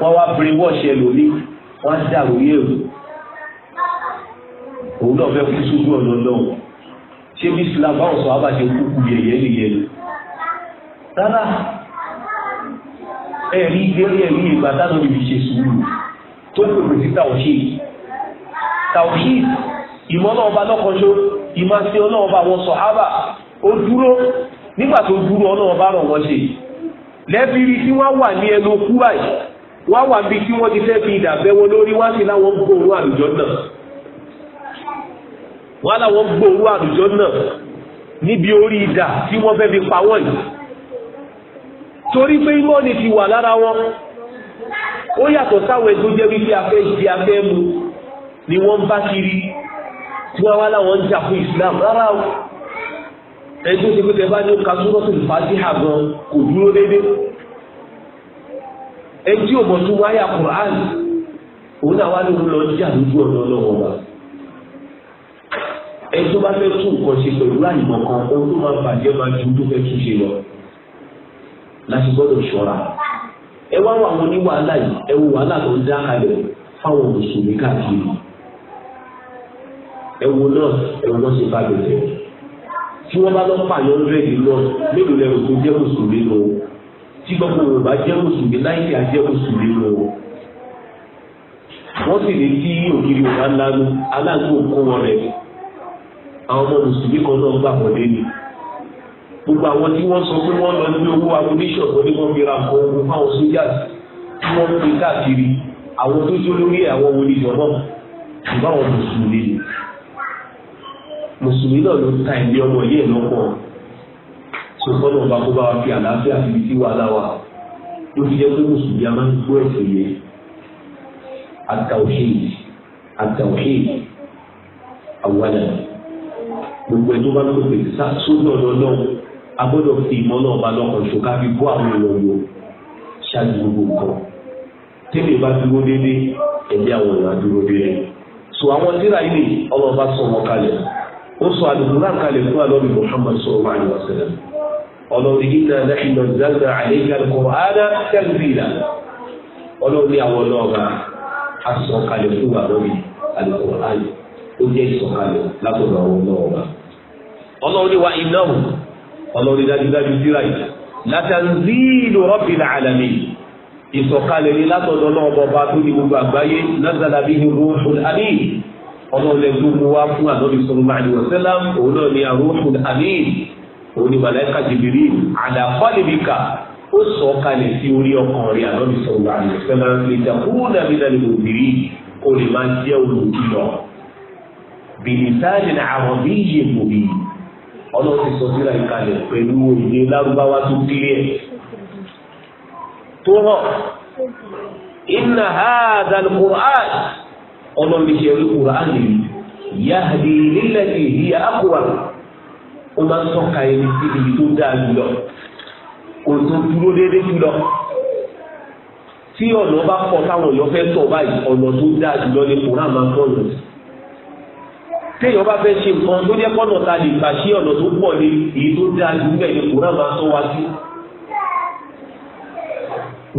wọ́n wá bẹ̀rẹ̀ wọ́ọ̀ṣì ẹlòmí wọ́n á dàrú yé o òun náà fẹ́ kú sójú ọ̀nà náà ṣé bí islam báwọn sọ abáṣe kúkú yẹ̀yẹ́ nìyẹn rárá ẹ̀rí lérí ẹ̀rí ìgbà tánà níbi ṣe sùúrù tó pèpè sí tàwọ̀ṣì tàwọ̀ṣì ìmọ̀ náà ọba lọ́kọ̀ọ́ṣọ́ ìmáṣe ọlọ́run bá wọn sàhábà ó dúró nígbà tó dúró ọlọ́run bá rọ̀ wọ́n ṣe lẹ́bi rí tí wọ́n wà ní ẹnu kú báyìí wọ́n wà bí tí wọ́n ti fẹ́ fi ìdà bẹ́wọ́ lórí wọ́n sì láwọn gbòòrò àlùjọ náà wọ́n láwọn gbòòrò àlùjọ náà níbi orí ìdà tí wọ́n fẹ́ fi pa wọ́n yìí torí pé imọ́ ni ti wà lára wọn ó yàtọ̀ sáwọn ẹgbẹ́ jẹ́ wípé afẹ́ ìdí afẹ́ mu ni wọ́n ń bá kiri tí wọ́n wá láwọn ń jà fún Islam rárá o ẹni tó ṣe pé tẹ bá ní kasúrọ́sì fàtíhà gan kò dúró déédéé ẹni tí òmò tún wáyà Qur'an òun náà wá lóun lọ jà lójú ọ̀nà ọlọ́wọ́ wa ẹni tó bá fẹ́ tún nǹkan ṣe pẹ̀lú àyìnbọn kan ohun tó máa bàjẹ́ máa ju tó fẹ́ tún ṣe lọ láti gbọ́dọ̀ ṣọ́ra ẹ wá wọ àwọn oníwàhálà yìí ẹ wo wàhálà tó ń dá kalẹ̀ fáwọn mùsùlùmí káàkiri ẹwo náà ẹwo náà ṣe bá bẹ̀rẹ̀ tí wọ́n bá lọ pààyàn rẹ́ẹ̀dì náà mélòó lẹ́rù tó jẹ́ mùsùlùmí lọ tí gbogbo wọn bá jẹ́ mùsùlùmí láì ní àjẹ́ mùsùlùmí lọ. wọ́n sì lè kí ògiri ọ̀gá lánú aláàgbò kó wọn rẹ̀ àwọn ọmọ mùsùlùmí kan náà gbà wọ́n lé ni. gbogbo àwọn tí wọ́n sọ pé wọ́n lọ ní owó amúníṣọ̀ tó ní wọ́n fi ra nǹkan ogun fáwọn sójà tí wọ́n ń pè káàkiri àwọn tó jó lórí àwọn oníjọ náà ṣùgbọ́n àwọn mùsùlùmí ni mùsùlùmí náà ló ta ìlé ọmọ yìí lọ́pọ̀ sọ̀tọ́nà ọba kó bá wa fi àlàáfíà síbi tí wàhálà wà ló fi jẹ́ pé mùsùlùmí a máa ń gbọ́ ẹ̀sìn yẹn àtàwọ̀ṣe àtàwọ̀ṣe àwàdà gbogbo ẹjọ́ bá lọ́pọ̀ pèsè sódò ọ̀dọ́ náà a gbọ́dọ̀ fi ìmọ̀ náà ba lọ́kàn ṣò ká fi bọ́ àwọn èèyàn yòó ṣáàjú gbogbo nǹkan tẹ́lẹ̀ bá dúró déédéé ẹ̀jẹ̀ àwọn èèyàn dúró déédéé so àwọn tíra ilé ọlọ́ọ̀bá sọ̀rọ̀ kalẹ̀ ó sọ àlùkùrán kalẹ̀ fún alọ́bí muhammad sallallahu alaihi wasallam ọlọ́run iná lẹ́yìnà zanna àlẹ́yìn alukọ̀ọ́dá tẹ́lifíìlà ọlọ́run àwọn ọlọ́ọ̀gá asọ̀kalẹ̀ fún alọ́bí alukọ̀ọ́dá ó jẹ́ ìsọ̀kalẹ̀ látọ̀dọ̀ àwọn ọlọ́ọ̀gá ọlọ́run wa ináwó ọlọ́run dájúdájú síra yìí látàzílù rabbil alamin ìsọ̀kalẹ̀ ni látọ̀dọ̀ náà bọ̀ bá tó ní gbogbo ọlọ́run lè gbogbo wa fún ànábi sọlọ́mọ àdìwọ̀ sẹ́lá òun náà ni àrùn àmín òun ni màláìka jìbìrì àdàpálẹ̀bíkà ó sọ kalẹ̀ sí orí ọkàn rẹ̀ ànábi sọlọ́mọ àdìwọ̀ sẹ́lá lè dàkúrú nàbínà lè mọ̀ bìrì kó lè máa jẹ́ olùkìlọ̀ bìlìsáàdì àwọn bí yé bòbí ọlọ́run sọ síra ìkalẹ̀ pẹ̀lú òye lárúbáwá tó kílẹ̀ tó hàn inna hadha quran ọlọ́run ṣe orí kùránì yahdi lillati hiya aqwa ó máa ń tọ́ka ẹni síbi tó dáa jùlọ kò tó dúró déédéé jùlọ tí ọ̀nà bá pọ̀ táwọn èèyàn fẹ́ tọ̀ báyìí ọ̀nà tó dáa jùlọ ni kùránì máa ń tọ̀ lọ téèyàn bá fẹ́ ṣe nǹkan tó jẹ́ kọ́nà ta lè gbà sí ọ̀nà tó pọ̀ ní èyí tó dáa jù bẹ́ẹ̀ ni kùránì máa ń wá sí.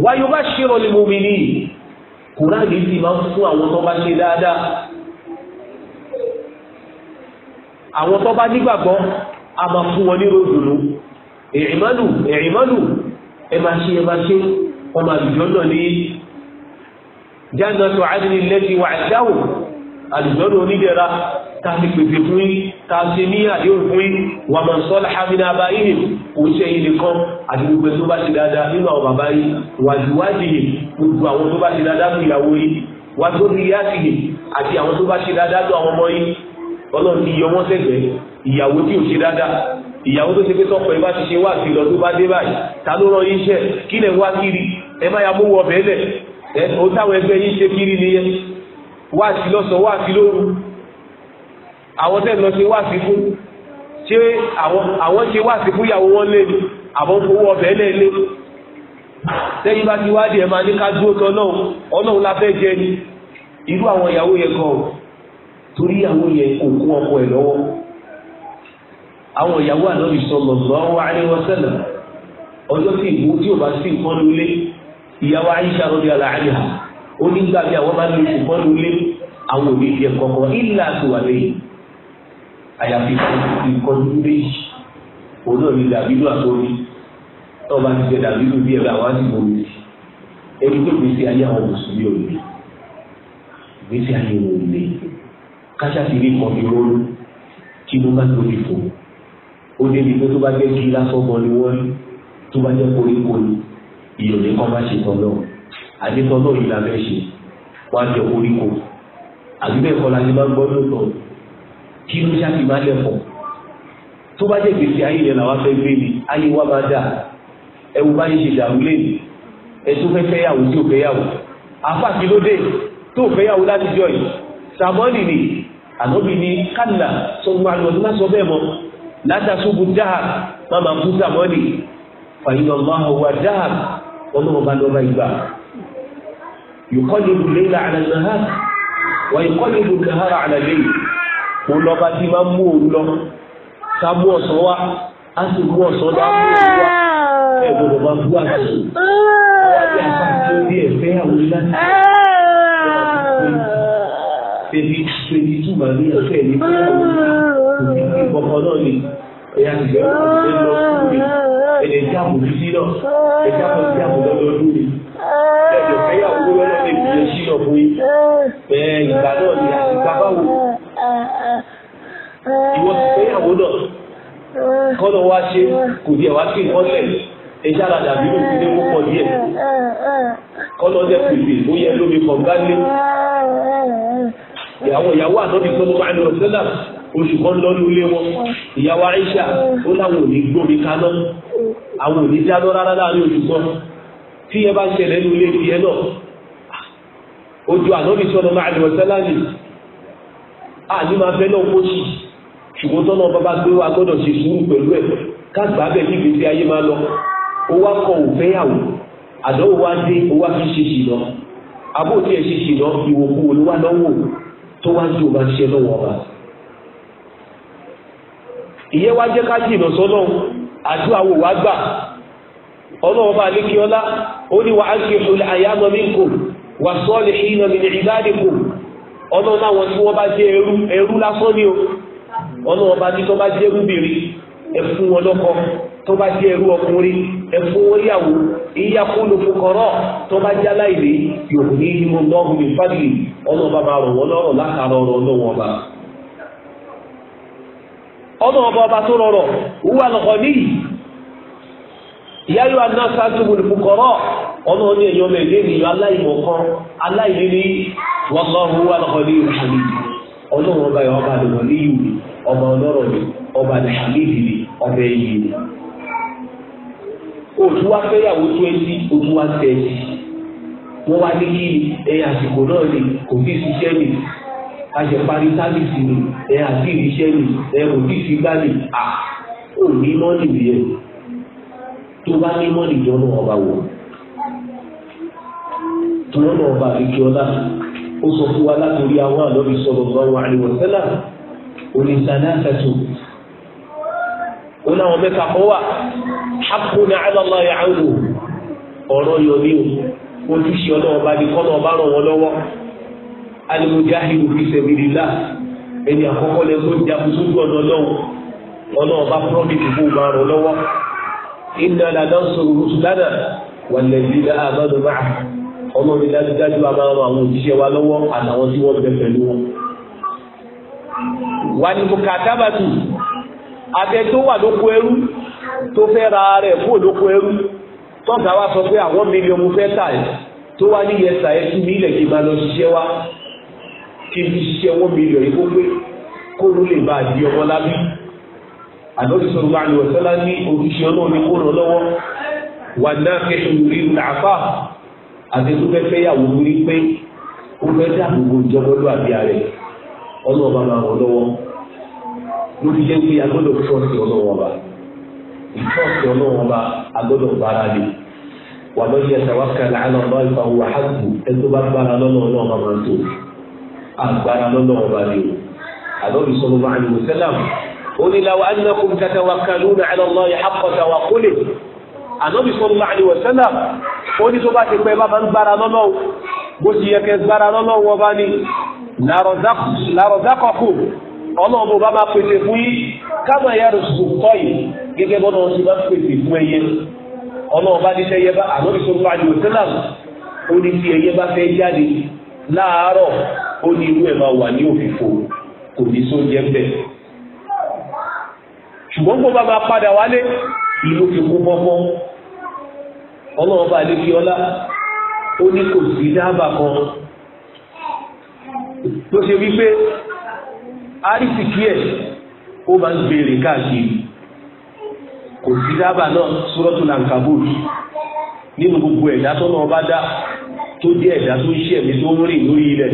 wa yubashshiru al-mu'minin kùránì sì máa ń fún àwọn tó bá ṣe dáadáa àwọn tó bá nígbàgbọ́ a máa fún wọn ní ròdùnú ìrìnmọ́lù ìrìnmọ́lù ẹ máa ṣe ẹ máa ṣe ọmọ àlùjọ náà ní jannatu adnil lati wa'adahu àlùjọ náà onídẹ̀ra ta ti pèsè fún yín ta ṣe ní àdéhùn fún yín wà máa sọ láhàmínà bá yìí kò ṣe yìí nìkan àti gbogbo tó bá ṣe dáadáa nínú àwọn bàbá yìí wàjúwájì yìí gbogbo àwọn tó bá ṣe dáadáa fún ìyàwó yìí wàjúwájì yìí àti àwọn tó bá ṣe dáadáa tó àwọn ọmọ yìí ọlọ́run ti yọ wọ́n sẹ́gbẹ̀ẹ́ ìyàwó tí ò ṣe dáadáa ìyàwó tó ṣe pé tọ́pọ̀ ẹ bá ti sí lọ tó bá dé báyìí ta ló rán yín iṣẹ́ kí lẹ̀ wá kiri ẹ má ya mówó ọbẹ̀ lẹ̀ ẹ o táwọn ẹgbẹ́ yín ṣe kiri nìyẹn wá sí lọ́sàn wá sí lóru àwọn tẹ́ lọ ṣe wá sí fún ṣé àwọn ṣe wá sí fún ìyàwó wọn lé ní àwọn fowó ọbẹ̀ lẹ́lé lẹ́yìn bá ti wádìí ẹ̀ máa ní ká dúró tọ́ náà ọlọ́run la fẹ́ jẹ ni irú àwọn ìyàwó yẹn kan torí ìyàwó yẹn kò kún ọkọ ẹ̀ lọ́wọ́ àwọn ìyàwó ànábì sallallahu alaihi wasallam ọjọ́ tí ìwú tí ò bá sí nǹkan lulẹ̀ ìyàwó Aisha radiyallahu anha onígbàgbé àwọn máa ń lo ìṣùgbọ́n lulẹ̀ àwọn òbí fi ẹ̀ kọ̀ọ̀kan ìlà àtùwàlẹ́yìn àyàfi ìkọjú méjì olóòrí dàbídù àtòrí tó bá ti jẹ dàbídù bí ẹgbẹ́ àwọn àti bomi ẹni tó gbèsè ayé àwọn mùsùlùmí ò lè gbèsè ayé wọn ò lè káṣáṣí rí kan fi rólú kí ló bá tóbi fò ó débi pé tó bá jẹ́ kí lásọ̀gbọ́n ni wọ́n rí tó bá jẹ́ koríko ni ìyọ̀lẹ́ kan bá ṣe tán náà àdétọ́ náà yìí la fẹ́ ṣe wọ́n á jọ koríko àbí bẹ́ẹ̀ kọ́ la ti máa ń gbọ́ lóòótọ́ kí ló ṣáàkì má lẹ́kọ̀ọ́ tó bá jẹ́ gbèsè ayé yẹn làwọn fẹ́ gbé ni ayé wa máa dà ẹwù bá yẹn ṣe dàrú lẹ́nu ẹtú fẹ́ fẹ́yàwó tí ò fẹ́yàwó àfa kí ló dé tó fẹ́yàwó láti jọ yìí sàmọ́nì ni ànọ́bì ni kálà sọ́gun àlọ́dún lásọ bẹ́ẹ̀ mọ́ látàṣubù dáhà má máa kú sàmọ́nì fàyínà máa wà dáhà ọlọ́mọba lọ́ba ìgbà yòókọ́ lè lè lè àlànà hà wà yòókọ́ lè lè lè hà yìí òun lọ́ba tí máa ń mú òun lọ ká mú ọ̀sán wá á sì mú ọ̀sán dá mú òun wá ẹ gbọ́dọ̀ máa bú àṣì àwọn àti àṣà tí ó rí ẹ̀fẹ́ àwọn ilé láti ṣe twenty two màá ní ọ̀sẹ̀ ní fún àwọn ìkọ̀kọ̀ náà ni ẹ̀yà ìgbẹ́ ọ̀sẹ̀ lọ fún mi ẹ̀yẹ jáàbù títí náà ẹ̀yà kan jáàbù lọ́dọọdún ni ẹ̀yọ̀ fẹ́yàwó lọ́dọ̀ lè fi ẹṣin náà fún yín ìgbà náà ni àti bàbá wo ìwọ ti fẹ́ ìyàwó náà kọ́nà wá ṣe kò díẹ̀ wá sí ìkọ́lẹ̀ ẹja ara dàbí ló fi lé púpọ̀ díẹ̀ kọ́nà ọdẹ pèsè ó yẹ lómi kọ̀ǹgá lé ìyàwó ìyàwó ànábi sọ́mọ́ máa ń lọ sẹ́lá oṣù kan lọ́nu ilé wọn ìyàwó Aisha ó láwọn ò ní gbómi kaná àwọn ò ní dáná rárá láàrin oṣù kan tí ẹ bá ṣẹlẹ̀ nínú ilé ìfìyẹ́ náà ojú ànábi sọ́mọ́ máa ń lọ sẹ́lá nìyí àní máa fẹ́ náà kó sì ṣùgbọ́n tọ́nà bàbá gbé wa gbọ́dọ̀ ṣe sùúrù pẹ̀lú ẹ̀ kágbà bẹ́ẹ̀ kí ìgbésí ayé máa lọ ó wá kọ òfẹ́yàwó àdánwò wá dé ó wá fi ṣe ṣìnà abó tí ṣe ṣìnà ìwòkú ló lọ́wọ́ tó wá sí òun bá ṣiṣẹ́ lọ́wọ́ ọba. ìyẹn wá jẹ́ ká jìnà sọ́nà àdúrà wò wá gbà ọlọ́wọ́ bá lékè ó ní wàá ṣe ìṣòlẹ̀ àyámọ́ ọlọ́run láwọn tí wọ́n bá jẹ́ ẹrú ẹrú lásán ni o ọlọ́run bá ní tó bá jẹ́ ẹrúbìnrin ẹ fún wọn lọ́kọ tó bá jẹ́ ẹrú ọkùnrin ẹ wọn yàwó ìyàkúlò fúkọrọ tó bá jẹ́ aláìlè ní ìlú ọlọ́run ní ọlọ́run bá yáyọ anáṣá tó wọlé fúkọrọ ọmọ ní ẹyọ mẹlẹ ènìyàn aláìmọ̀kan aláìlérí wàlọhù alọkọlẹ ìrìnàmì Ọlọ́run ọba yẹn ọba àdìmọlẹ yìí ni ọba ọlọ́rọ̀ ni ọba àdìmọlẹ yìí ni ọba ẹyìn ni. òtún wá fẹ́yàwó tó ẹtí òtún wá tẹ ẹtí wọ́n wá ní kí ẹyà àsìkò náà ni kò tí ì ṣiṣẹ́ ni àṣẹparí sábìsì ni ẹyà àti ìríṣẹ́ ni ẹyà kò tí ì ṣigbá ni à òní mọ́nì nìyẹn tó bá ní mọ́ni jọ náà ọba wò tọ́lọ́ náà ọba àbíkí ọlá ó sọ fún wa látòrí àwọn àlọ́bí sọ̀rọ̀ lọ́wọ́ àríwọ̀ sẹ́là onísàlẹ̀ àtẹ̀tù ó náà mẹ́ta kọ́ wà hakuna alọ́lá yà á wò ọ̀rọ̀ yọ ní o ojúṣe ọlọ́ọba ni kọ́nà ọba ràn wọ́n lọ́wọ́ alimujahidu fi sabilillah ẹni àkọ́kọ́ lẹ́gbọ́n jagun sójú ọ̀nà ọlọ́wọ́ ọlọ́ọba promise bó o máa ràn lọ́wọ́ iná lànà sọ̀rọ̀ rúṣùlánà wàlẹ̀bí náà ọmọ mi dájúdájú a máa ran àwọn òṣìṣẹ́ wa lọ́wọ́ àtàwọn tí wọ́n bẹ pẹ̀lú wọn. wà ní mùkàtàbàtù abẹ tó wà lóko ẹrú tó fẹ́ ra rẹ̀ fún olóko ẹrú tọ́gà wa sọ pé àwọn mílíọ̀n mo fẹ́ tà tó wá ní yẹsà ẹ fún mi ilẹ̀ kí n máa lọ ṣiṣẹ́ wa kí n fi ṣiṣẹ́ wọn mílíọ̀n yìí kó pé kó ló lè bá a di ọmọ lábí àlọ́sọ̀rọ̀ bá ní ọ̀sẹ́lá ní ojúṣe ọlọ́run ní kó ràn lọ́wọ́ wà náà kẹ́sùn rí làáfà àti tó fẹ́ fẹ́yàwó rí pé ó fẹ́ dá gbogbo ìjọbọ́lú àbí ààrẹ ọlọ́ọ̀bá máa wọ̀ lọ́wọ́ lórí jẹ́ pé agbọ́dọ̀ trọ́ọ̀sì ọlọ́wọ́n ba ìtrọ́ọ̀sì ọlọ́wọ́n ba agbọ́dọ̀ bára lè wà lọ́yẹ tawakkal ala Allah fa huwa onílàwọ̀ annakum tatawakkaluna ala Allahi haqqa tawakkuli ànábì sallallahu alaihi wasallam ó ní tó bá ti pẹ́ bá máa ń gbára lọ́lọ́ bó ti yẹ kẹ́ gbára lọ́lọ́ wọn bá ní làrọ̀dákọ̀kù ọlọ́ọ̀bù bá máa pèsè fún yín káma ya rùsùn kọ́ yìí gẹ́gẹ́ bọ́n náà ti máa pèsè fún ẹyẹ ọlọ́ọ̀bá ní sẹ́yẹ bá ànábì sallallahu alaihi wasallam ó ní tí ẹyẹ bá fẹ́ jáde láàárọ̀ ó ní irú ẹ̀ máa wà ní òfìfo kò ní sóúnjẹ ṣùgbọ́n gbogbo bá máa padà wálé ìlú fi kú pọ́pọ́ ọlọ́run bá lè fi ọlá ó ní kò sí dábàá kan tó ṣe wípé àrísìkí ẹ̀ ó máa ń béèrè káàkiri kò sí dábàá náà suratul Ankabut nínú gbogbo ẹ̀dá tó náà bá dá tó jẹ́ ẹ̀dá tó ń ṣe ẹ̀mí tó ń rìn lórí ilẹ̀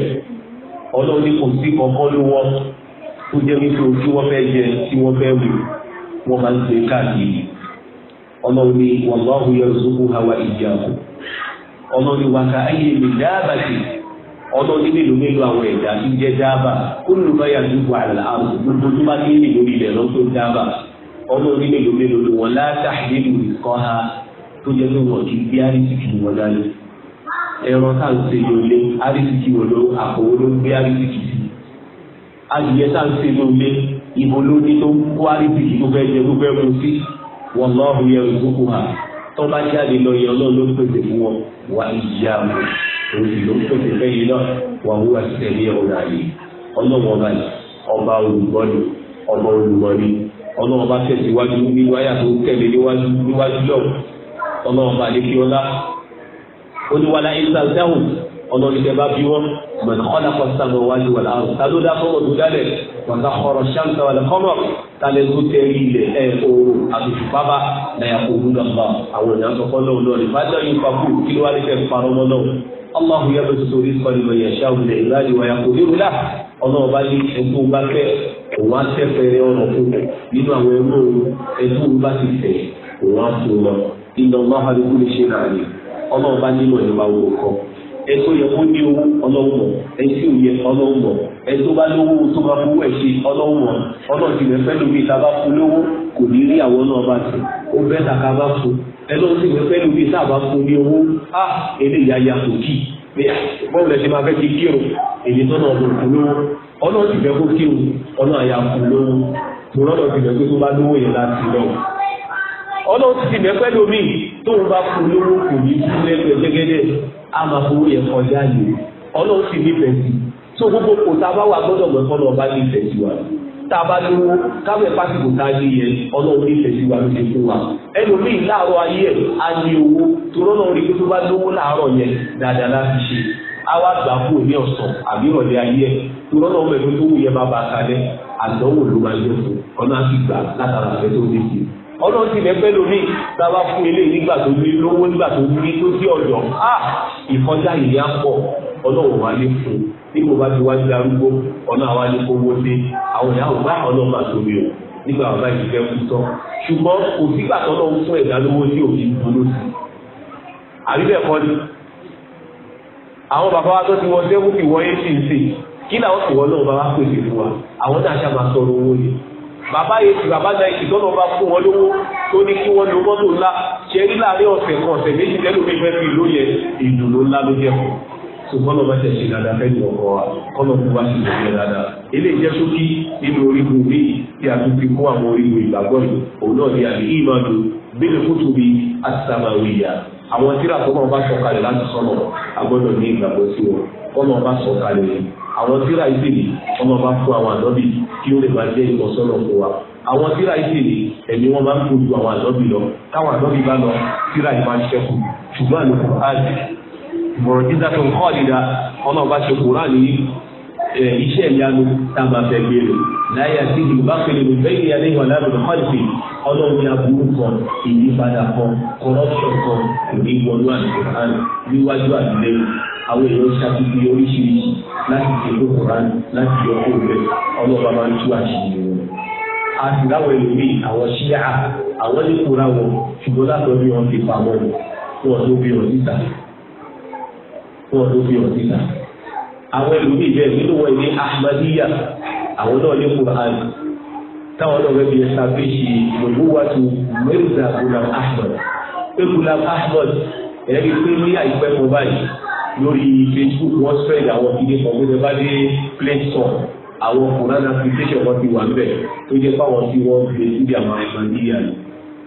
ọlọ́run ní kò sí kankan ló wọ́n tó jẹ́ wípé ojú wọn fẹ́ jẹ tí wọ́n fẹ́ wù. wọ́n máa ń ṣe káàkiri ọlọ́run ní wallahu yarzuquha wa iyyakum ọlọ́run ní wàkà ayé mi dábàtì ọlọ́run ní mélòó mélòó àwọn ẹ̀dá ń jẹ́ dábà kullu ma yadúgbò gbogbo bá lórí ilẹ̀ ọlọ́run ní mélòó mélòó ni wọ́n láta ìkọ́ ha tó jẹ́ ìbò ló ní tó wárí ti kí tó fẹ́ jẹ tó fẹ́ mu sí wọn lọ́ hu yẹ ìkókò hàn tó bá jáde lọ yẹ ọlọ́run ló pèsè fún wọn wà ìyá wọn òsì ló pèsè fẹ́yìn náà wà wú àtẹ̀lé ọ̀rọ̀ àyè ọlọ́run ọba yìí ọba olùgbọ́ni ọba olùgbọ́ni ọlọ́run bá tẹ̀síwájú níwáyà tó tẹ̀lé níwájú lọ́wọ́ ọlọ́run bá lè ó من خلق السماوات والأرض تلو دافو ودودالة وسخر الشمس والقمر تلو تريل أورو أبي بابا لا يقولون الله أو الناس قالوا لوري فاتا يفكوا كل ذلك فرما له الله يبسط رزقا لمن يشاء من عباده ويقدر له ọlọ́run bá ní ẹtú bá fẹ́ òun á tẹ́fẹ̀rẹ́ ọ̀rọ̀ fún mi nínú àwọn ẹrú òun ẹtú bá ti fẹ́ òun á fún wọn ìdánwò àdúgbò lè ṣe nàá ni ọlọ́run bá nímọ̀ nípa owó kan ẹtọ́ yẹ kó ní owó ọlọ́wọ́ ẹtí òye ọlọ́wọ́ ẹtọ́ bá lówó tó bá fowó ẹ̀ ṣe ọlọ́wọ́ ọlọ́ọ̀dìbẹ̀ fẹ́ lómi ìta bá fún lówó kò ní rí àwọn náà bá ti ó bẹ́ẹ̀ tàka bá fún ẹlọ́ọ̀dìbẹ̀ fẹ́ lómi ìta bá fún ní owó á eléyà ya kò kì í bọ́ọ̀lù ẹ̀sìn máa fẹ́ ti kírun èyí tó náà lòkù lówó ọlọ́ọ̀dìbẹ̀ kó kírun ọlọ́ọ̀yà kù lówó tó lọ́dọ̀ọ̀dìbẹ̀ pé tó bá lówó yẹn láti lọ́wọ́ ọlọ́ọ̀dìbẹ̀ fẹ́ lómi tóun bá fún lówó kò ní fún lẹ́gbẹ̀ẹ́ gẹ́gẹ́ a máa fowó yẹn kọjá yìí ọlọ́run sì nífẹ̀ẹ́ sí so gbogbo kò tá a bá wà gbọ́dọ̀ mọ̀ kọ́nà ọba nífẹ̀ẹ́ sí wa tá a bá lówó káwé pásítọ̀ tá a ní yẹn ọlọ́run nífẹ̀ẹ́ sí wa ló ṣe fún wa ẹlòmíì láàárọ̀ ayé ẹ̀ á ní owó torọ́ náà rí pé tó bá lówó láàárọ̀ yẹn dáadáa láti ṣe àwa gbà kú ní ọ̀sán àbí ìrọ̀lẹ́ ayé ẹ̀ torọ́ náà mẹ́rin tó wù yẹn má ba kalẹ̀ àdánwò ló máa yẹ fún ọ̀nà ọlọ́run ti lẹ́ pẹ́ lómi bàbá fún eléyìí nígbà tó ní lówó nígbà tó ní tó sí ọ̀dọ̀ á ìkọjá ìlú á pọ̀ ọlọ́run wà ní fún bí kò bá ti wá sí arúgbó ọ̀nà àwa ní kówó dé àwọn ìyá òbá ah, ọlọ́run bá tóbi o nígbà bàbá yìí fẹ́ kú tán ṣùgbọ́n kò sígbà tọ́lọ́ fún ẹ̀dá lówó tí òbí dúró sí àbí bẹ́ẹ̀ kọ́ ni àwọn bàbá wa tó ti wọ sẹ́wọ́n ìwọ́yé sì ń sè kí làwọn sì wọ́n náà bá wá pèsè fún wa àwọn náà ṣàmà sọ̀rọ̀ owó yìí bàbá eighty bàbá ninety tọ́nà bá fún wọn lówó tó ní kí wọ́n lo mọ́tò ńlá ṣe rí láàrin ọ̀sẹ̀ kan ọ̀sẹ̀ méjì lẹ́lòmí fẹ́ fi ìlú yẹn ìdùnnú ńlá ló jẹ́ fún ṣùgbọ́n ọba tẹ̀ ṣe dáadáa fẹ́ni ọkọ̀ wa kọ́nà fún wa ṣe lòdì dáadáa eléyìí jẹ́ sókí nínú orígun mi tí a tún fi kó àwọn orígun ìgbàgbọ́ yìí òun náà ni àbí ìmọ̀ àdó bẹ́ẹ̀ kó tóbi àti sàmàwìyà àwọn tíra tó kàn bá sọ̀kalẹ̀ láti sọnà agbọ́dọ̀ ní ìgbàgbọ́ sí wọn kọnà bá sọ̀kalẹ̀ yìí àwọn tíra ìsìnì ọmọ bá fún àwọn àdọ́bì kí ó lè máa jẹ́ ìtọ́sọ́nà fún wa àwọn tíra ìsìnì ẹ̀mí wọn máa ń kó ju àwọn àdọ́bì lọ táwọn àdọ́bì bá lọ tíra ìmá ń ṣẹ́kù ṣùgbọ́n àlùkò áàdì bọ̀rọ̀ dídá tó ń kọ́ ọ̀dìdá ọlọ́ọ̀bá ṣe kùránì iṣẹ́ ìyanu tá a máa fẹ́ gbé rè láyà sí ìlú bá pèlè ní bẹ́ẹ̀ ni alẹ́ ìwọ̀n lábẹ́ kọ́lìfì ọlọ́run ya burú kan ìyípadà kan corruption kan kò ní wọnú àdìgbòkán níwájú àdìlẹ́ àwọn èèyàn ṣàkíyèsí oríṣiríṣi láti ṣe kó koran láti yọ kó rẹ ọlọ́ba máa ń tú àṣìṣe wọn. àtìláwọ̀ ẹlòmíì àwọn ṣíà àwọn ní kóra wọn ṣùgbọ́n látọ̀ bí wọ́n fi pamọ́ wọn tó bí wọn àwọn náà ní Qur'an táwọn náà wẹ́bi ẹ̀sà bí ṣe ìlú wa tó Mirza Ghulam Ahmad pé Ghulam Ahmad ẹ̀rí pé ní àìpẹ́ kan báyìí lórí Facebook wọ́n spread àwọn ìdí kan gbé bá dé play store àwọn Qur'an application wọn ti wà ń bẹ̀ tó jẹ́ fáwọn tí wọ́n gbé síbi àwọn ẹ̀fọn níyà ni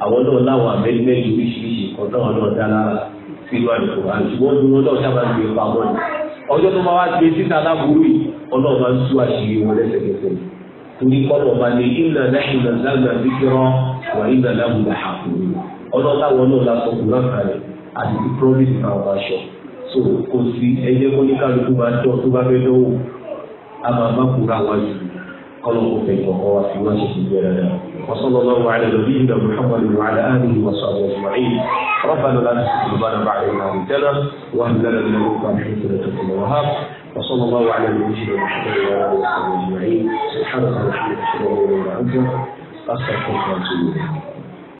àwọn náà láwọn àmẹ́lẹ́lẹ́ oríṣiríṣi kan táwọn náà dá lára sínú àìkú àìsùn wọn dúró náà sábà gbé pamọ́ ni tó máa wá gbé síta láburú yìí ọlọ́run máa ń tú àṣírí wọn lẹ́sẹ̀kẹsẹ̀ torí kọ́lọ̀ máa ní ìlànà ìlànà lágbà fífẹ́ràn wà ìlànà àbúlà àkùrù ọlọ́run táwọn náà la sọ kùrọ̀ kalẹ̀ àti ti promise náà wá aṣọ so kò sí ẹjẹ́ kó ní tọ́ tó bá fẹ́ dánwò a máa má kúra wá jù kọ́lọ̀ kò fẹ́ kọ̀ọ̀kan wá sí wá ṣèṣì bẹ̀rẹ̀ rẹ̀ وصلى الله على نبينا محمد وعلى اله وصحبه اجمعين ربنا لا تزغ قلوبنا بعد إذ هديتنا وهب من لدنك رحمة إنك أنت الوهاب وصلى الله على نبينا محمد وعلى اله وصحبه اجمعين سبحانك اللهم وبحمدك اشهد ان لا اله الا انت استغفرك واتوب اليك